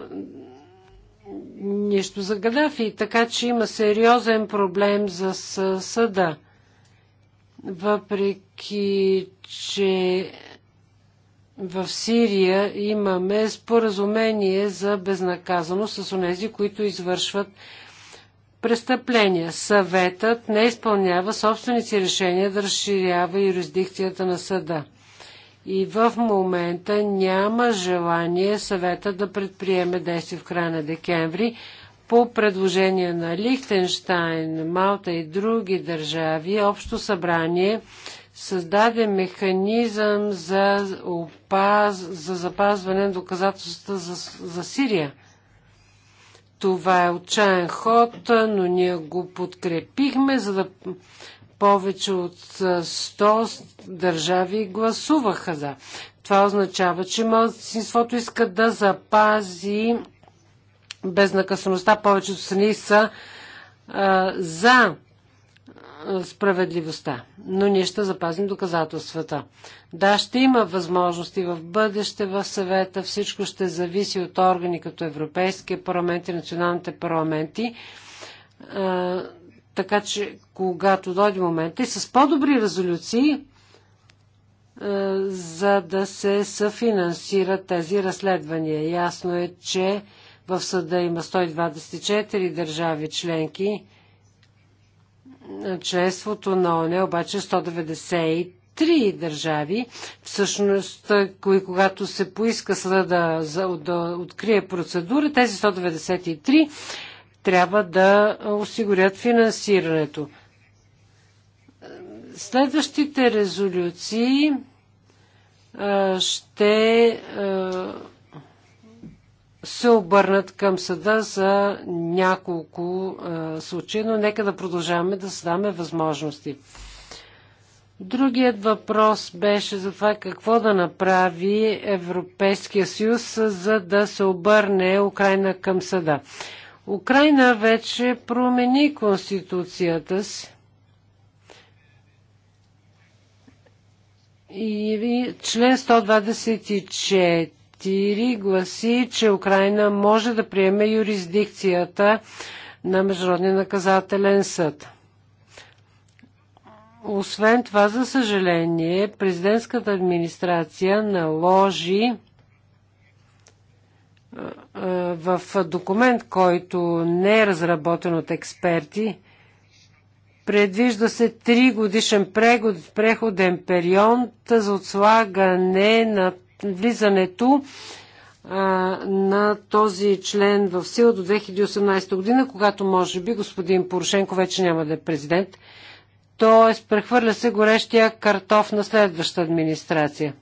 нещо за Гадафи, така че има сериозен проблем за съда. Въпреки, че в Сирия имаме споразумение за безнаказаност с онези, които извършват престъпления. Съветът не изпълнява собствените решения да разширява юрисдикцията на съда. И в момента няма желание съвета да предприеме действия в края на декември. По предложение на Лихтенштайн, Малта и други държави, Общо събрание създаде механизъм за, опаз... за запазване на доказателствата за, за Сирия. Това е отчаян ход, но ние го подкрепихме, за да повече от 100 държави гласуваха за. Това означава, че мълцинството иска да запази безнакъсаността. Повечето страни са а, за справедливостта. Но ние ще запазим доказателствата. Да, ще има възможности в бъдеще в съвета. Всичко ще зависи от органи като Европейския парламент и националните парламенти така че, когато дойде момента и с по-добри резолюции, е, за да се съфинансират тези разследвания. Ясно е, че в съда има 124 държави членки. Членството на ОНЕ обаче 193 е държави. Всъщност, кои, когато се поиска съда да, да открие процедура, тези 193 трябва да осигурят финансирането. Следващите резолюции ще се обърнат към съда за няколко случая, но нека да продължаваме да създаваме възможности. Другият въпрос беше за това какво да направи Европейския съюз, за да се обърне Украина към съда. Украина вече промени конституцията си. И член 124 гласи, че Украина може да приеме юрисдикцията на Международния наказателен съд. Освен това, за съжаление, президентската администрация наложи е, в документ, който не е разработен от експерти, предвижда се три годишен преход, преходен период за отслагане на влизането а, е, на този член в сила до 2018 година, когато може би господин Порошенко вече няма да е президент. Тоест, прехвърля се горещия картоф на следваща администрация.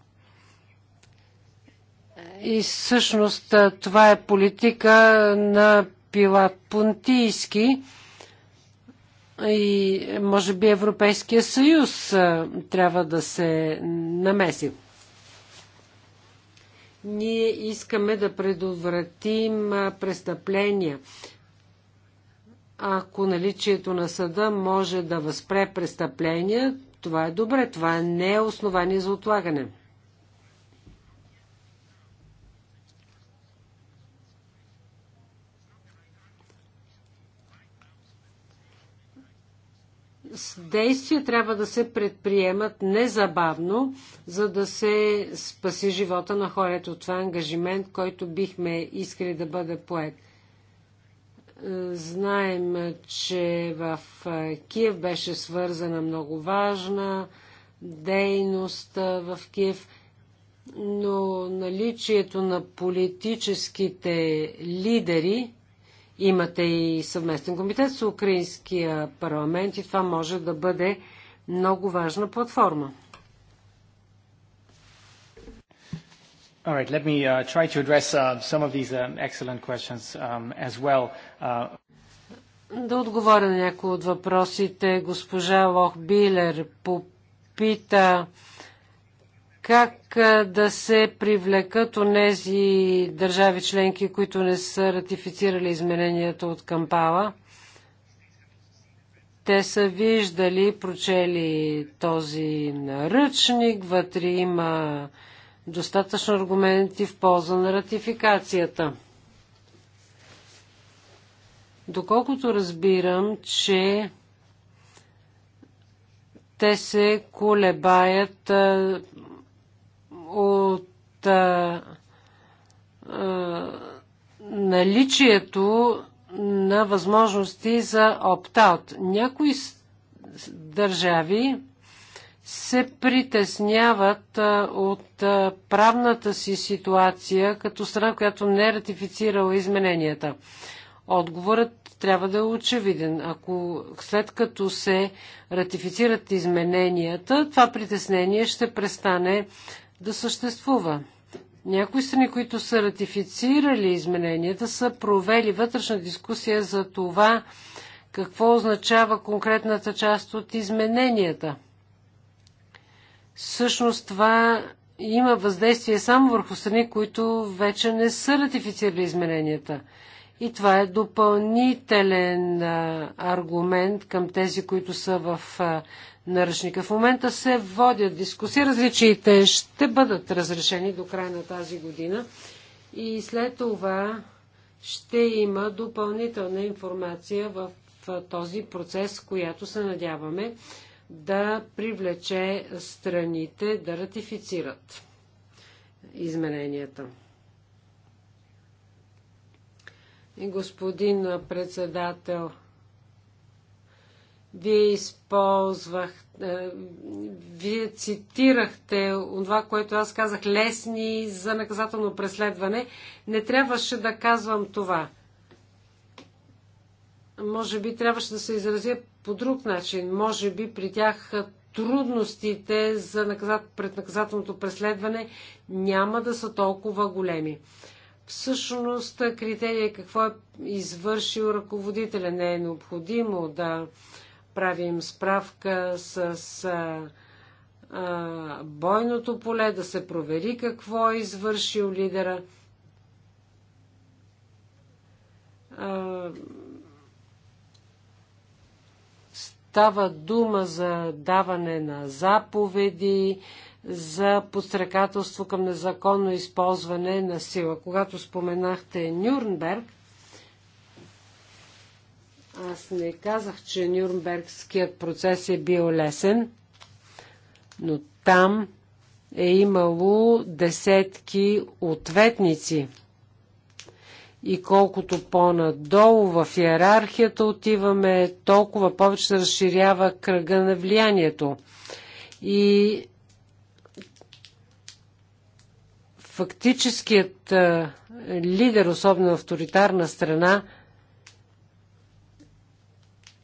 И всъщност това е политика на Пилат Понтийски и може би Европейския съюз трябва да се намеси. Ние искаме да предотвратим престъпления. Ако наличието на съда може да възпре престъпления, това е добре. Това не е основание за отлагане. действия трябва да се предприемат незабавно, за да се спаси живота на хората. от Това е ангажимент, който бихме искали да бъде поет. Знаем, че в Киев беше свързана много важна дейност в Киев, но наличието на политическите лидери Имате и съвместен комитет с Украинския парламент и това може да бъде много важна платформа. All right. Let me uh, try to address uh, some of these uh, excellent questions um, as well. Uh... Да отговоря на някои от въпросите. Госпожа Лох Билер попита uh, как да се привлекат онези държави членки, които не са ратифицирали измененията от Кампала. Те са виждали, прочели този наръчник, вътре има достатъчно аргументи в полза на ратификацията. Доколкото разбирам, че те се колебаят от а, а, наличието на възможности за опт-аут. Някои държави се притесняват от правната си ситуация като страна, която не е ратифицирала измененията. Отговорът трябва да е очевиден. Ако след като се ратифицират измененията, това притеснение ще престане да съществува. Някои страни, които са ратифицирали измененията, са провели вътрешна дискусия за това какво означава конкретната част от измененията. Всъщност това има въздействие само върху страни, които вече не са ратифицирали измененията. И това е допълнителен аргумент към тези, които са в наръчника. В момента се водят дискусии. Различиите ще бъдат разрешени до края на тази година и след това ще има допълнителна информация в този процес, която се надяваме да привлече страните да ратифицират измененията. И господин председател, вие използвах, е, вие цитирахте това, което аз казах, лесни за наказателно преследване. Не трябваше да казвам това. Може би трябваше да се изразя по друг начин. Може би при тях трудностите за наказат, пред наказателното преследване няма да са толкова големи. Всъщност критерия е какво е извършил ръководителя не е необходимо да правим справка с бойното поле, да се провери какво е извършил лидера. Става дума за даване на заповеди, за подстрекателство към незаконно използване на сила. Когато споменахте Нюрнберг – аз не казах, че Нюрнбергският процес е бил лесен, но там е имало десетки ответници. И колкото по-надолу в иерархията отиваме, толкова повече се разширява кръга на влиянието. И фактическият лидер, особено авторитарна страна,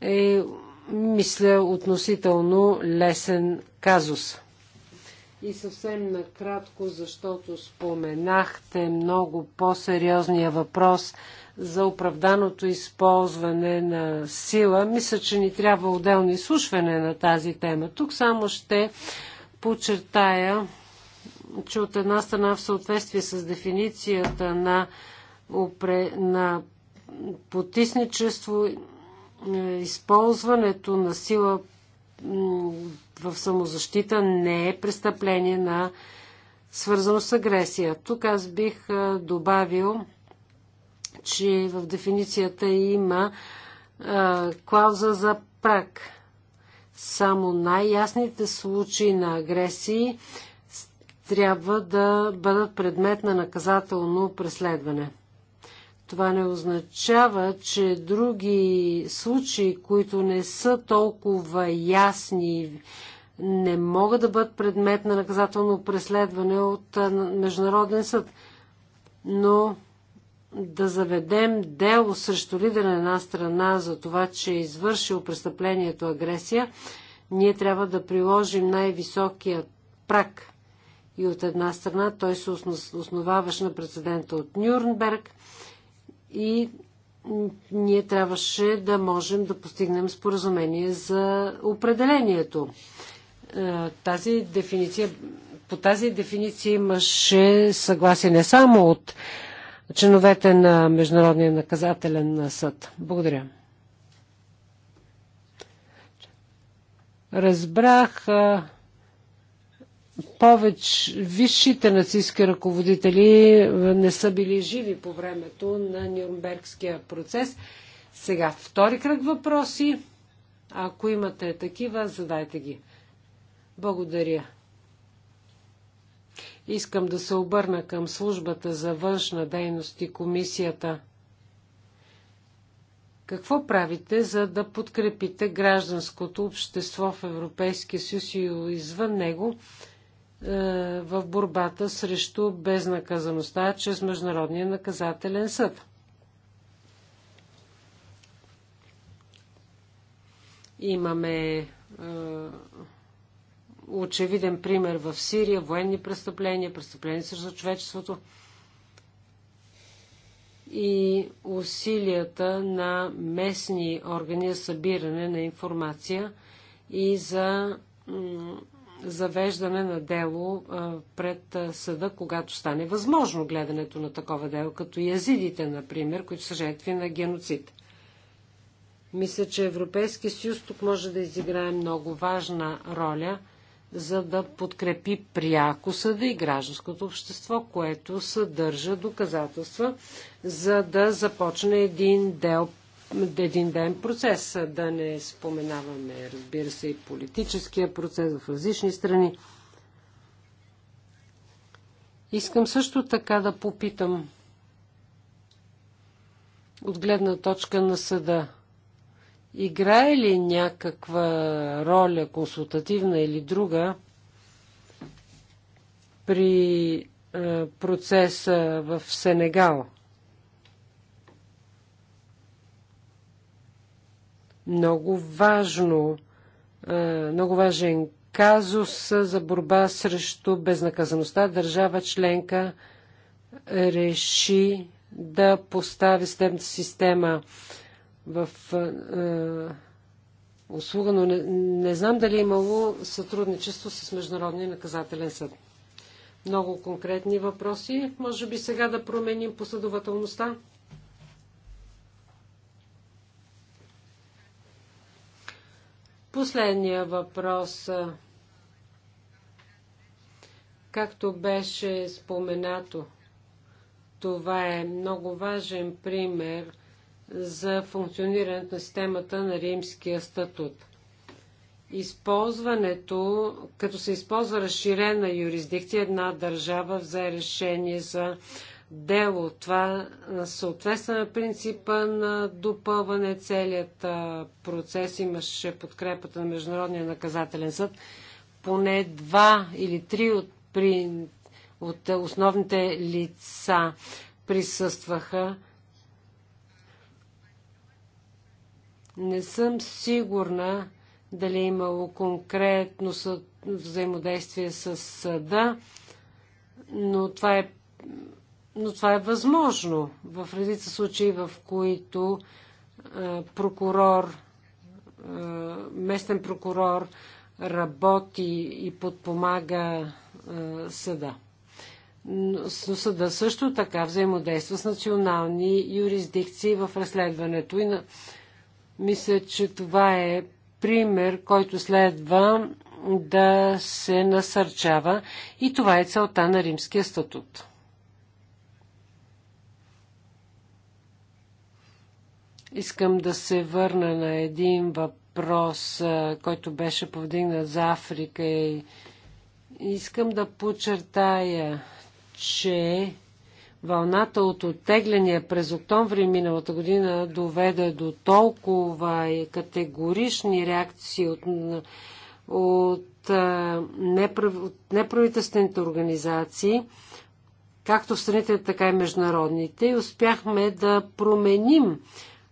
е, мисля, относително лесен казус. И съвсем накратко, защото споменахте много по-сериозния въпрос за оправданото използване на сила. Мисля, че ни трябва отделно изслушване на тази тема. Тук само ще подчертая, че от една страна в съответствие с дефиницията на, на потисничество е, използването на сила в самозащита не е престъпление на свързано с агресия. Тук аз бих е, добавил, че в дефиницията има е, клауза за прак. Само най-ясните случаи на агресии трябва да бъдат предмет на наказателно преследване. Това не означава, че други случаи, които не са толкова ясни, не могат да бъдат предмет на наказателно преследване от Международен съд. Но да заведем дело срещу лидера на една страна за това, че е извършил престъплението агресия, ние трябва да приложим най-високия прак. И от една страна той се основаваше на прецедента от Нюрнберг, и ние трябваше да можем да постигнем споразумение за определението. Е, тази дефиниция, по тази дефиниция имаше съгласие не само от членовете на Международния наказателен съд. Благодаря. Разбрах е, повече висшите нацистски ръководители не са били живи по времето на Нюрнбергския процес. Сега, втори кръг въпроси. Ако имате такива, задайте ги. Благодаря. Искам да се обърна към службата за външна дейност и комисията. Какво правите, за да подкрепите гражданското общество в Европейския съюз и извън него? Е, в борбата срещу безнаказаността чрез Международния наказателен съд. Имаме е, очевиден пример в Сирия, военни престъпления, престъпления срещу човечеството и усилията на местни органи за събиране на информация и за завеждане на дело пред съда, когато стане възможно гледането на такова дело, като язидите, например, които са жертви на геноцид. Мисля, че Европейския съюз тук може да изиграе много важна роля, за да подкрепи пряко съда и гражданското общество, което съдържа доказателства, за да започне един дел един ден процес. Да не споменаваме, разбира се, и политическия процес в различни страни. Искам също така да попитам от гледна точка на съда. Играе ли някаква роля, консултативна или друга, при процеса в Сенегал? много важно, много важен казус за борба срещу безнаказаността. Държава членка реши да постави съдебната система в е, услуга, но не, не знам дали е имало сътрудничество с Международния наказателен съд. Много конкретни въпроси. Може би сега да променим последователността. Последния въпрос. Както беше споменато, това е много важен пример за функционирането на системата на римския статут. Използването, като се използва разширена юрисдикция, една държава взе решение за дело. Това съответства на принципа на допълване целият процес. Имаше подкрепата на Международния наказателен съд. Поне два или три от, при, от основните лица присъстваха. Не съм сигурна дали е имало конкретно съ... взаимодействие с съда, но това е но това е възможно в редица случаи, в които прокурор, местен прокурор работи и подпомага съда. Но съда също така взаимодейства с национални юрисдикции в разследването. И на... Мисля, че това е пример, който следва да се насърчава и това е целта на римския статут. Искам да се върна на един въпрос, който беше повдигнат за Африка и искам да подчертая, че вълната от оттегляния през октомври миналата година доведе до толкова категорични реакции от, от, от неправителствените организации, както в страните, така и международните, и успяхме да променим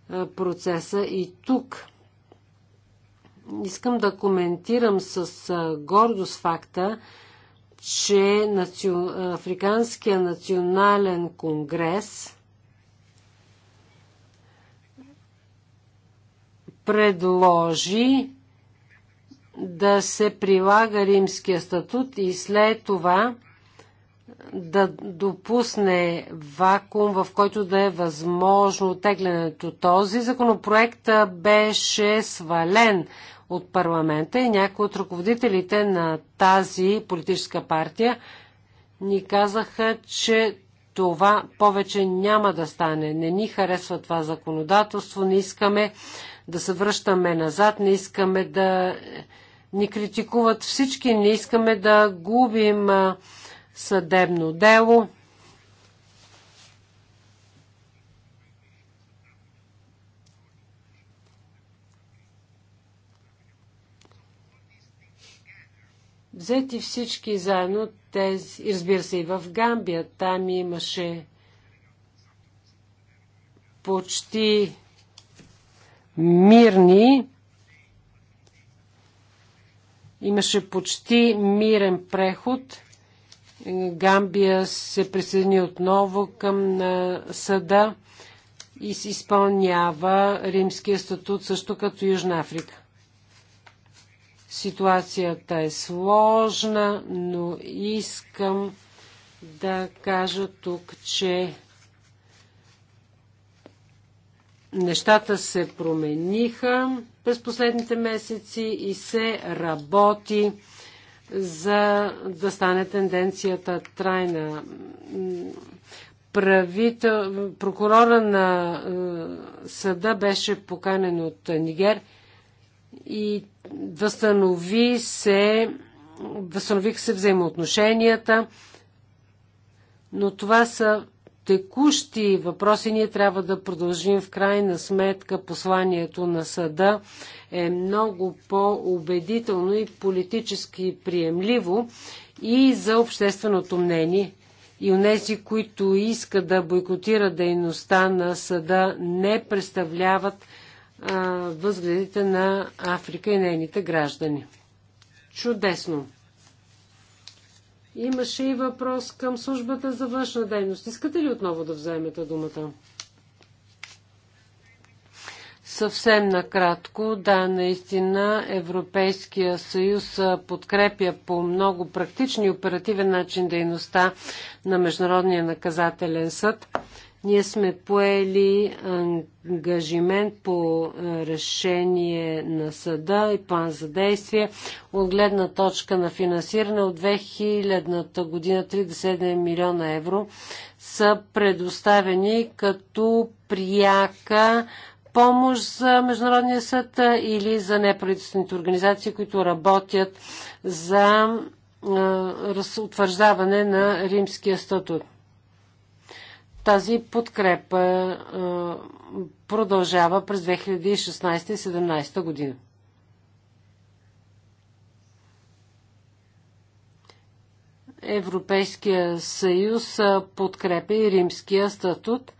процеса и тук искам да коментирам с гордост факта, че Африканския национален конгрес предложи да се прилага римския статут и след това да допусне вакуум, в който да е възможно оттеглянето Този законопроект беше свален от парламента и някои от ръководителите на тази политическа партия ни казаха, че това повече няма да стане. Не ни харесва това законодателство, не искаме да се връщаме назад, не искаме да ни критикуват всички, не искаме да губим съдебно дело. Взети всички заедно, тези, разбира се, и в Гамбия, там имаше почти мирни имаше почти мирен преход. Гамбия се присъедини отново към съда и се изпълнява римския статут също като Южна Африка. Ситуацията е сложна, но искам да кажа тук, че нещата се промениха през последните месеци и се работи за да стане тенденцията трайна. Правител, прокурора на е, съда беше поканен от Нигер и възстанови се, възстанових се взаимоотношенията, но това са текущи въпроси ние трябва да продължим в крайна сметка. Посланието на съда е много по-убедително и политически приемливо и за общественото мнение. И унези, които искат да бойкотират дейността на съда, не представляват а, възгледите на Африка и нейните граждани. Чудесно! Имаше и въпрос към службата за външна дейност. Искате ли отново да вземете думата? Съвсем накратко, да, наистина Европейския съюз подкрепя по много практичен и оперативен начин дейността на Международния наказателен съд. Ние сме поели ангажимент по е, решение на съда и план за действие от гледна точка на финансиране от 2000-та година 37 милиона евро са предоставени като прияка помощ за Международния съд е, или за неправителствените организации, които работят за е, утвърждаване на римския статут. Тази подкрепа е, продължава през 2016-2017 година. Европейския съюз е, подкрепя и римския статут.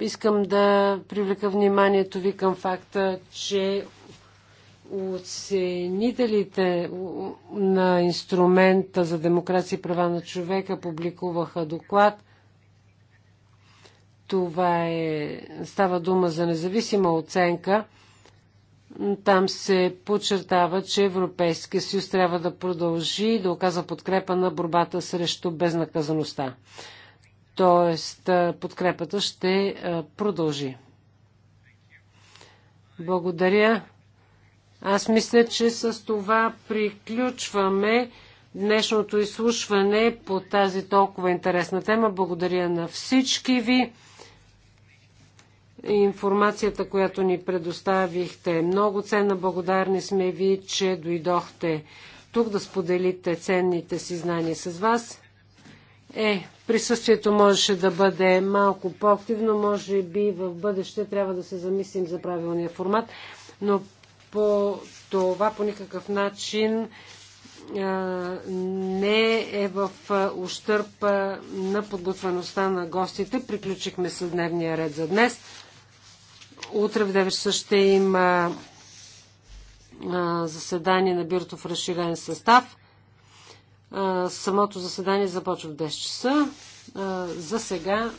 Искам да привлека вниманието ви към факта, че оценителите на инструмента за демокрация и права на човека публикуваха доклад – това е, става дума за независима оценка. Там се подчертава, че Европейския съюз трябва да продължи да оказва подкрепа на борбата срещу безнаказаността. Тоест, подкрепата ще продължи. Благодаря. Аз мисля, че с това приключваме днешното изслушване по тази толкова интересна тема. Благодаря на всички ви информацията, която ни предоставихте. Е много ценна. Благодарни сме ви, че дойдохте тук да споделите ценните си знания с вас. Е, присъствието можеше да бъде малко по-активно, може би в бъдеще трябва да се замислим за правилния формат, но по това по никакъв начин не е в ущърп на подготвеността на гостите. Приключихме с дневния ред за днес. Утре в 9 часа ще има заседание на бюрото в разширен състав. Самото заседание започва в 10 часа. За сега